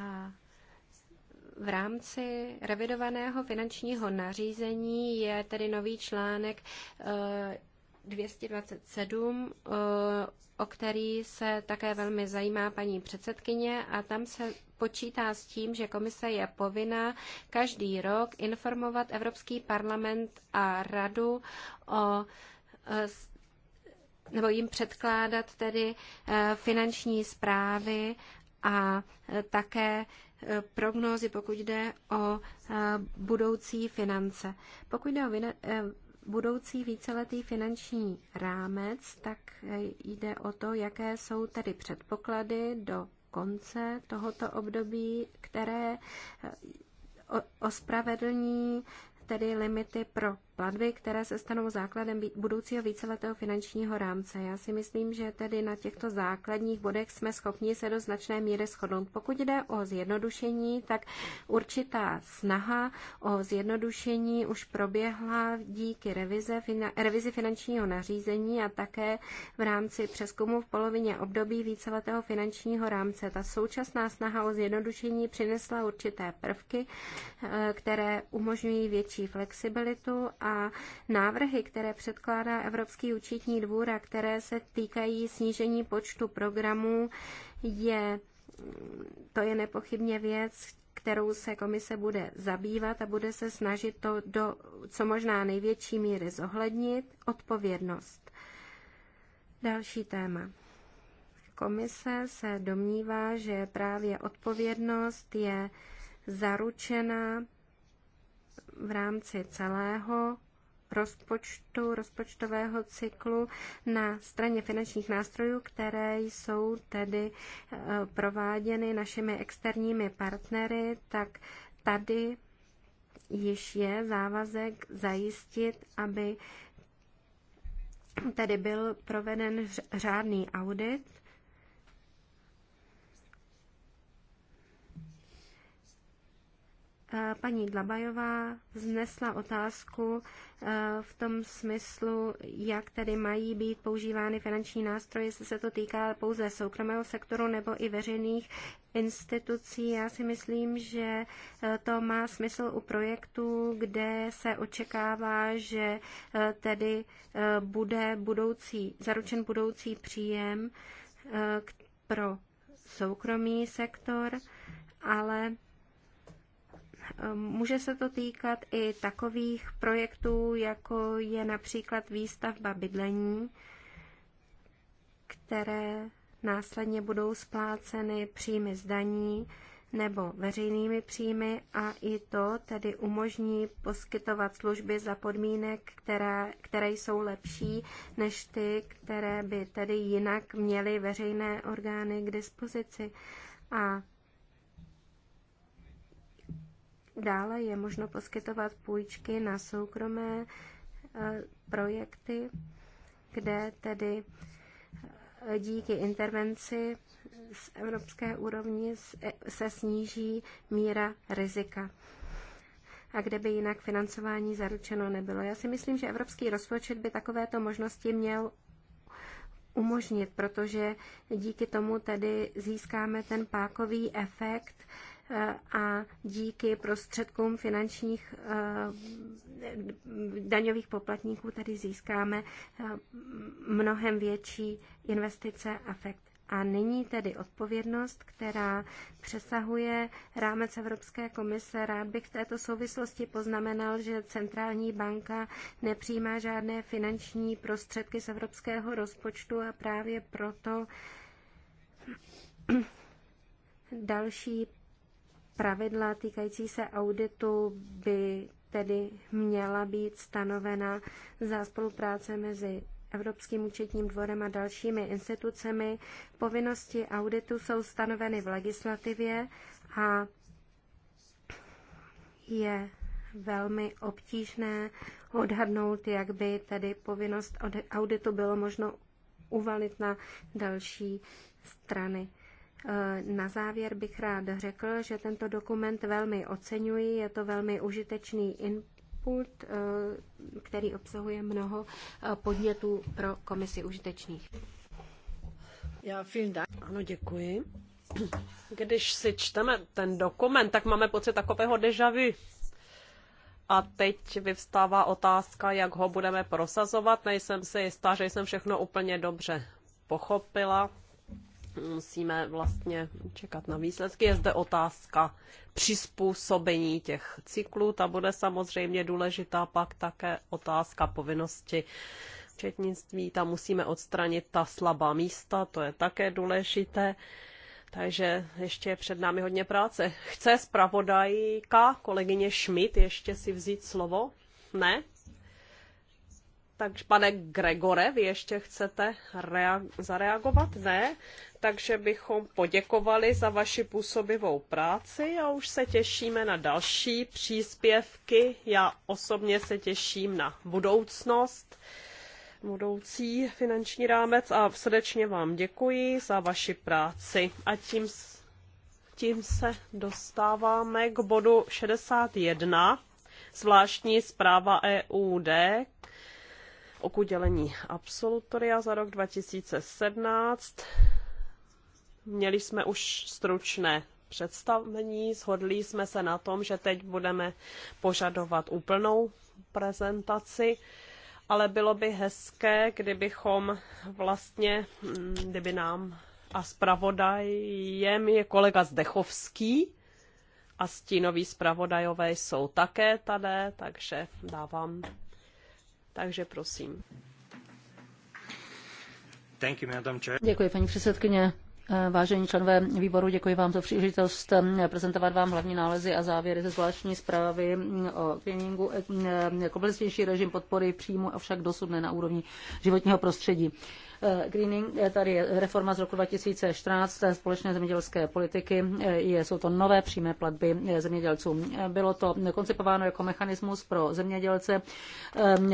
a v rámci revidovaného finančního nařízení je tedy nový článek 227, eh, eh, o který se také velmi zajímá paní předsedkyně a tam se počítá s tím, že komise je povinna každý rok informovat Evropský parlament a radu o eh, nebo jim předkládat tedy eh, finanční zprávy a eh, také eh, prognózy, pokud jde o budoucí finance. Pokud jde o budoucí víceletý finanční rámec, tak jde o to, jaké jsou tedy předpoklady do konce tohoto období, které ospravedlní tedy limity pro platby, které se stanou základem budoucího víceletého finančního rámce. Já si myslím, že tedy na těchto základních bodech jsme schopni se do značné míry shodnout. Pokud jde o zjednodušení, tak určitá snaha o zjednodušení už proběhla díky revize, fina, revizi finančního nařízení a také v rámci přeskumu v polovině období víceletého finančního rámce. Ta současná snaha o zjednodušení přinesla určité prvky, eh, které umožňují větší flexibilitu a a návrhy, které předkládá Evropský účetní dvůr a které se týkají snížení počtu programů, je, to je nepochybně věc, kterou se komise bude zabývat a bude se snažit to do co možná největší míry zohlednit, odpovědnost. Další téma. Komise se domnívá, že právě odpovědnost je zaručena v rámci celého rozpočtu, rozpočtového cyklu na straně finančních nástrojů, které jsou tedy eh, prováděny našimi externími partnery, tak tady již je závazek zajistit, aby tedy byl proveden řádný audit paní Dlabajová vznesla otázku e, v tom smyslu, jak tedy mají být používány finanční nástroje, jestli se to týká pouze soukromého sektoru nebo i veřejných institucí. Já si myslím, že e, to má smysl u projektů, kde se očekává, že e, tedy bude budoucí, zaručen budoucí příjem pro soukromý sektor, ale Ehm, může se to týkat i takových projektů, jako je například výstavba bydlení, které následně budou spláceny příjmy zdaní, nebo veřejnými příjmy a i to tedy umožní poskytovat služby za podmínek, které, které jsou lepší než ty, které by tedy jinak měly veřejné orgány k dispozici. A Dále je možno poskytovat půjčky na soukromé eh, projekty, kde tedy eh, díky intervenci z evropské úrovni eh, se sníží míra rizika a kde by jinak financování zaručeno nebylo. Já si myslím, že evropský rozpočet by takovéto možnosti měl umožnit, protože díky tomu tedy získáme ten pákový efekt Eh, a díky prostředkům finančních eh, daňových poplatníků tady získáme eh, mnohem větší investice a efekt. A nyní tedy odpovědnost, která přesahuje rámec Evropské komise. Rád bych v této souvislosti poznamenal, že centrální banka nepřijímá žádné finanční prostředky z evropského rozpočtu a právě proto další pravidla týkající se auditu by tedy měla být stanovena za spolupráce mezi Evropským účetním dvorem a dalšími institucemi. Povinnosti auditu jsou stanoveny v legislativě a je velmi obtížné odhadnout, jak by tedy povinnost auditu bylo možno uvalit na další strany. Eh, na závěr bych rád řekl, že tento dokument velmi oceňuji, je to velmi užitečný input, eh, který obsahuje mnoho eh, podnětů pro komisi užitečných. Já vielen Ano, děkuji. Když si čteme ten dokument, tak máme pocit takového deja vu. A teď vyvstává otázka, jak ho budeme prosazovat. Nejsem si jistá, že jsem všechno úplně dobře pochopila musíme vlastně čekat na výsledky. Je zde otázka přizpůsobení těch cyklů, ta bude samozřejmě důležitá, pak také otázka povinnosti četnictví, tam musíme odstranit ta slabá místa, to je také důležité. Takže ještě je před námi hodně práce. Chce zpravodajka, kolegyně Schmidt, ještě si vzít slovo? Ne? Takže pane Gregore, vy ještě chcete zareagovat? Ne? Takže bychom poděkovali za vaši působivou práci a už se těšíme na další příspěvky. Já osobně se těším na budoucnost, budoucí finanční rámec a srdečně vám děkuji za vaši práci. A tím, tím se dostáváme k bodu 61, zvláštní zpráva EUD k udělení absolutoria za rok 2017. Měli jsme už stručné představení, shodli jsme se na tom, že teď budeme požadovat úplnou prezentaci, ale bylo by hezké, kdybychom vlastně, mm, kdyby nám a zpravodajem je kolega Zdechovský a stínoví zpravodajové jsou také tady, takže dávám takže prosím. You, Děkuji, paní předsedkyně. Eh, vážení členové výboru, děkuji vám za příležitost eh, prezentovat vám hlavní nálezy a závěry ze zvláštní zprávy mm, o tréninku eh, mm, komplexnější režim podpory příjmu, avšak dosud ne na úrovni životního prostředí. Eh, Greening, eh, tady je reforma z roku 2014 eh, společné zemědělské politiky, jsou to nové přímé platby zemědělcům. Bylo to koncipováno jako mechanismus pro zemědělce,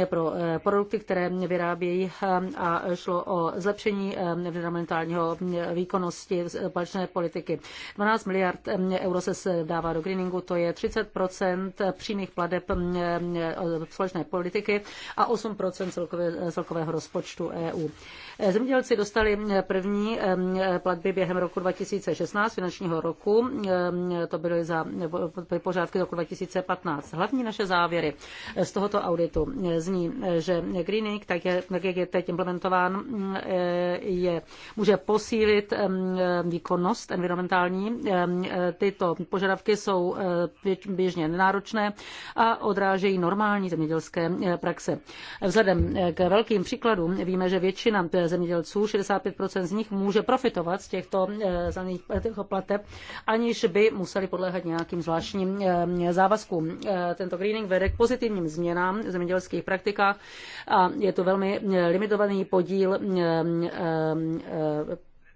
pro produkty, které vyrábějí a šlo o zlepšení environmentálního výkonnosti společné politiky. 12 miliard euro se dává do greeningu, to je 30 přímých pladeb společné politiky a 8 celkové, celkového rozpočtu EU. Zemědělci dostali mm, první mm, platby během roku 2016, finančního roku, mm, to byly za pořádky roku 2015. Hlavní naše závěry z tohoto auditu zní, že Greening, tak, je, tak jak je teď implementován, je, může posílit výkonnost environmentální. Tyto požadavky jsou běžně nenáročné a odrážejí normální zemědělské praxe. Vzhledem k velkým příkladům víme, že většina zemědělců, 65% z nich může profitovat z těchto eh, zaných eh, plateb, aniž by museli podléhat nějakým zvláštním eh, závazkům. Tento greening vede k pozitivním změnám v zemědělských praktikách a je to velmi limitovaný podíl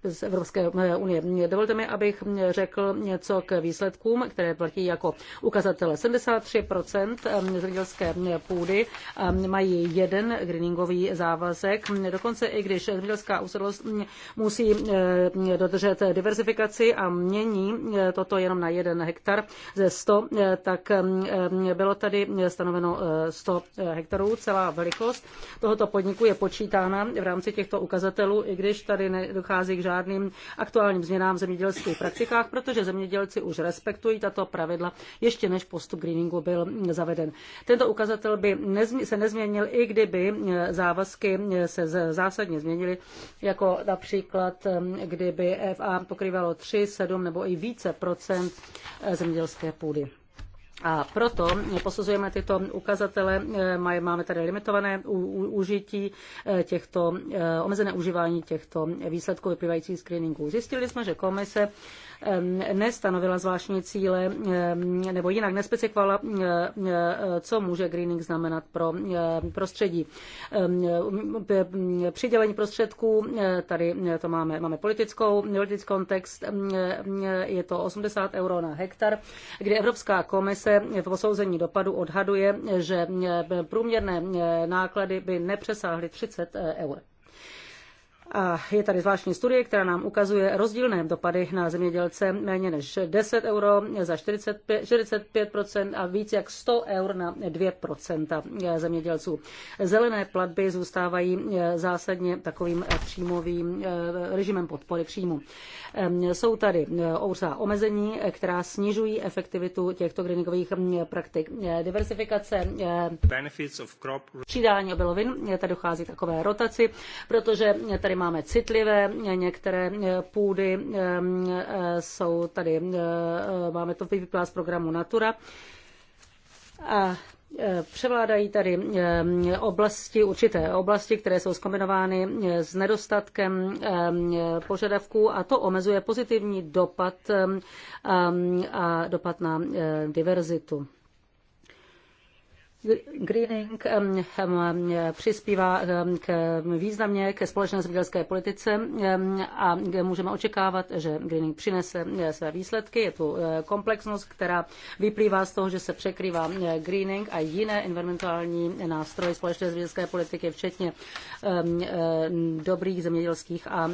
z Evropské unie. Dovolte mi, abych řekl něco k výsledkům, které platí jako ukazatele. 73% eh, zemědělské půdy eh, mají jeden greeningový závazek. Dokonce i když zemědělská usedlost musí eh, dodržet diversifikaci a mění toto jenom na jeden hektar ze 100, tak bylo tady stanoveno 100 hektarů. Celá velikost tohoto podniku je počítána v rámci těchto ukazatelů, i když tady nedochází k žádným aktuálním změnám v zemědělských praktikách, protože zemědělci už respektují tato pravidla ještě než postup greeningu byl zaveden. Tento ukazatel by se nezměnil, i kdyby eh, závazky eh, se zásadně změnily, jako například eh, kdyby FA pokrývalo 3, 7 nebo i více procent zemědělské půdy. A proto posuzujeme tyto ukazatele, eh, máme tady limitované užití eh, těchto, eh, omezené užívání těchto výsledků vyplývajících screeningů. Zjistili jsme, že komise nestanovila zvláštní cíle nebo jinak nespecifikovala, co může greening znamenat pro prostředí. Přidělení prostředků, tady to máme, máme politickou, politický kontext, je to 80 euro na hektar, kde Evropská komise v posouzení dopadu odhaduje, že průměrné náklady by nepřesáhly 30 eur. A je tady zvláštní studie, která nám ukazuje rozdílné dopady na zemědělce méně než 10 euro za 45, 45% a víc jak 100 eur na 2% zemědělců. Zelené platby zůstávají eh, zásadně takovým eh, příjmovým eh, režimem podpory příjmu. Jsou tady určitá omezení, která snižují efektivitu těchto greeningových mm, praktik. Diversifikace přidání obilovin, tady dochází takové rotaci, protože tady máme citlivé některé eh, půdy, eh, eh, jsou tady, máme to vyplá z programu Natura. A Převládají tady oblasti, určité oblasti, které jsou zkombinovány s nedostatkem požadavků a to omezuje pozitivní dopad a dopad na diverzitu. Greening přispívá k, významně ke společné zemědělské politice a můžeme očekávat, že greening přinese eh, své výsledky. Je tu eh, komplexnost, která vyplývá z toho, že se překrývá eh, greening a jiné environmentální nástroje společné zemědělské politiky, včetně dobrých zemědělských a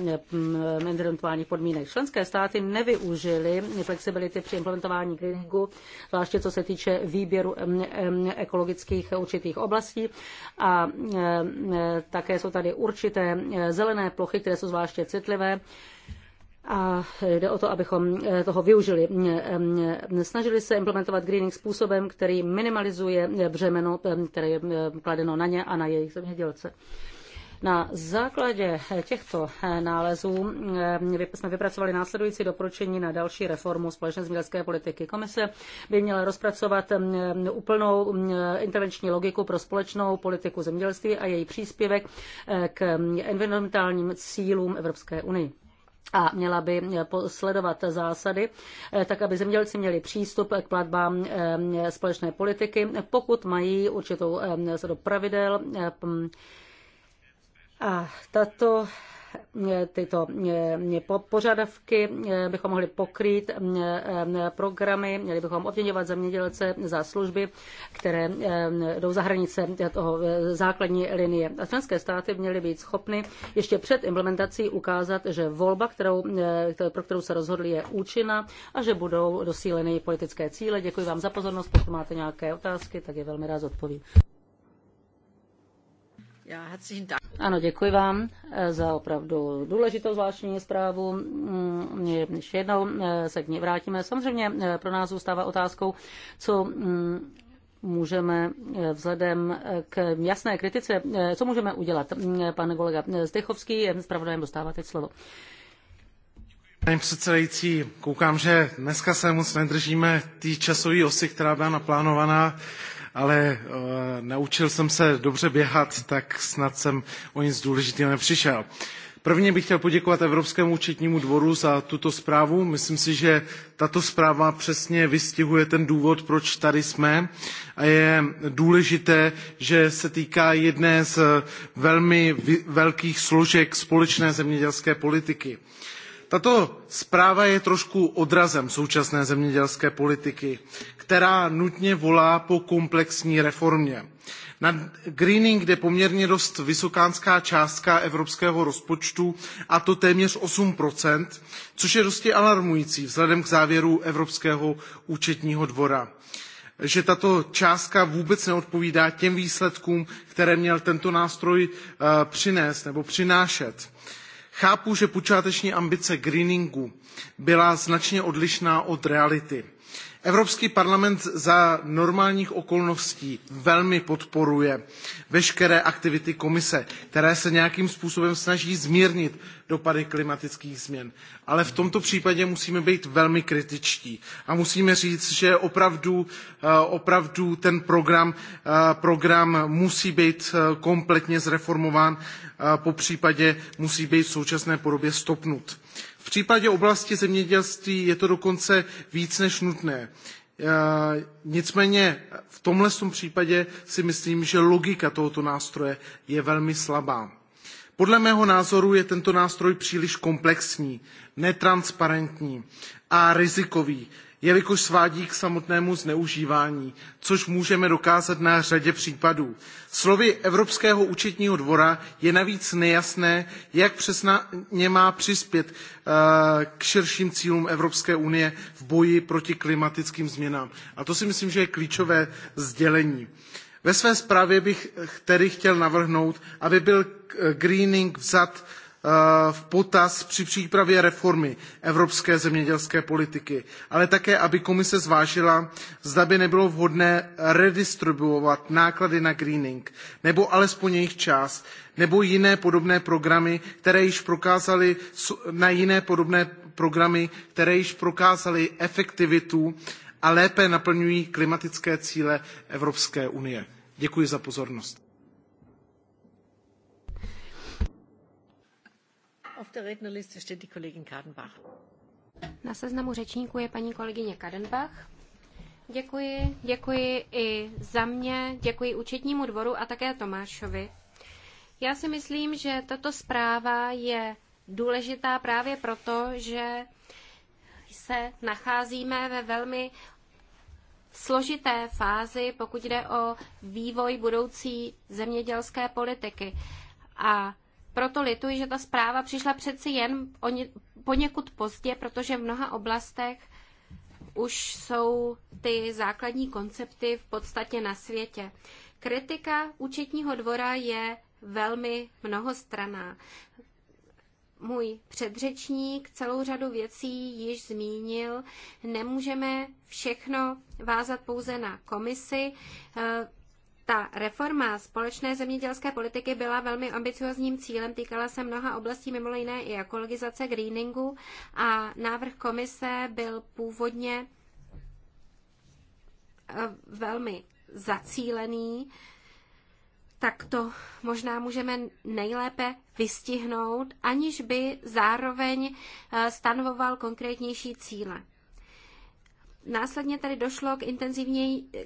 environmentálních podmínek. Členské státy nevyužily flexibility při implementování greeningu, zvláště co se týče výběru ekologických ekologických určitých oblastí a e, e, také jsou tady určité e, zelené plochy, které jsou zvláště citlivé a jde o to, abychom toho využili. Snažili se implementovat greening způsobem, který minimalizuje břemeno, které je kladeno na ně a na jejich zemědělce. Na základě těchto nálezů eh, jsme vypracovali následující doporučení na další reformu společné zemědělské politiky. Komise by měla rozpracovat eh, úplnou mm, eh, intervenční logiku pro společnou politiku zemědělství a její příspěvek k mm, environmentálním cílům Evropské unie a měla by sledovat zásady, tak aby zemědělci měli přístup k platbám společné politiky, pokud mají určitou do pravidel a tato eh, tyto eh, požadavky eh, bychom mohli pokrýt programy, měli bychom odměňovat zemědělce za služby, které jdou za hranice toho základní linie. A členské státy měly být schopny ještě před implementací ukázat, že volba, kterou, pro kterou se rozhodli, je účinná a že budou dosíleny politické cíle. Děkuji vám za pozornost. Pokud máte nějaké otázky, tak je velmi rád odpovím. Já, herzlichen Dank. Ano, děkuji vám eh, za opravdu důležitou zvláštní zprávu. Mm, ještě jednou eh, se k ní vrátíme. Samozřejmě eh, pro nás zůstává otázkou, co mm, můžeme vzhledem k jasné kritice, co můžeme udělat. Mm, pan kolega Zdechovský je zpravodajem, dostává teď slovo. Pane předsedající, koukám, že dneska se moc nedržíme té časové osy, která byla naplánovaná ale uh, naučil jsem se dobře běhat, tak snad jsem o nic důležitého nepřišel. Prvně bych chtěl poděkovat Evropskému účetnímu dvoru za tuto zprávu. Myslím si, že tato zpráva přesně vystihuje ten důvod, proč tady jsme a je důležité, že se týká jedné z eh, velmi velkých složek společné zemědělské politiky. Uh, tato zpráva je trošku odrazem současné zemědělské politiky, která nutně volá po komplexní reformě. Na greening jde poměrně dost vysokánská částka evropského rozpočtu, a to téměř 8%, což je dosti alarmující vzhledem k závěru Evropského účetního dvora že tato částka vůbec neodpovídá těm výsledkům, které měl tento nástroj eh, přinést nebo přinášet Chápu, že počáteční ambice greeningu byla značně odlišná od reality. Evropský parlament za normálních okolností velmi podporuje veškeré aktivity komise, které se nějakým způsobem snaží zmírnit dopady klimatických změn. Ale v tomto případě musíme být velmi kritičtí a musíme říct, že opravdu, eh, opravdu ten program, eh, program musí být eh, kompletně zreformován, popřípadě musí být v současné podobě stopnut. V případě oblasti zemědělství je to dokonce víc než nutné. Eh, nicméně v tomhle případě si myslím, že logika tohoto nástroje je velmi slabá. Podle mého názoru je tento nástroj příliš komplexní, netransparentní a rizikový jelikož svádí k samotnému zneužívání, což můžeme dokázat na řadě případů. Slovy Evropského účetního dvora je navíc nejasné, jak přesně má přispět eh, k širším cílům Evropské unie v boji proti klimatickým změnám. A to si myslím, že je klíčové sdělení. Ve své zprávě bych tedy chtěl navrhnout, aby byl greening vzat Eh, v potaz při přípravě reformy evropské zemědělské politiky, ale také, aby komise zvážila, zda by nebylo vhodné redistribuovat náklady na greening, nebo alespoň jejich část, nebo jiné podobné programy, které již prokázaly na jiné podobné programy, které již prokázaly efektivitu a lépe naplňují klimatické cíle Evropské unie. Děkuji za pozornost. Na seznamu řečníků je paní kolegyně Kadenbach. Děkuji, děkuji i za mě, děkuji účetnímu dvoru a také Tomášovi. Já si myslím, že tato zpráva je důležitá právě proto, že se nacházíme ve velmi složité fázi, pokud jde o vývoj budoucí zemědělské politiky. A proto lituji, že ta zpráva přišla přeci jen poněkud pozdě, protože v mnoha oblastech už jsou ty základní koncepty v podstatě na světě. Kritika účetního dvora je velmi mnohostraná. Můj předřečník celou řadu věcí již zmínil. Nemůžeme všechno vázat pouze na komisi. Ta reforma společné zemědělské politiky byla velmi ambiciozním cílem, týkala se mnoha oblastí, mimo jiné i ekologizace, greeningu a návrh komise byl původně eh, velmi zacílený, tak to možná můžeme nejlépe vystihnout, aniž by zároveň eh, stanovoval konkrétnější cíle. Následně tady došlo k,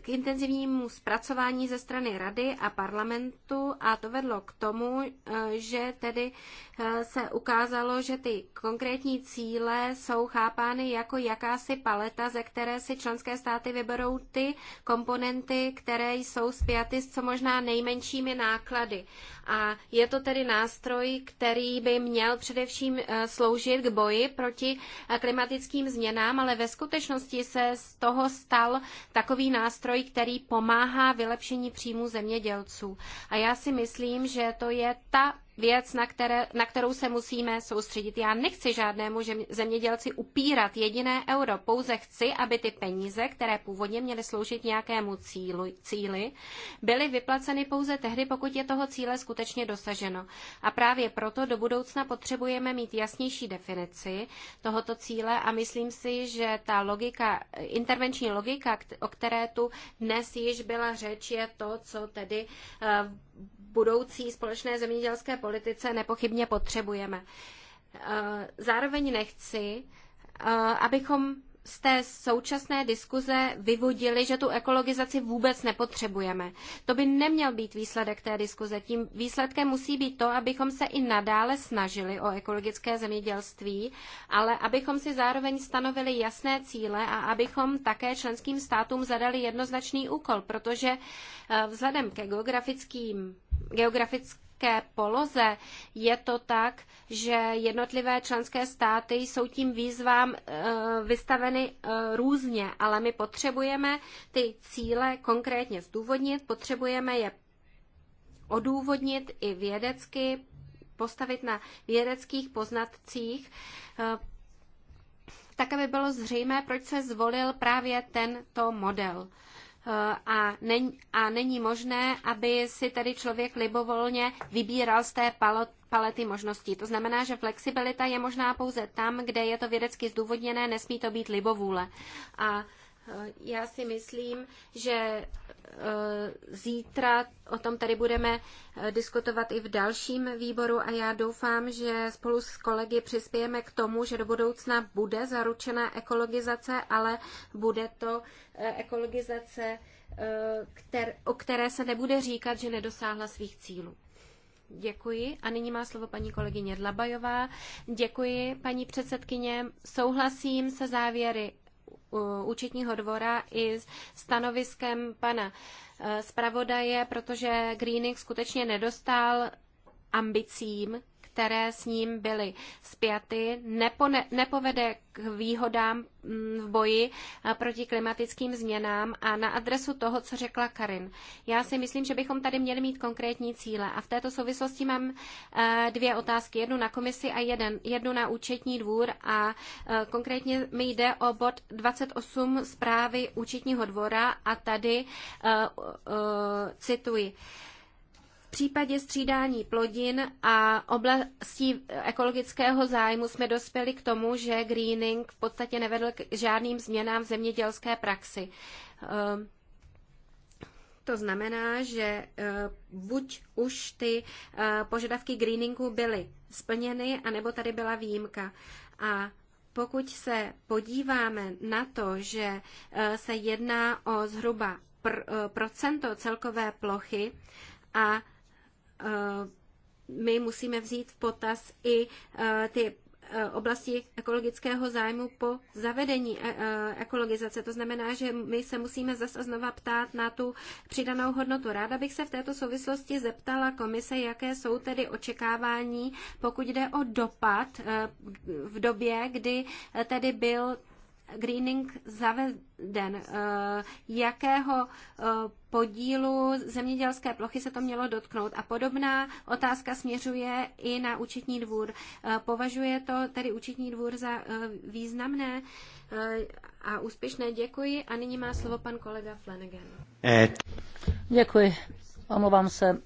k intenzivnímu zpracování ze strany rady a parlamentu a to vedlo k tomu, eh, že tedy eh, se ukázalo, že ty konkrétní cíle jsou chápány jako jakási paleta, ze které si členské státy vyberou ty komponenty, které jsou spjaty s co možná nejmenšími náklady. A je to tedy nástroj, který by měl především eh, sloužit k boji proti klimatickým změnám, ale ve skutečnosti se z toho stal takový nástroj, který pomáhá vylepšení příjmu zemědělců. A já si myslím, že to je ta věc, na, které, na kterou se musíme soustředit. Já nechci žádnému zemědělci upírat jediné euro, pouze chci, aby ty peníze, které původně měly sloužit nějakému cílu, cíli, byly vyplaceny pouze tehdy, pokud je toho cíle skutečně dosaženo. A právě proto do budoucna potřebujeme mít jasnější definici tohoto cíle a myslím si, že ta logika, intervenční logika, o které tu dnes již byla řeč, je to, co tedy eh, budoucí společné zemědělské politice nepochybně potřebujeme. Eh, zároveň nechci, eh, abychom z té současné diskuze vyvodili, že tu ekologizaci vůbec nepotřebujeme. To by neměl být výsledek té diskuze. Tím výsledkem musí být to, abychom se i nadále snažili o ekologické zemědělství, ale abychom si zároveň stanovili jasné cíle a abychom také členským státům zadali jednoznačný úkol, protože eh, vzhledem ke geografickým geografickým nelehké poloze. Je to tak, že jednotlivé členské státy jsou tím výzvám eh, vystaveny eh, různě, ale my potřebujeme ty cíle konkrétně zdůvodnit, potřebujeme je odůvodnit i vědecky, postavit na vědeckých poznatcích, eh, tak aby bylo zřejmé, proč se zvolil právě tento model. Eh, a, není, a není možné, aby si tedy člověk libovolně vybíral z té palot, palety možností. To znamená, že flexibilita je možná pouze tam, kde je to vědecky zdůvodněné, nesmí to být libovůle. A eh, já si myslím, že Eh, zítra o tom tady budeme eh, diskutovat i v dalším výboru a já doufám, že spolu s kolegy přispějeme k tomu, že do budoucna bude zaručená ekologizace, ale bude to eh, ekologizace, kter, o které se nebude říkat, že nedosáhla svých cílů. Děkuji. A nyní má slovo paní kolegyně Dlabajová. Děkuji, paní předsedkyně. Souhlasím se závěry účetního dvora i stanoviskem pana eh, zpravodaje, protože Greening skutečně nedostal ambicím, které s ním byly zpěty, nepone, nepovede k výhodám mm, v boji eh, proti klimatickým změnám a na adresu toho, co řekla Karin. Já si myslím, že bychom tady měli mít konkrétní cíle a v této souvislosti mám eh, dvě otázky, jednu na komisi a jeden, jednu na účetní dvůr a eh, konkrétně mi jde o bod 28 zprávy účetního dvora a tady cituji. V případě střídání plodin a oblastí ekologického zájmu jsme dospěli k tomu, že greening v podstatě nevedl k žádným změnám v zemědělské praxi. Ehm, to znamená, že eh, buď už ty eh, požadavky greeningu byly splněny, anebo tady byla výjimka. A pokud se podíváme na to, že eh, se jedná o zhruba procento celkové plochy a Eh, my musíme vzít v potaz i eh, ty eh, oblasti ekologického zájmu po zavedení ekologizace. To znamená, že my se musíme zase znova ptát na tu přidanou hodnotu. Ráda bych se v této souvislosti zeptala komise, jaké jsou tedy očekávání, pokud jde o dopad v době, kdy tedy byl greening zaveden, eh, jakého eh, podílu zemědělské plochy se to mělo dotknout. A podobná otázka směřuje i na účetní dvůr. Eh, považuje to tedy účetní dvůr za významné a úspěšné. Děkuji. A nyní má slovo pan kolega Flanagan. Děkuji. Omlouvám se.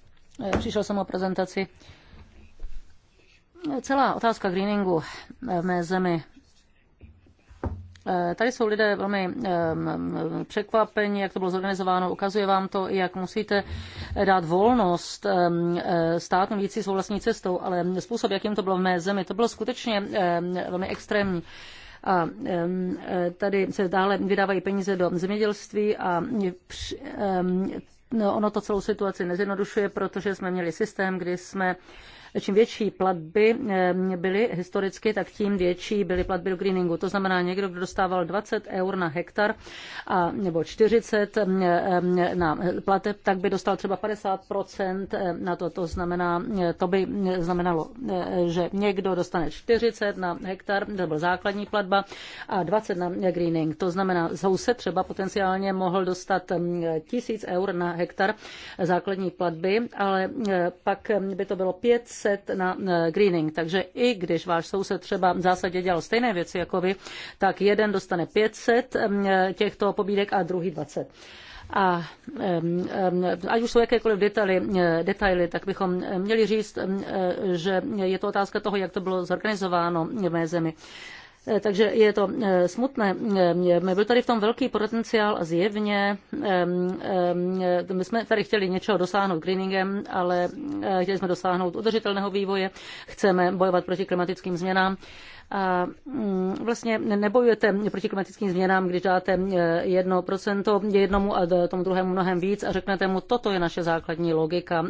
Přišel jsem o prezentaci. Celá otázka greeningu v mé zemi Eh, tady jsou lidé velmi eh, překvapeni, jak to bylo zorganizováno. Ukazuje vám to, jak musíte dát volnost eh, státům jít svou vlastní cestou, ale způsob, jakým to bylo v mé zemi, to bylo skutečně velmi extrémní a tady se dále vydávají peníze do zemědělství a no, ono to celou situaci nezjednodušuje, protože jsme měli systém, kdy jsme čím větší platby eh, byly historicky, tak tím větší byly platby do greeningu. To znamená, někdo, kdo dostával 20 eur na hektar a, nebo 40 eh, eh, na plateb, tak by dostal třeba 50% na to. To znamená, to by znamenalo, že někdo dostane 40 na hektar, to byl základní platba, a 20 na greening. To znamená, soused třeba potenciálně mohl dostat 1000 eur na hektar základní platby, ale pak by to bylo 500 set na eh, greening. Takže i když váš soused třeba v zásadě dělal stejné věci jako vy, tak jeden dostane 500 mm, eh, těchto pobídek a druhý 20 a ať už jsou jakékoliv detaily, eh, detaily, tak bychom měli říct, že je to otázka toho, jak to bylo zorganizováno v mé zemi. Eh, takže je to eh, smutné. Eh, byl tady v tom velký potenciál a zjevně ehm, ehm, my jsme tady chtěli něčeho dosáhnout greeningem, ale chtěli jsme dosáhnout udržitelného vývoje, chceme bojovat proti klimatickým změnám. A mm, vlastně nebojujete proti klimatickým změnám, když dáte jedno procento jednomu a tomu druhému mnohem víc a řeknete mu, toto je naše základní logika,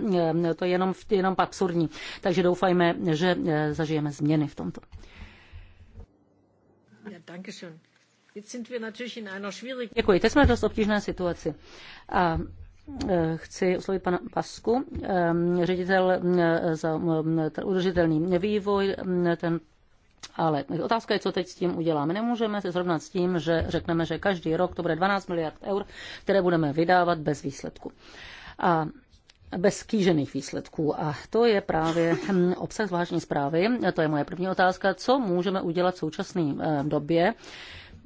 to je jenom, jenom absurdní. Takže doufajme, že zažijeme změny v tomto. Děkuji, teď jsme v dost obtížné situaci. A e, Chci oslovit pana Pasku, e, ředitel e, za udržitelný vývoj, ten ale otázka je, co teď s tím uděláme. Nemůžeme se srovnat s tím, že řekneme, že každý rok to bude 12 miliard eur, které budeme vydávat bez výsledku. A bez kýžených výsledků. A to je právě hm, obsah zvláštní zprávy. To je moje první otázka. Co můžeme udělat v současné eh, době?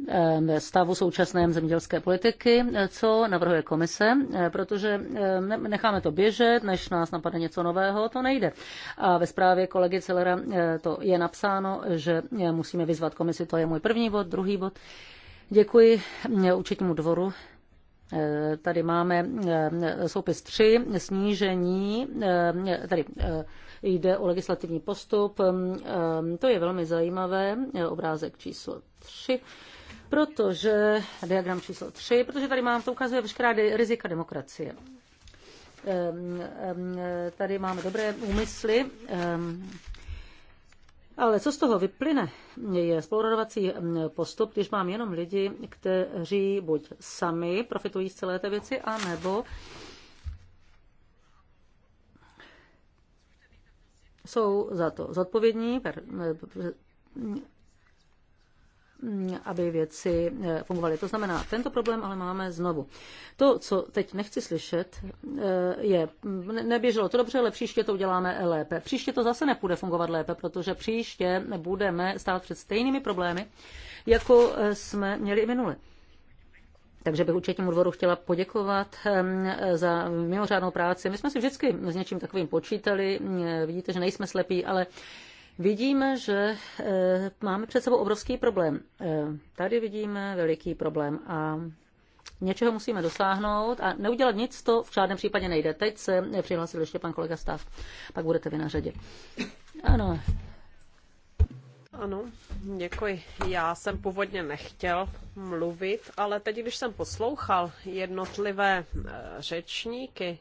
Eh, ve stavu současném zemědělské politiky, co navrhuje komise, eh, protože necháme to běžet, než nás napadne něco nového, to nejde. A ve zprávě kolegy Celera to je napsáno, že musíme vyzvat komisi, to je můj první bod, druhý bod. Děkuji účetnímu dvoru Eh, tady máme eh, soupis 3, snížení, eh, tady jde o legislativní postup. To je velmi zajímavé, obrázek číslo 3 protože, diagram číslo 3, protože tady mám, to ukazuje veškerá rizika demokracie. Tady máme dobré úmysly, ale co z toho vyplyne, je spolurodovací postup, když mám jenom lidi, kteří buď sami profitují z celé té věci, anebo jsou za to zodpovědní, Mm, aby věci eh, fungovaly. To znamená, tento problém ale máme znovu. To, co teď nechci slyšet, eh, je, neběželo to dobře, ale příště to uděláme lépe. Příště to zase nepůjde fungovat lépe, protože příště budeme stát před stejnými problémy, jako eh, jsme měli i minule. Takže bych účetnímu dvoru chtěla poděkovat ehm, za mimořádnou práci. My jsme si vždycky s něčím takovým počítali. Vidíte, že nejsme slepí, ale vidíme, že eh, máme před sebou obrovský problém. Eh, tady vidíme veliký problém a něčeho musíme dosáhnout a neudělat nic, to v žádném případě nejde. Teď se přihlásil ještě pan kolega Stav, pak budete vy na řadě. Ano. Ano, děkuji. Já jsem původně nechtěl mluvit, ale teď, když jsem poslouchal jednotlivé eh, řečníky,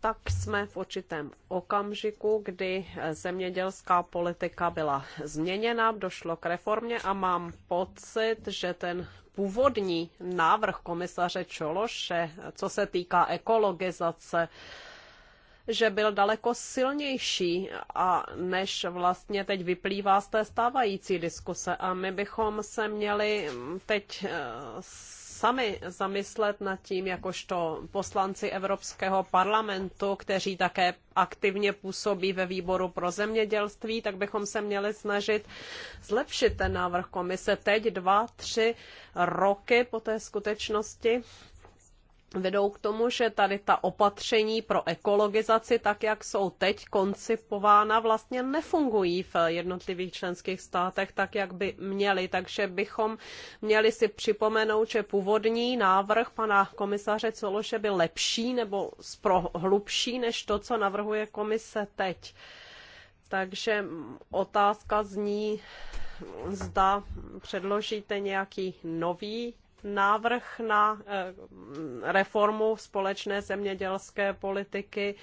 tak jsme v určitém okamžiku, kdy zemědělská politika byla změněna, došlo k reformě a mám pocit, že ten původní návrh komisaře Čološe, co se týká ekologizace, že byl daleko silnější a než vlastně teď vyplývá z té stávající diskuse. A my bychom se měli teď eh, sami zamyslet nad tím, jakožto poslanci Evropského parlamentu, kteří také aktivně působí ve výboru pro zemědělství, tak bychom se měli snažit zlepšit ten návrh komise teď dva, tři roky po té skutečnosti, vedou k tomu, že tady ta opatření pro ekologizaci, tak jak jsou teď koncipována, vlastně nefungují v jednotlivých členských státech tak, jak by měly. Takže bychom měli si připomenout, že původní návrh pana komisaře Cološe byl lepší nebo hlubší než to, co navrhuje komise teď. Takže otázka zní, zda předložíte nějaký nový návrh na eh, reformu společné zemědělské politiky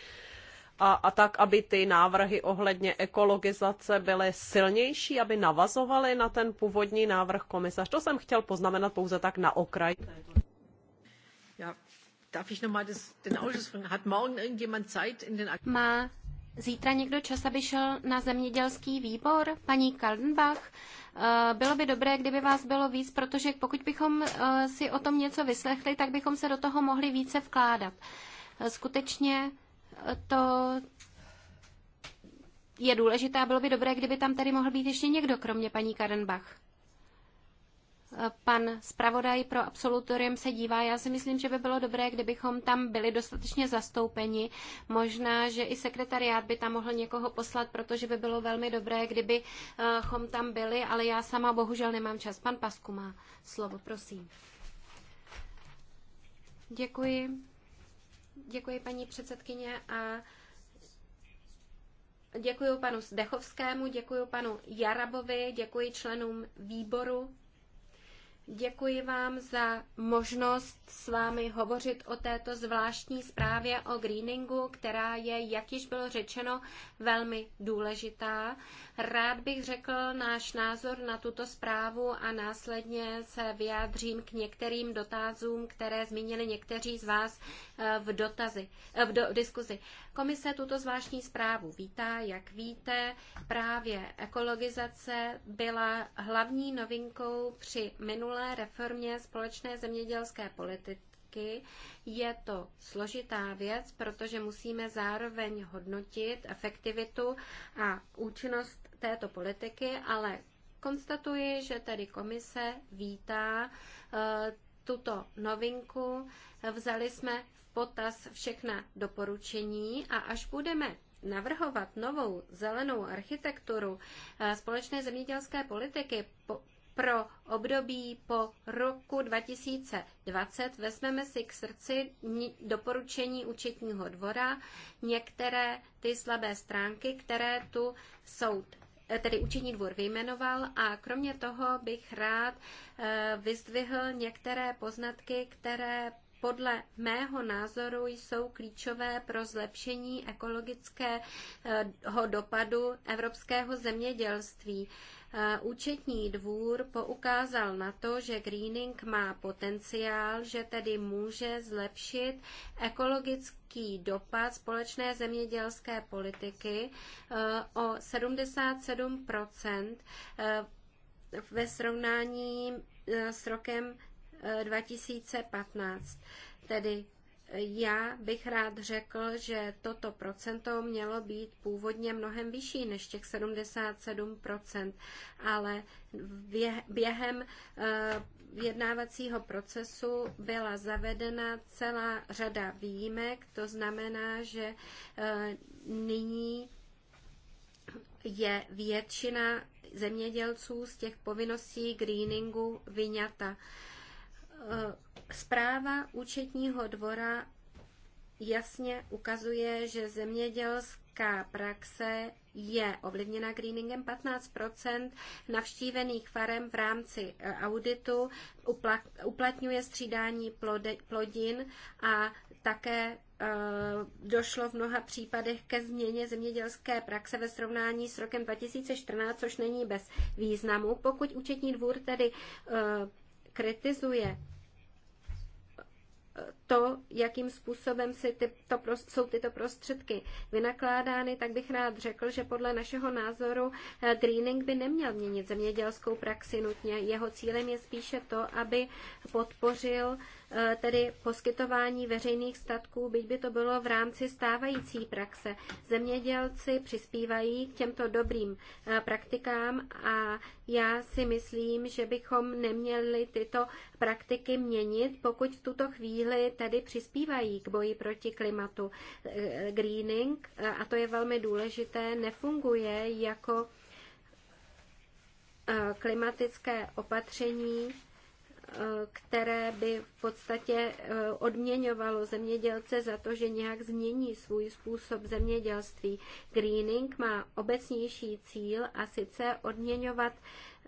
a, a tak, aby ty návrhy ohledně ekologizace byly silnější, aby navazovaly na ten původní návrh komisař. To jsem chtěl poznamenat pouze tak na okraj. Má zítra někdo čas, aby šel na zemědělský výbor? Paní Kaldenbach, eh, bylo by dobré, kdyby vás bylo víc, protože pokud bychom eh, si o tom něco vyslechli, tak bychom se do toho mohli více vkládat. Eh, skutečně to je důležité a bylo by dobré, kdyby tam tady mohl být ještě někdo, kromě paní Kadenbach pan zpravodaj pro absolutorium se dívá. Já si myslím, že by bylo dobré, kdybychom tam byli dostatečně zastoupeni. Možná, že i sekretariát by tam mohl někoho poslat, protože by bylo velmi dobré, kdybychom tam byli, ale já sama bohužel nemám čas. Pan Pasku má slovo, prosím. Děkuji. Děkuji paní předsedkyně a děkuji panu Zdechovskému, děkuji panu Jarabovi, děkuji členům výboru Děkuji vám za možnost s vámi hovořit o této zvláštní zprávě o greeningu, která je, jak již bylo řečeno, velmi důležitá. Rád bych řekl náš názor na tuto zprávu a následně se vyjádřím k některým dotazům, které zmínili někteří z vás eh, v, dotazy, eh, v, do, v diskuzi. Komise tuto zvláštní zprávu vítá. Jak víte, právě ekologizace byla hlavní novinkou při minulé reformě společné zemědělské politiky je to složitá věc, protože musíme zároveň hodnotit efektivitu a účinnost této politiky, ale konstatuji, že tedy komise vítá eh, tuto novinku. Vzali jsme v potaz všechna doporučení a až budeme navrhovat novou zelenou architekturu eh, společné zemědělské politiky pro období po roku 2020 vezmeme si k srdci doporučení účetního dvora, některé ty slabé stránky, které tu soud tedy učení dvůr vyjmenoval a kromě toho bych rád eh, vyzdvihl některé poznatky, které podle mého názoru jsou klíčové pro zlepšení ekologického dopadu evropského zemědělství účetní dvůr poukázal na to, že greening má potenciál, že tedy může zlepšit ekologický dopad společné zemědělské politiky e, o 77 e, ve srovnání e, s rokem 2015. Tedy já bych rád řekl, že toto procento mělo být původně mnohem vyšší než těch 77%, ale během vyjednávacího eh, procesu byla zavedena celá řada výjimek, to znamená, že eh, nyní je většina zemědělců z těch povinností greeningu vyňata eh, Zpráva účetního dvora jasně ukazuje, že zemědělská praxe je ovlivněna greeningem. 15 navštívených farem v rámci e, auditu uplatňuje střídání plodin a také e, došlo v mnoha případech ke změně zemědělské praxe ve srovnání s rokem 2014, což není bez významu. Pokud účetní dvůr tedy e, kritizuje to, jakým způsobem si ty, to, jsou tyto prostředky vynakládány, tak bych rád řekl, že podle našeho názoru eh, greening by neměl měnit zemědělskou praxi nutně. Jeho cílem je spíše to, aby podpořil uh, Eh, tedy poskytování veřejných statků, byť by to bylo v rámci stávající praxe. Zemědělci přispívají k těmto dobrým eh, praktikám a já si myslím, že bychom neměli tyto praktiky měnit, pokud v tuto chvíli tedy přispívají k boji proti klimatu. Eh, greening, a to je velmi důležité, nefunguje jako klimatické opatření, které by v podstatě eh, odměňovalo zemědělce za to, že nějak změní svůj způsob zemědělství. Greening má obecnější cíl a sice odměňovat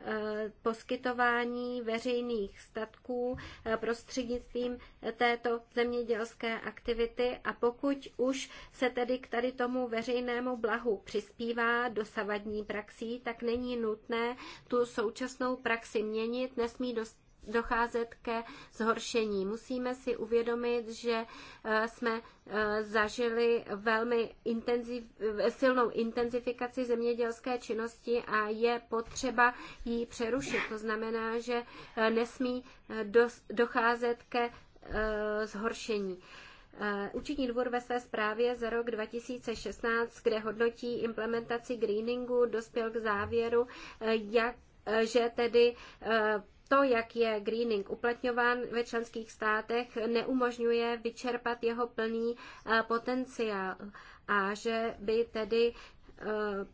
eh, poskytování veřejných statků eh, prostřednictvím této zemědělské aktivity a pokud už se tedy k tady tomu veřejnému blahu přispívá dosavadní praxí, tak není nutné tu současnou praxi měnit, nesmí dost docházet ke zhoršení. Musíme si uvědomit, že eh, jsme eh, zažili velmi intenziv, eh, silnou intenzifikaci zemědělské činnosti a je potřeba ji přerušit. To znamená, že nesmí docházet ke zhoršení. Účetní dvůr ve své zprávě za rok 2016, kde hodnotí implementaci greeningu, dospěl k závěru, jak že tedy to, jak je greening uplatňován ve členských státech, neumožňuje vyčerpat jeho plný eh, potenciál a že by tedy eh,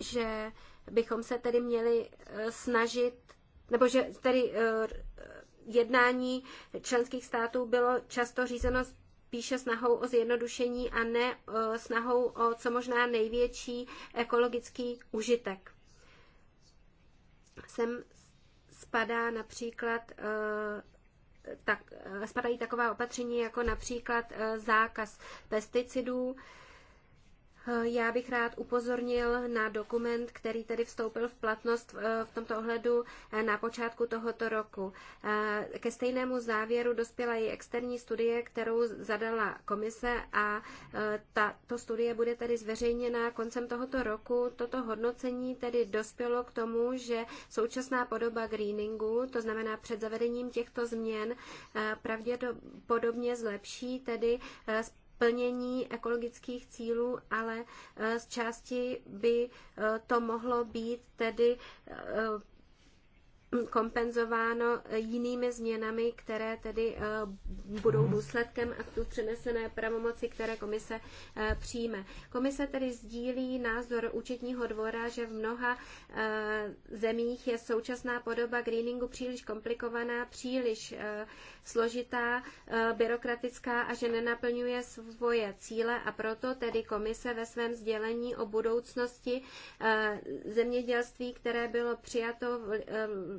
že bychom se tedy měli eh, snažit, nebo že tedy jednání členských států bylo často řízeno spíše snahou o zjednodušení a ne snahou o co možná největší ekologický užitek. Sem spadá například eh, tak, eh, spadají taková opatření jako například eh, zákaz pesticidů, já bych rád upozornil na dokument, který tedy vstoupil v platnost eh, v tomto ohledu eh, na počátku tohoto roku. Eh, ke stejnému závěru dospěla i externí studie, kterou zadala komise a tato studie bude tedy zveřejněna koncem tohoto roku. Toto hodnocení tedy dospělo k tomu, že současná podoba greeningu, to znamená před zavedením těchto změn, pravděpodobně zlepší tedy plnění ekologických cílů, ale eh, z části by eh, to mohlo být tedy eh, kompenzováno jinými změnami, které tedy eh, budou mhm. důsledkem aktu přenesené pravomoci, které komise eh, přijme. Komise tedy sdílí názor účetního dvora, že v mnoha eh, zemích je současná podoba greeningu příliš komplikovaná, příliš složitá, byrokratická a že nenaplňuje svoje cíle a proto tedy komise ve svém sdělení o budoucnosti zemědělství, které bylo přijato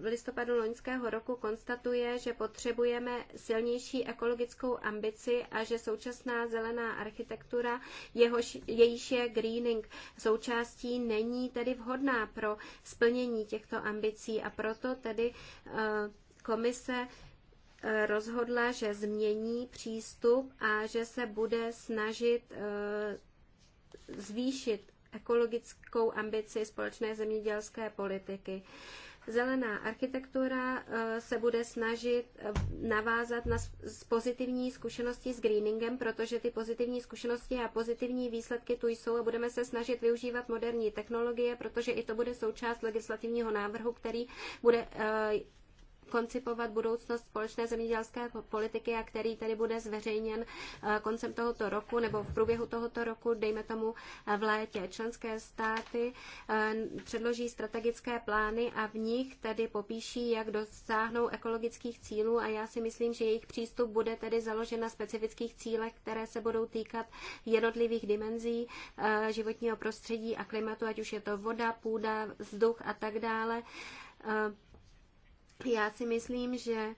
v listopadu loňského roku konstatuje, že potřebujeme silnější ekologickou ambici a že současná zelená architektura, jehož, jejíž je greening součástí, není tedy vhodná pro splnění těchto ambicí a proto tedy eh, komise eh, rozhodla, že změní přístup a že se bude snažit eh, zvýšit ekologickou ambici společné zemědělské politiky. Zelená architektura eh, se bude snažit eh, navázat na pozitivní zkušenosti s greeningem, protože ty pozitivní zkušenosti a pozitivní výsledky tu jsou a budeme se snažit využívat moderní technologie, protože i to bude součást legislativního návrhu, který bude eh, koncipovat budoucnost společné zemědělské politiky a který tedy bude zveřejněn eh, koncem tohoto roku nebo v průběhu tohoto roku, dejme tomu eh, v létě. Členské státy eh, předloží strategické plány a v nich tedy popíší, jak dosáhnou ekologických cílů a já si myslím, že jejich přístup bude tedy založen na specifických cílech, které se budou týkat jednotlivých dimenzí životního prostředí a klimatu, ať už je to voda, půda, vzduch a tak dále. Já si myslím, že e,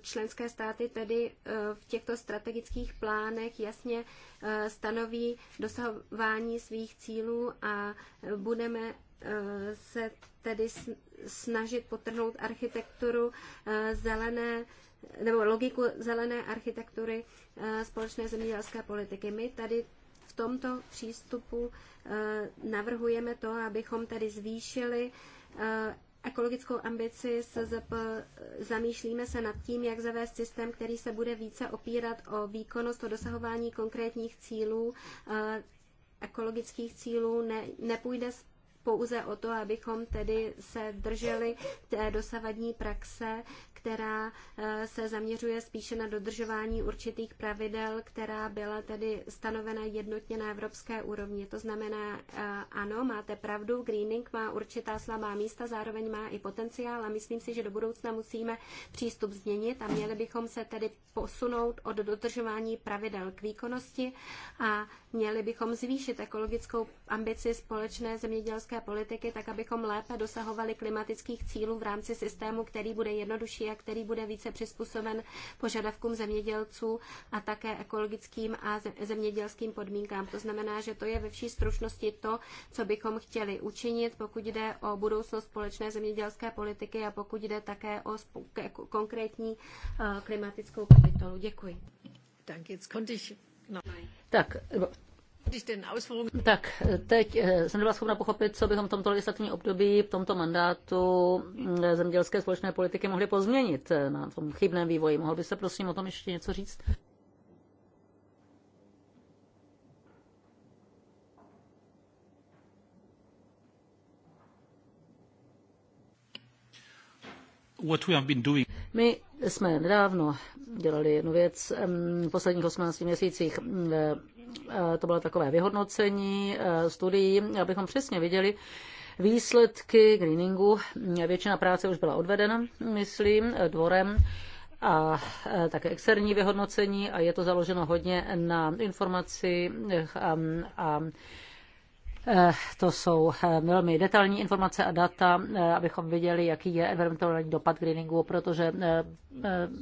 členské státy tedy e, v těchto strategických plánech jasně e, stanoví dosahování svých cílů a budeme se tedy snažit potrhnout architekturu zelené nebo logiku zelené architektury společné zemědělské politiky. My tady v tomto přístupu navrhujeme to, abychom tedy zvýšili ekologickou ambici SZP zamýšlíme se nad tím, jak zavést systém, který se bude více opírat o výkonnost, o dosahování konkrétních cílů eh, ekologických cílů ne, nepůjde pouze o to, abychom tedy se drželi té dosavadní praxe, která eh, se zaměřuje spíše na dodržování určitých pravidel, která byla tedy stanovena jednotně na evropské úrovni. To znamená, eh, ano, máte pravdu, greening má určitá slabá místa, zároveň má i potenciál a myslím si, že do budoucna musíme přístup změnit a měli bychom se tedy posunout od dodržování pravidel k výkonnosti a Měli bychom zvýšit ekologickou ambici společné zemědělské politiky, tak abychom lépe dosahovali klimatických cílů v rámci systému, který bude jednodušší a který bude více přizpůsoben požadavkům zemědělců a také ekologickým a zemědělským podmínkám. To znamená, že to je ve vší stručnosti to, co bychom chtěli učinit, pokud jde o budoucnost společné zemědělské politiky a pokud jde také o konkrétní eh, klimatickou kapitolu. Děkuji. Danke. jetzt konnte ich No. Tak, tak, teď eh, jsem nebyla schopna pochopit, co bychom v tomto legislativním období, v tomto mandátu mm, eh, zemědělské společné politiky mohli pozměnit eh, na tom chybném vývoji. Mohl byste prosím o tom ještě něco říct? My jsme nedávno dělali jednu věc v posledních 18 měsících. E, to bylo takové vyhodnocení e, studií, abychom přesně viděli, výsledky greeningu. Většina práce už byla odvedena, myslím, dvorem a e, také externí vyhodnocení a je to založeno hodně na informaci a, a Eh, to jsou eh, velmi detailní informace a data, eh, abychom viděli, jaký je environmentální dopad greeningu, protože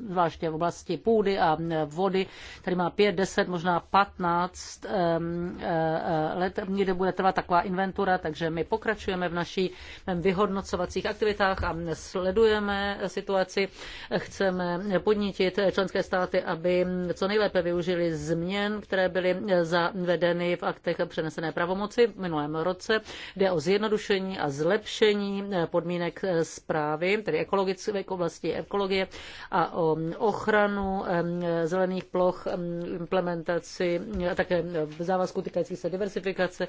zvláště v oblasti půdy a vody, tady má 5, 10, možná 15 let, kde bude trvat taková inventura, takže my pokračujeme v naší vyhodnocovacích aktivitách a sledujeme situaci. Chceme podnítit členské státy, aby co nejlépe využili změn, které byly zavedeny v aktech přenesené pravomoci minulém roce. Jde o zjednodušení a zlepšení eh, podmínek eh, zprávy, tedy ekologické oblasti ekologie a o um, ochranu eh, zelených ploch, implementaci a také závazku týkající se diversifikace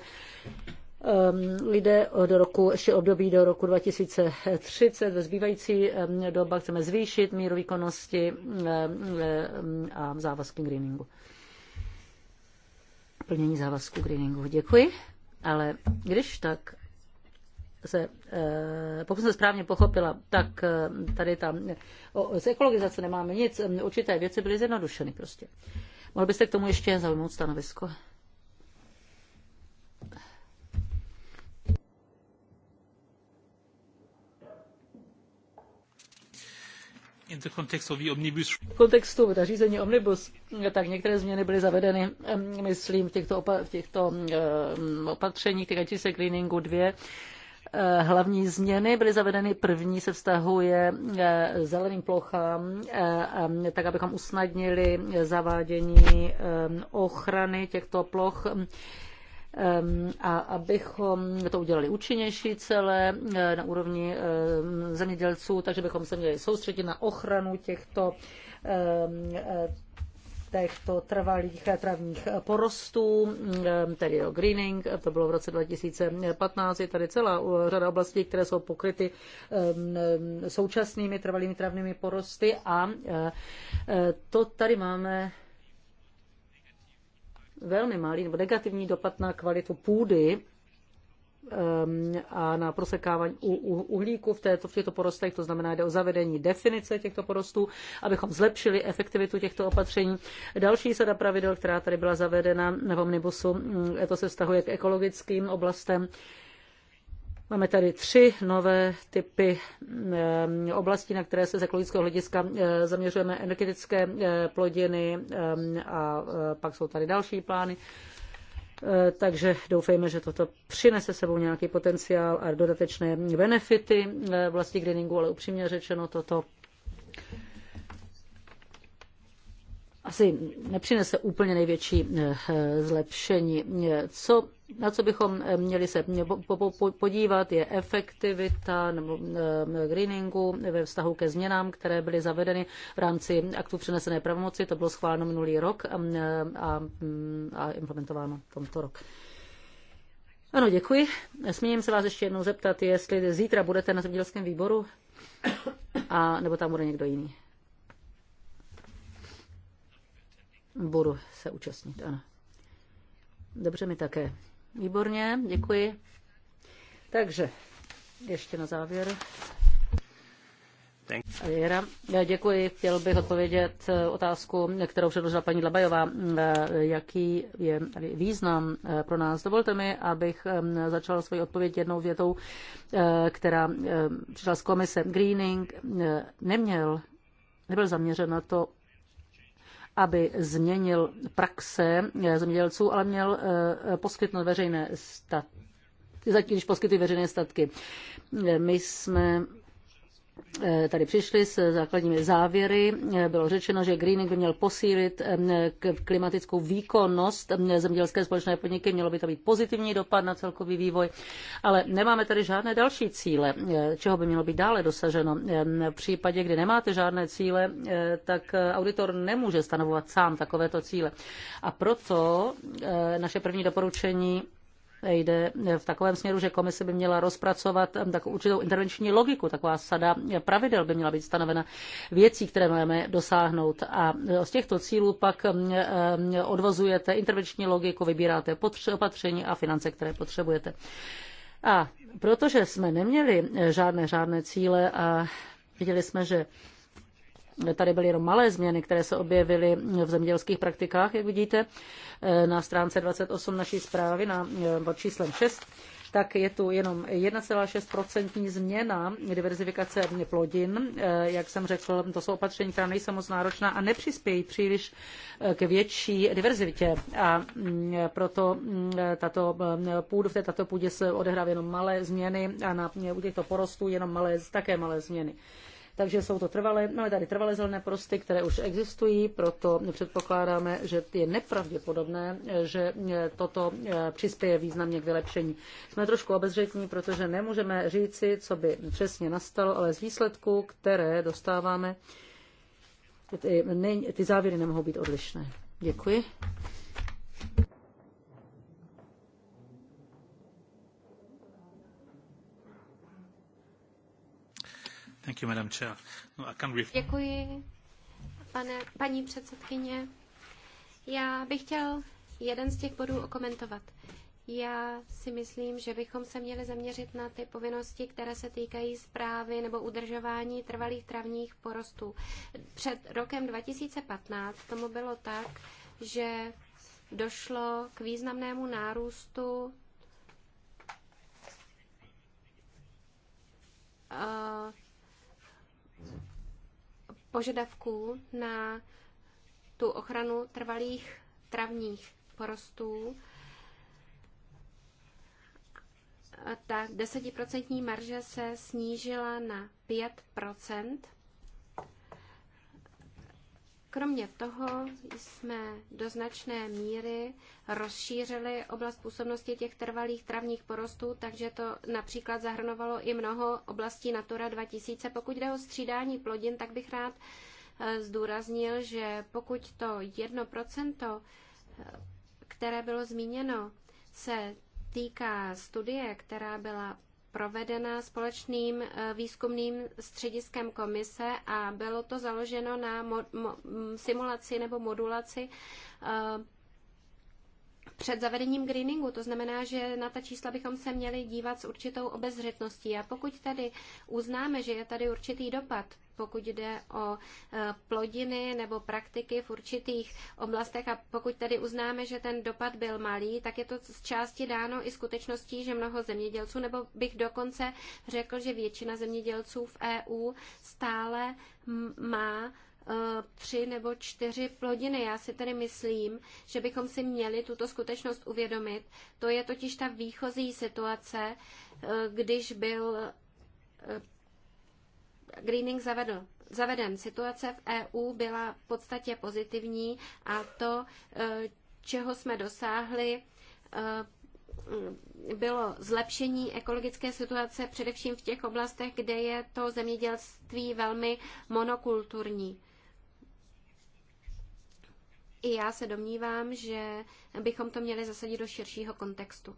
lidé do roku, ještě období do roku 2030. Ve zbývající doba chceme zvýšit míru výkonnosti a závazky greeningu. Plnění závazku greeningu. Děkuji. Ale když tak se, eh, pokud jsem správně pochopila, tak eh, tady tam z ekologizace nemáme nic, určité věci byly zjednodušeny prostě. Mohl byste k tomu ještě zaujmout stanovisko? V kontextu nařízení Omnibus, tak některé změny byly zavedeny, myslím, v těchto, opa- v těchto opatřeních týkající se cleaningu 2. Eh, hlavní změny byly zavedeny. První se vztahuje eh, zeleným plochám, eh, tak abychom usnadnili zavádění ochrany těchto ploch a abychom to udělali účinnější celé eh, na úrovni zemědělců, takže bychom se měli soustředit na ochranu těchto eh, těchto trvalých eh, travních porostů, tedy o greening, to bylo v roce 2015, je tady celá řada oblastí, které jsou pokryty současnými trvalými travnými porosty a to tady máme velmi malý nebo negativní dopad na kvalitu půdy ehm, a na prosekávání uhlíku v, této, v těchto porostech, to znamená, jde o zavedení definice těchto porostů, abychom zlepšili efektivitu těchto opatření. Další sada pravidel, která tady byla zavedena v Omnibusu, mm, to se vztahuje k ekologickým oblastem. Máme tady tři nové typy eh, oblastí, na které se z ekologického hlediska eh, zaměřujeme. Energetické eh, plodiny a pak jsou tady další plány. Takže doufejme, že toto přinese sebou nějaký potenciál a dodatečné benefity oblasti greeningu, ale upřímně řečeno toto asi nepřinese úplně největší zlepšení. Co na co bychom eh, měli se podívat, je efektivita nebo eh, greeningu ve vztahu ke změnám, které byly zavedeny v rámci aktu přenesené pravomoci. To bylo schváleno minulý rok mm, eh, a, mm, a, implementováno tomto rok. Ano, děkuji. Smím se vás ještě jednou zeptat, jestli zítra budete na zemědělském výboru, a nebo tam bude někdo jiný. Budu se účastnit, ano. Dobře mi také. Výborně, děkuji. Takže ještě na závěr. Jera, děkuji. Chtěl bych odpovědět eh, otázku, kterou předložila paní Labajová. Eh, jaký je význam eh, pro nás? Dovolte mi, abych začal svoji odpověď jednou větou, která přišla z komise. Greening neměl, nebyl zaměřen na to, aby změnil praxe eh, zemědělců, ale měl eh, poskytnout veřejné statky, když poskytují veřejné statky. Eh, my jsme Eh, tady přišli s základními závěry. Eh, bylo řečeno, že greening by měl posílit eh, klimatickou výkonnost zemědělské společné podniky, mělo by to být pozitivní dopad na celkový vývoj, ale nemáme tady žádné další cíle, čeho by mělo být dále dosaženo. V případě, kdy nemáte žádné cíle, tak auditor nemůže stanovovat sám takovéto cíle. A proto naše první doporučení jde v takovém směru, že komise by měla rozpracovat takovou určitou intervenční logiku, taková sada pravidel by měla být stanovena věcí, které máme dosáhnout. A e, z těchto cílů pak e, e, odvozujete intervenční logiku, vybíráte opatření a finance, které potřebujete. A protože jsme neměli žádné žádné cíle a viděli jsme, že Tady byly jenom malé změny, které se objevily v zemědělských praktikách, jak vidíte, eh, na stránce 28 naší zprávy na, eh, pod číslem 6 tak je tu jenom 1,6% změna diverzifikace plodin. Eh, jak jsem řekl, to jsou opatření, která nejsou moc náročná a nepřispějí příliš k větší diverzivitě. A mm, proto mm, tato půd, v této tato půdě se odehrávají jenom malé změny a na, u těchto porostů jenom malé, také malé změny. Takže jsou to trvalé, máme tady trvalé zelené prosty, které už existují, proto předpokládáme, že je nepravděpodobné, že toto eh, přispěje významně k vylepšení. Jsme trošku obezřetní, protože nemůžeme říci, co by přesně nastalo, ale z výsledků, které dostáváme, ty, ty závěry nemohou být odlišné. Děkuji. Thank you, Madam Chair. No, I Děkuji, pane, paní předsedkyně. Já bych chtěl jeden z těch bodů okomentovat. Já si myslím, že bychom se měli zaměřit na ty povinnosti, které se týkají zprávy nebo udržování trvalých travních porostů. Před rokem 2015 tomu bylo tak, že došlo k významnému nárůstu eh, požadavků na tu ochranu trvalých travních porostů. Ta desetiprocentní marže se snížila na 5 Kromě toho jsme do značné míry rozšířili oblast působnosti těch trvalých travních porostů, takže to například zahrnovalo i mnoho oblastí Natura 2000. Pokud jde o střídání plodin, tak bych rád eh, zdůraznil, že pokud to 1%, eh, které bylo zmíněno, se týká studie, která byla provedena společným eh, výzkumným střediskem komise a bylo to založeno na mm, simulaci nebo modulaci eh, před zavedením greeningu. To znamená, že na ta čísla bychom se měli dívat s určitou obezřetností. A pokud tady uznáme, že je tady určitý dopad pokud jde o e, plodiny nebo praktiky v určitých oblastech a pokud tady uznáme, že ten dopad byl malý, tak je to z části dáno i skutečností, že mnoho zemědělců, nebo bych dokonce řekl, že většina zemědělců v EU stále má e, tři nebo čtyři plodiny. Já si tedy myslím, že bychom si měli tuto skutečnost uvědomit. To je totiž ta výchozí situace, e, když byl greening zavedl, zaveden. Situace v EU byla v podstatě pozitivní a to, e, čeho jsme dosáhli, e, bylo zlepšení ekologické situace především v těch oblastech, kde je to zemědělství velmi monokulturní. I já se domnívám, že bychom to měli zasadit do širšího kontextu.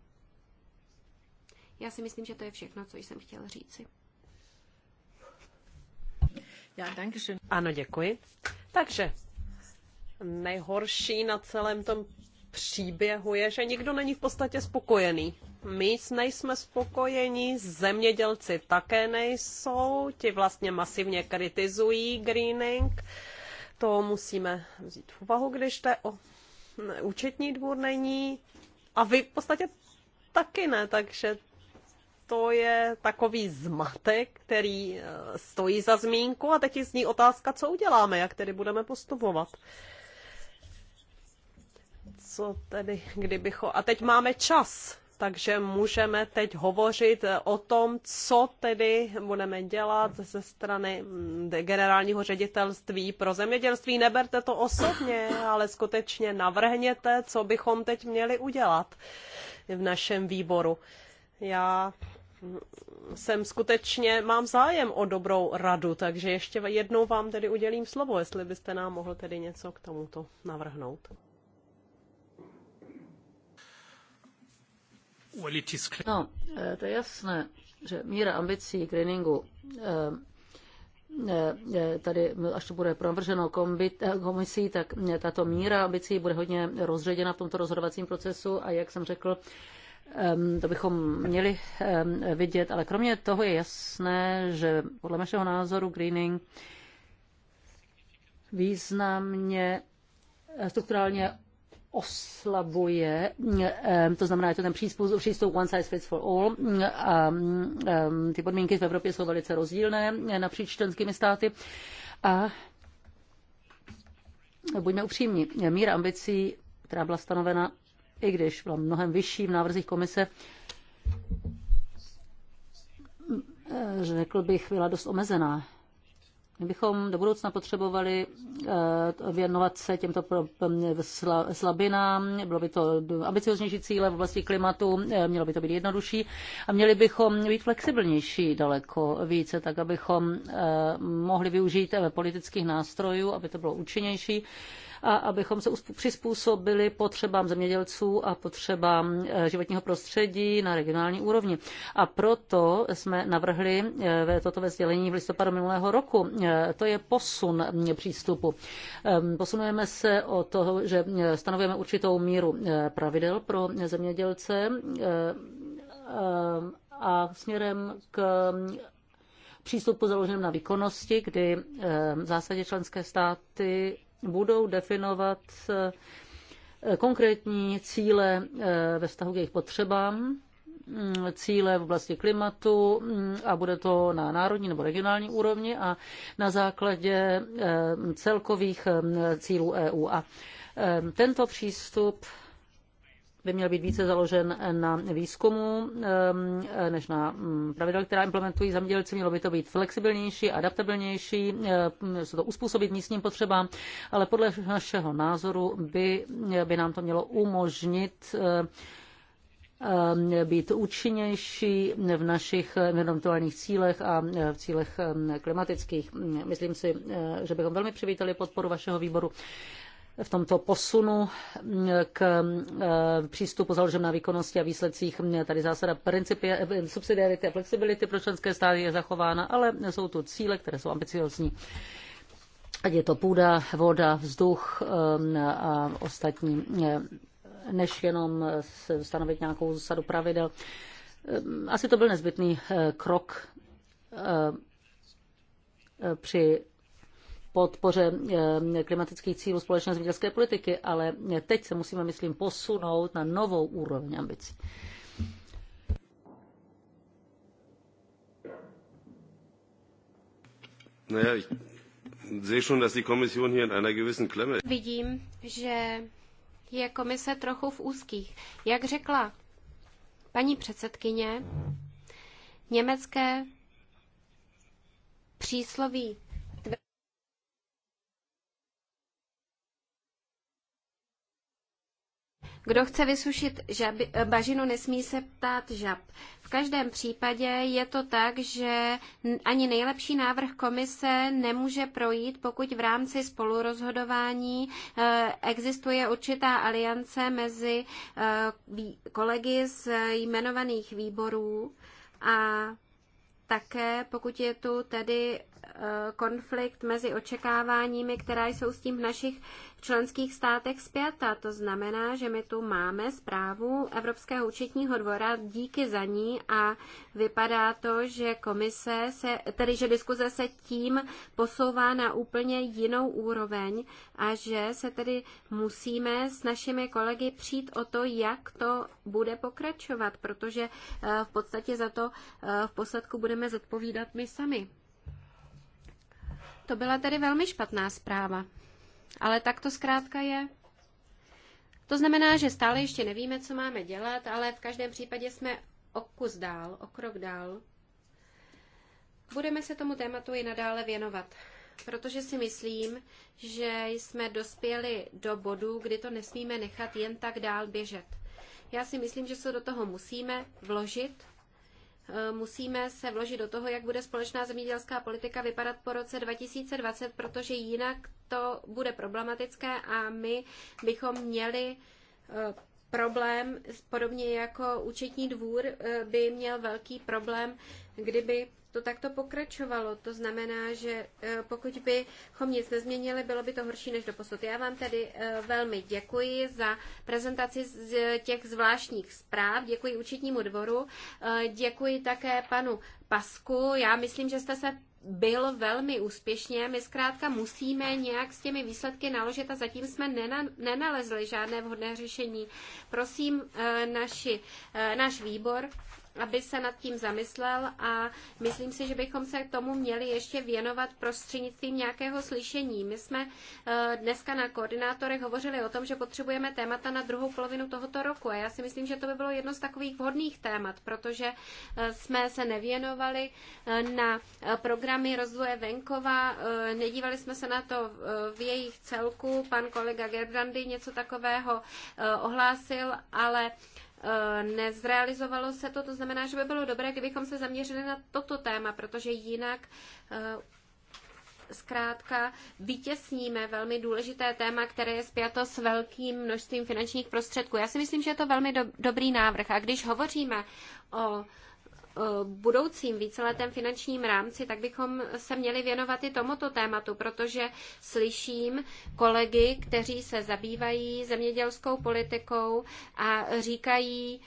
Já si myslím, že to je všechno, co jsem chtěla říci. Ano, děkuji. Takže nejhorší na celém tom příběhu je, že nikdo není v podstatě spokojený. My nejsme spokojeni, zemědělci také nejsou, ti vlastně masivně kritizují greening. To musíme vzít v úvahu, když to o účetní dvůr není. A vy v podstatě taky ne, takže to je takový zmatek, který eh, stojí za zmínku a teď je z ní otázka, co uděláme, jak tedy budeme postupovat. Co tedy, kdybychom... A teď máme čas, takže můžeme teď hovořit eh, o tom, co tedy budeme dělat ze strany mm, generálního ředitelství pro zemědělství. Neberte to osobně, ale skutečně navrhněte, co bychom teď měli udělat v našem výboru. Já jsem skutečně, mám zájem o dobrou radu, takže ještě jednou vám tedy udělím slovo, jestli byste nám mohl tedy něco k tomuto navrhnout. No, eh, to je jasné, že míra ambicí greeningu eh, eh, tady, až to bude provrženo komisí, tak tato míra ambicí bude hodně rozředěna v tomto rozhodovacím procesu a jak jsem řekl, Ehm, to bychom měli ehm, vidět, ale kromě toho je jasné, že podle našeho názoru greening významně eh, strukturálně oslabuje, ehm, to znamená, je to ten přístup, přístup one size fits for all a ty podmínky v Evropě jsou velice rozdílné napříč členskými státy a buďme upřímní, míra ambicí, která byla stanovena i když byla mnohem vyšší v návrzích komise, řekl bych, byla dost omezená. My bychom do budoucna potřebovali eh, věnovat se těmto slabinám, bylo by to ambicioznější cíle v oblasti klimatu, eh, mělo by to být jednodušší a měli bychom být flexibilnější daleko více, tak abychom eh, mohli využít politických nástrojů, aby to bylo účinnější a abychom se přizpůsobili potřebám zemědělců a potřebám eh, životního prostředí na regionální úrovni. A proto jsme navrhli eh, toto ve sdělení v listopadu minulého roku. Eh, to je posun mm, přístupu. Ehm, posunujeme se o toho, že stanovujeme určitou míru pravidel pro zemědělce ehm, a směrem k mm, přístupu založeném na výkonnosti, kdy ehm, v zásadě členské státy budou definovat eh, konkrétní cíle eh, ve vztahu k jejich potřebám, mm, cíle v oblasti klimatu mm, a bude to na národní nebo regionální úrovni a na základě eh, celkových mm, cílů EU. A ehm, tento přístup by měl být více založen na výzkumu než na mm, pravidel, která implementují zemědělci. Mělo by to být flexibilnější, adaptabilnější, se to uspůsobit místním potřebám, ale podle našeho názoru by, by nám to mělo umožnit být účinnější v našich environmentálních cílech a v cílech klimatických. Myslím si, že bychom velmi přivítali podporu vašeho výboru v tomto posunu mm, k eh, přístupu založeném na výkonnosti a výsledcích. Tady zásada principy, eh, subsidiarity a flexibility pro členské státy je zachována, ale jsou tu cíle, které jsou ambiciozní. Ať je to půda, voda, vzduch ehm, a ostatní, eh, než jenom stanovit nějakou sadu pravidel. Ehm, asi to byl nezbytný krok při podpoře eh, klimatických cílů společné zemědělské politiky, ale teď se musíme, myslím, posunout na novou úroveň ambicí. Vidím, že je komise trochu v úzkých. Jak řekla paní předsedkyně, německé přísloví Kdo chce vysušit žaby, eh, bažinu, nesmí se ptát žab. V každém případě je to tak, že ani nejlepší návrh komise nemůže projít, pokud v rámci spolurozhodování eh, existuje určitá aliance mezi eh, kolegy z jmenovaných výborů a také pokud je tu tedy konflikt mezi očekáváními, která jsou s tím v našich členských státech zpěta. To znamená, že my tu máme zprávu Evropského účetního dvora, díky za ní a vypadá to, že komise se, tedy že diskuze se tím posouvá na úplně jinou úroveň a že se tedy musíme s našimi kolegy přijít o to, jak to bude pokračovat, protože eh, v podstatě za to eh, v posledku budeme zodpovídat my sami. To byla tedy velmi špatná zpráva. Ale tak to zkrátka je. To znamená, že stále ještě nevíme, co máme dělat, ale v každém případě jsme o kus dál, o krok dál. Budeme se tomu tématu i nadále věnovat, protože si myslím, že jsme dospěli do bodu, kdy to nesmíme nechat jen tak dál běžet. Já si myslím, že se do toho musíme vložit Eh, musíme se vložit do toho, jak bude společná zemědělská politika vypadat po roce 2020, protože jinak to bude problematické a my bychom měli eh, problém, podobně jako účetní dvůr eh, by měl velký problém, kdyby to takto pokračovalo. To znamená, že eh, pokud bychom nic nezměnili, bylo by to horší než doposud. Já vám tedy eh, velmi děkuji za prezentaci z těch zvláštních zpráv. Děkuji účetnímu dvoru. Eh, děkuji také panu Pasku. Já myslím, že jste se byl velmi úspěšně. My zkrátka musíme nějak s těmi výsledky naložit a zatím jsme nena, nenalezli žádné vhodné řešení. Prosím naši, náš výbor aby se nad tím zamyslel a myslím si, že bychom se tomu měli ještě věnovat prostřednictvím nějakého slyšení. My jsme eh, dneska na koordinátorech hovořili o tom, že potřebujeme témata na druhou polovinu tohoto roku a já si myslím, že to by bylo jedno z takových vhodných témat, protože eh, jsme se nevěnovali eh, na programy rozvoje venkova, nedívali jsme se na to v jejich celku. Pan kolega Gerbrandy něco takového ohlásil, ale Eh, nezrealizovalo se to, to znamená, že by bylo dobré, kdybychom se zaměřili na toto téma, protože jinak eh, zkrátka vytěsníme velmi důležité téma, které je spjato s velkým množstvím finančních prostředků. Já si myslím, že je to velmi do- dobrý návrh. A když hovoříme o Eh, budoucím víceletém finančním rámci, tak bychom se měli věnovat i tomuto tématu, protože slyším kolegy, kteří se zabývají zemědělskou politikou a říkají,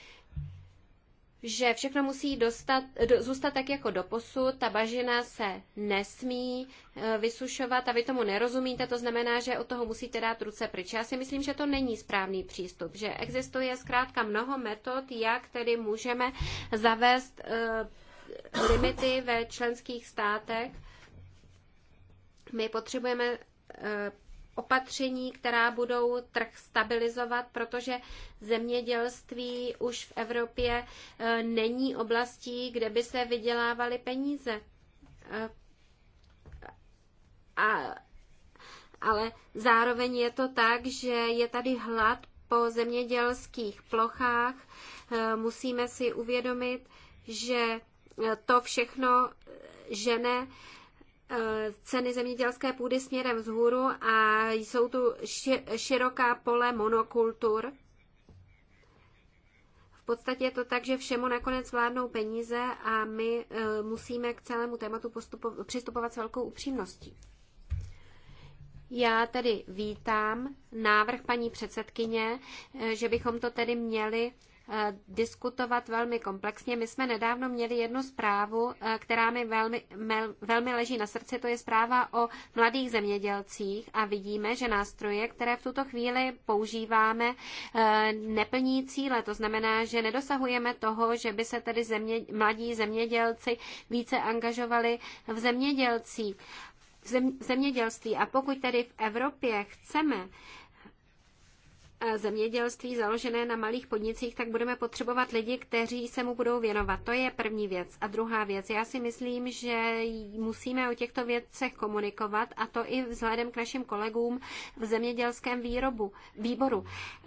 že všechno musí dostat, zůstat tak jako doposud, ta bažina se nesmí e, vysušovat a vy tomu nerozumíte, to znamená, že od toho musíte dát ruce pryč. Já si myslím, že to není správný přístup, že existuje zkrátka mnoho metod, jak tedy můžeme zavést e, limity ve členských státech. My potřebujeme e, opatření, která budou trh stabilizovat, protože zemědělství už v Evropě e, není oblastí, kde by se vydělávaly peníze. E, a, ale zároveň je to tak, že je tady hlad po zemědělských plochách. E, musíme si uvědomit, že to všechno žene Eh, ceny zemědělské půdy směrem vzhůru a jsou tu široká pole monokultur. V podstatě je to tak, že všemu nakonec vládnou peníze a my eh, musíme k celému tématu postupo- přistupovat s velkou upřímností. Já tedy vítám návrh paní předsedkyně, eh, že bychom to tedy měli diskutovat velmi komplexně. My jsme nedávno měli jednu zprávu, která mi velmi, mel, velmi leží na srdci, to je zpráva o mladých zemědělcích a vidíme, že nástroje, které v tuto chvíli používáme, e, neplní cíle. To znamená, že nedosahujeme toho, že by se tedy země, mladí zemědělci více angažovali v v zemědělství. A pokud tedy v Evropě chceme zemědělství založené na malých podnicích, tak budeme potřebovat lidi, kteří se mu budou věnovat. To je první věc. A druhá věc, já si myslím, že musíme o těchto věcech komunikovat a to i vzhledem k našim kolegům v zemědělském výrobu, výboru.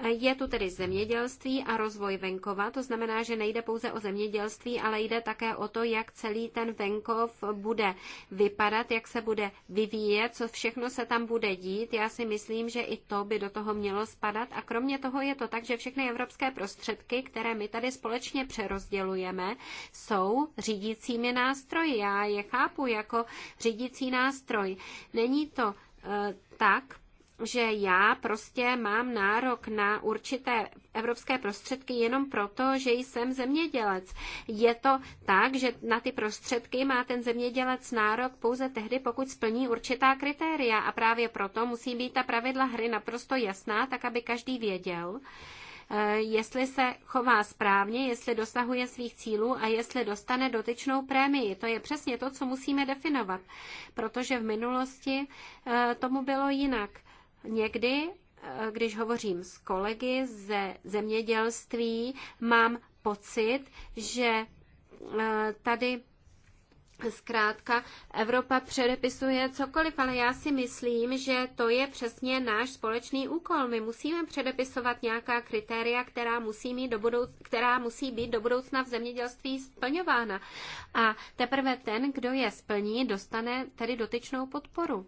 Je tu tedy zemědělství a rozvoj venkova, to znamená, že nejde pouze o zemědělství, ale jde také o to, jak celý ten venkov bude vypadat, jak se bude vyvíjet, co všechno se tam bude dít. Já si myslím, že i to by do toho mělo spadat a kromě toho je to tak, že všechny evropské prostředky, které my tady společně přerozdělujeme, jsou řídícími nástroji. Já je chápu jako řídící nástroj. Není to eh, tak, že já prostě mám nárok na určité evropské prostředky jenom proto, že jsem zemědělec. Je to tak, že na ty prostředky má ten zemědělec nárok pouze tehdy, pokud splní určitá kritéria a právě proto musí být ta pravidla hry naprosto jasná, tak aby každý věděl, eh, jestli se chová správně, jestli dosahuje svých cílů a jestli dostane dotyčnou prémii. To je přesně to, co musíme definovat, protože v minulosti eh, tomu bylo jinak. Někdy, eh, když hovořím s kolegy ze zemědělství, mám pocit, že eh, tady Zkrátka, Evropa předepisuje cokoliv, ale já si myslím, že to je přesně náš společný úkol. My musíme předepisovat nějaká kritéria, která musí, mít do budouc- která musí být do budoucna v zemědělství splňována. A teprve ten, kdo je splní, dostane tedy dotyčnou podporu.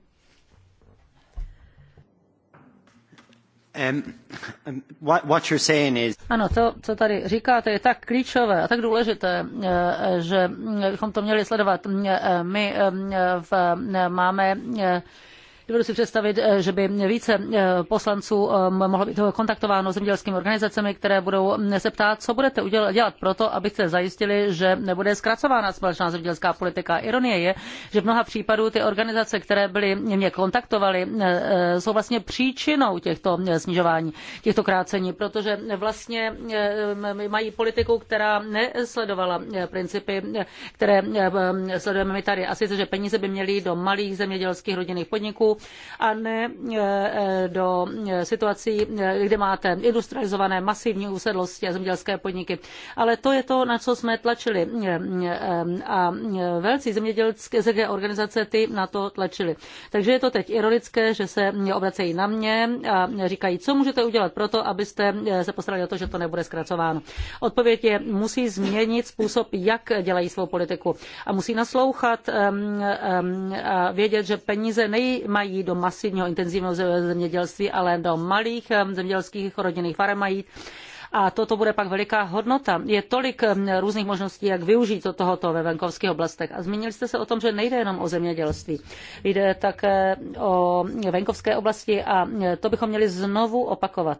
Um, um, ano, to, co tady říkáte, je tak klíčové a tak důležité, eh, že bychom to měli sledovat. Eh, eh, my v, máme Dovedu si představit, eh, že by více eh, poslanců eh, mohlo být kontaktováno zemědělskými organizacemi, které budou se ptát, co budete dělat? dělat proto, abyste zajistili, že nebude zkracována společná zemědělská politika. Ironie je, že v mnoha případů ty organizace, které byly mě kontaktovaly, jsou vlastně příčinou těchto snižování, těchto krácení, protože vlastně mají politiku, která nesledovala principy, které sledujeme my tady. A sice, že peníze by měly jít do malých zemědělských rodinných podniků, a ne e, e, do e, situací, kde máte industrializované masivní usedlosti a zemědělské podniky. Ale to je to, na co jsme tlačili. A velcí zemědělské organizace ty na to tlačili. Takže je to teď ironické, že se obracejí na mě a říkají, co můžete udělat pro to, abyste se postarali o to, že to nebude zkracováno. Odpověď je, musí změnit způsob, jak dělají svou politiku. A musí naslouchat a vědět, že peníze nej, mají nemají do masivního intenzivního zemědělství, ale do malých zemědělských rodinných farem mají a toto bude pak veliká hodnota. Je tolik různých možností, jak využít to tohoto ve venkovských oblastech. A zmínili jste se o tom, že nejde jenom o zemědělství. Jde také o venkovské oblasti a to bychom měli znovu opakovat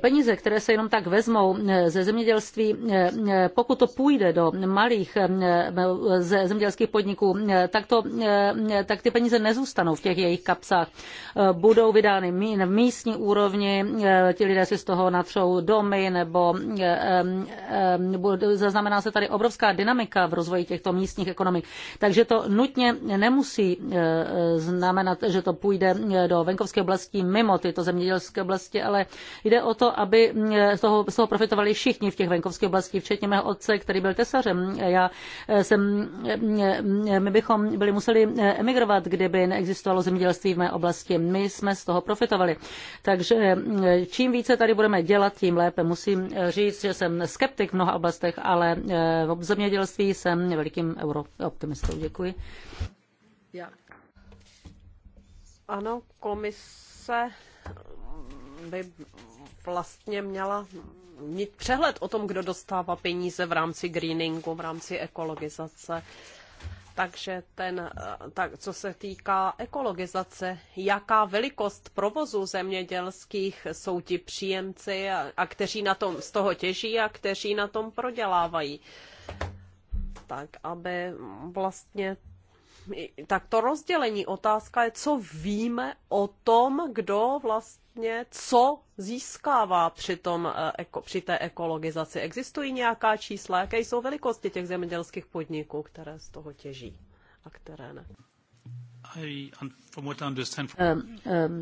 peníze, které se jenom tak vezmou eh, ze zemědělství, eh, eh, pokud to půjde do malých zemědělských podniků, tak, to, tak ty peníze nezůstanou v těch jejich kapsách. Budou vydány v místní úrovni, ti lidé si z toho natřou domy nebo zaznamená se tady obrovská dynamika v rozvoji těchto místních ekonomik. Takže to nutně nemusí znamenat, že to půjde do venkovské oblasti mimo tyto zemědělské oblasti, ale Jde o to, aby mm, z toho, z toho profitovali všichni v těch venkovských oblastech, včetně mého otce, který byl tesařem. Já eh, jsem, eh, my bychom byli museli eh, emigrovat, kdyby neexistovalo zemědělství v mé oblasti. My jsme z toho profitovali. Takže čím více tady budeme dělat, tím lépe. Musím říct, že jsem skeptik v mnoha oblastech, ale v zemědělství jsem velikým eurooptimistou. Děkuji. Já. Ano, komise by vlastně měla mít přehled o tom, kdo dostává peníze v rámci greeningu, v rámci ekologizace. Takže ten, eh, tak co se týká ekologizace, jaká velikost provozu zemědělských jsou ti příjemci a, a kteří na tom z toho těží a kteří na tom prodělávají. Tak, aby vlastně tak to rozdělení. Otázka je, co víme o tom, kdo vlastně co získává při, tom, eh, eko, při té ekologizaci. Existují nějaká čísla, jaké jsou velikosti těch zemědělských podniků, které z toho těží a které ne?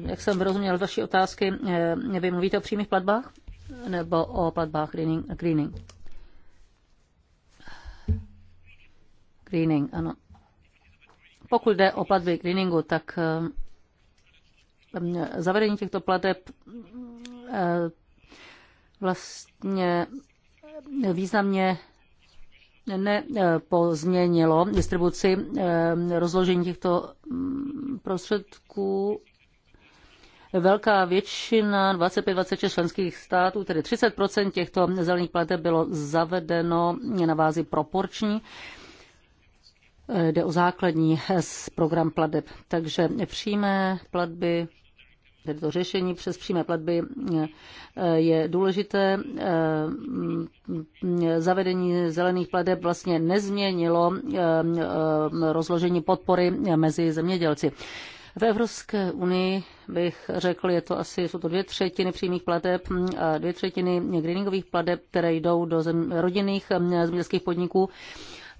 Jak jsem rozuměl vaší otázky, eh, vy mluvíte o přímých platbách nebo o platbách greening? Greening, greening ano. Pokud jde o platby greeningu, tak eh, zavedení těchto plateb eh, vlastně významně nepozměnilo eh, distribuci rozložení těchto mm, prostředků. Velká většina, 25-26 členských států, tedy 30 těchto zelených plateb bylo zavedeno na vázi proporční. Jde o základní program plateb. Takže přímé platby tedy to řešení přes přímé platby je důležité. Zavedení zelených plateb vlastně nezměnilo ehm, ehm, rozložení podpory mezi zemědělci. V Evropské unii bych řekl, je to asi, jsou to dvě třetiny přímých plateb a dvě třetiny greeningových plateb, které jdou do zem, rodinných ehm, zemědělských podniků.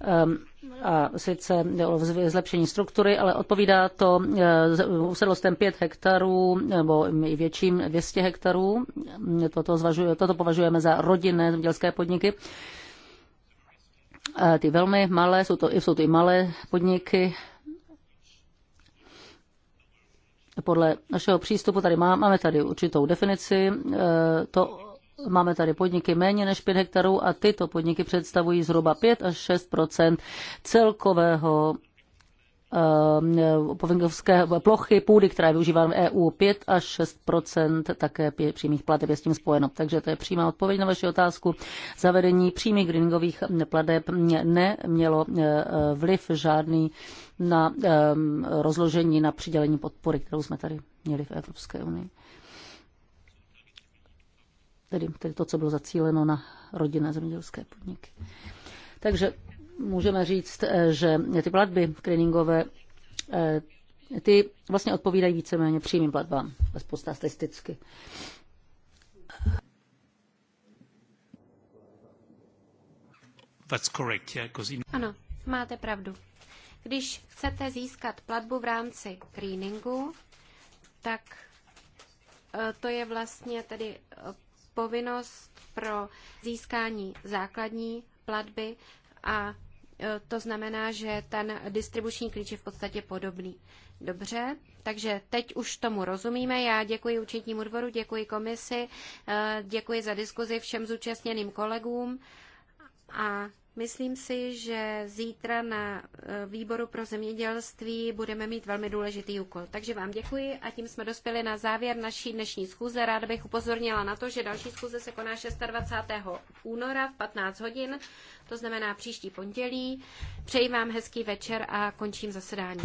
Ehm, a sice o zlepšení struktury, ale odpovídá to eh, usedlostem 5 hektarů nebo i větším 200 hektarů. Toto, zvažuje, toto považujeme za rodinné zemědělské podniky eh, ty velmi malé, jsou to, jsou to i malé podniky. Podle našeho přístupu tady má, máme tady určitou definici. Eh, to Máme tady podniky méně než 5 hektarů a tyto podniky představují zhruba 5 až 6 celkového eh, venkovské plochy půdy, která je využívána v EU 5 až 6 také přímých plateb je s tím spojeno. Takže to je přímá odpověď na vaši otázku. Zavedení přímých greeningových plateb nemělo eh, vliv žádný na eh, rozložení, na přidělení podpory, kterou jsme tady měli v Evropské unii tedy, tedy to, co bylo zacíleno na rodinné zemědělské podniky. Takže můžeme říct, eh, že ty platby screeningové, eh, ty vlastně odpovídají víceméně přímým platbám, bez statisticky. That's correct, yeah, in... Ano, máte pravdu. Když chcete získat platbu v rámci screeningu, tak eh, to je vlastně tedy povinnost pro získání základní platby a e, to znamená, že ten distribuční klíč je v podstatě podobný. Dobře, takže teď už tomu rozumíme. Já děkuji účetnímu dvoru, děkuji komisi, e, děkuji za diskuzi všem zúčastněným kolegům a Myslím si, že zítra na e, výboru pro zemědělství budeme mít velmi důležitý úkol. Takže vám děkuji a tím jsme dospěli na závěr naší dnešní schůze. Ráda bych upozornila na to, že další schůze se koná 26. února v 15 hodin, to znamená příští pondělí. Přeji vám hezký večer a končím zasedání.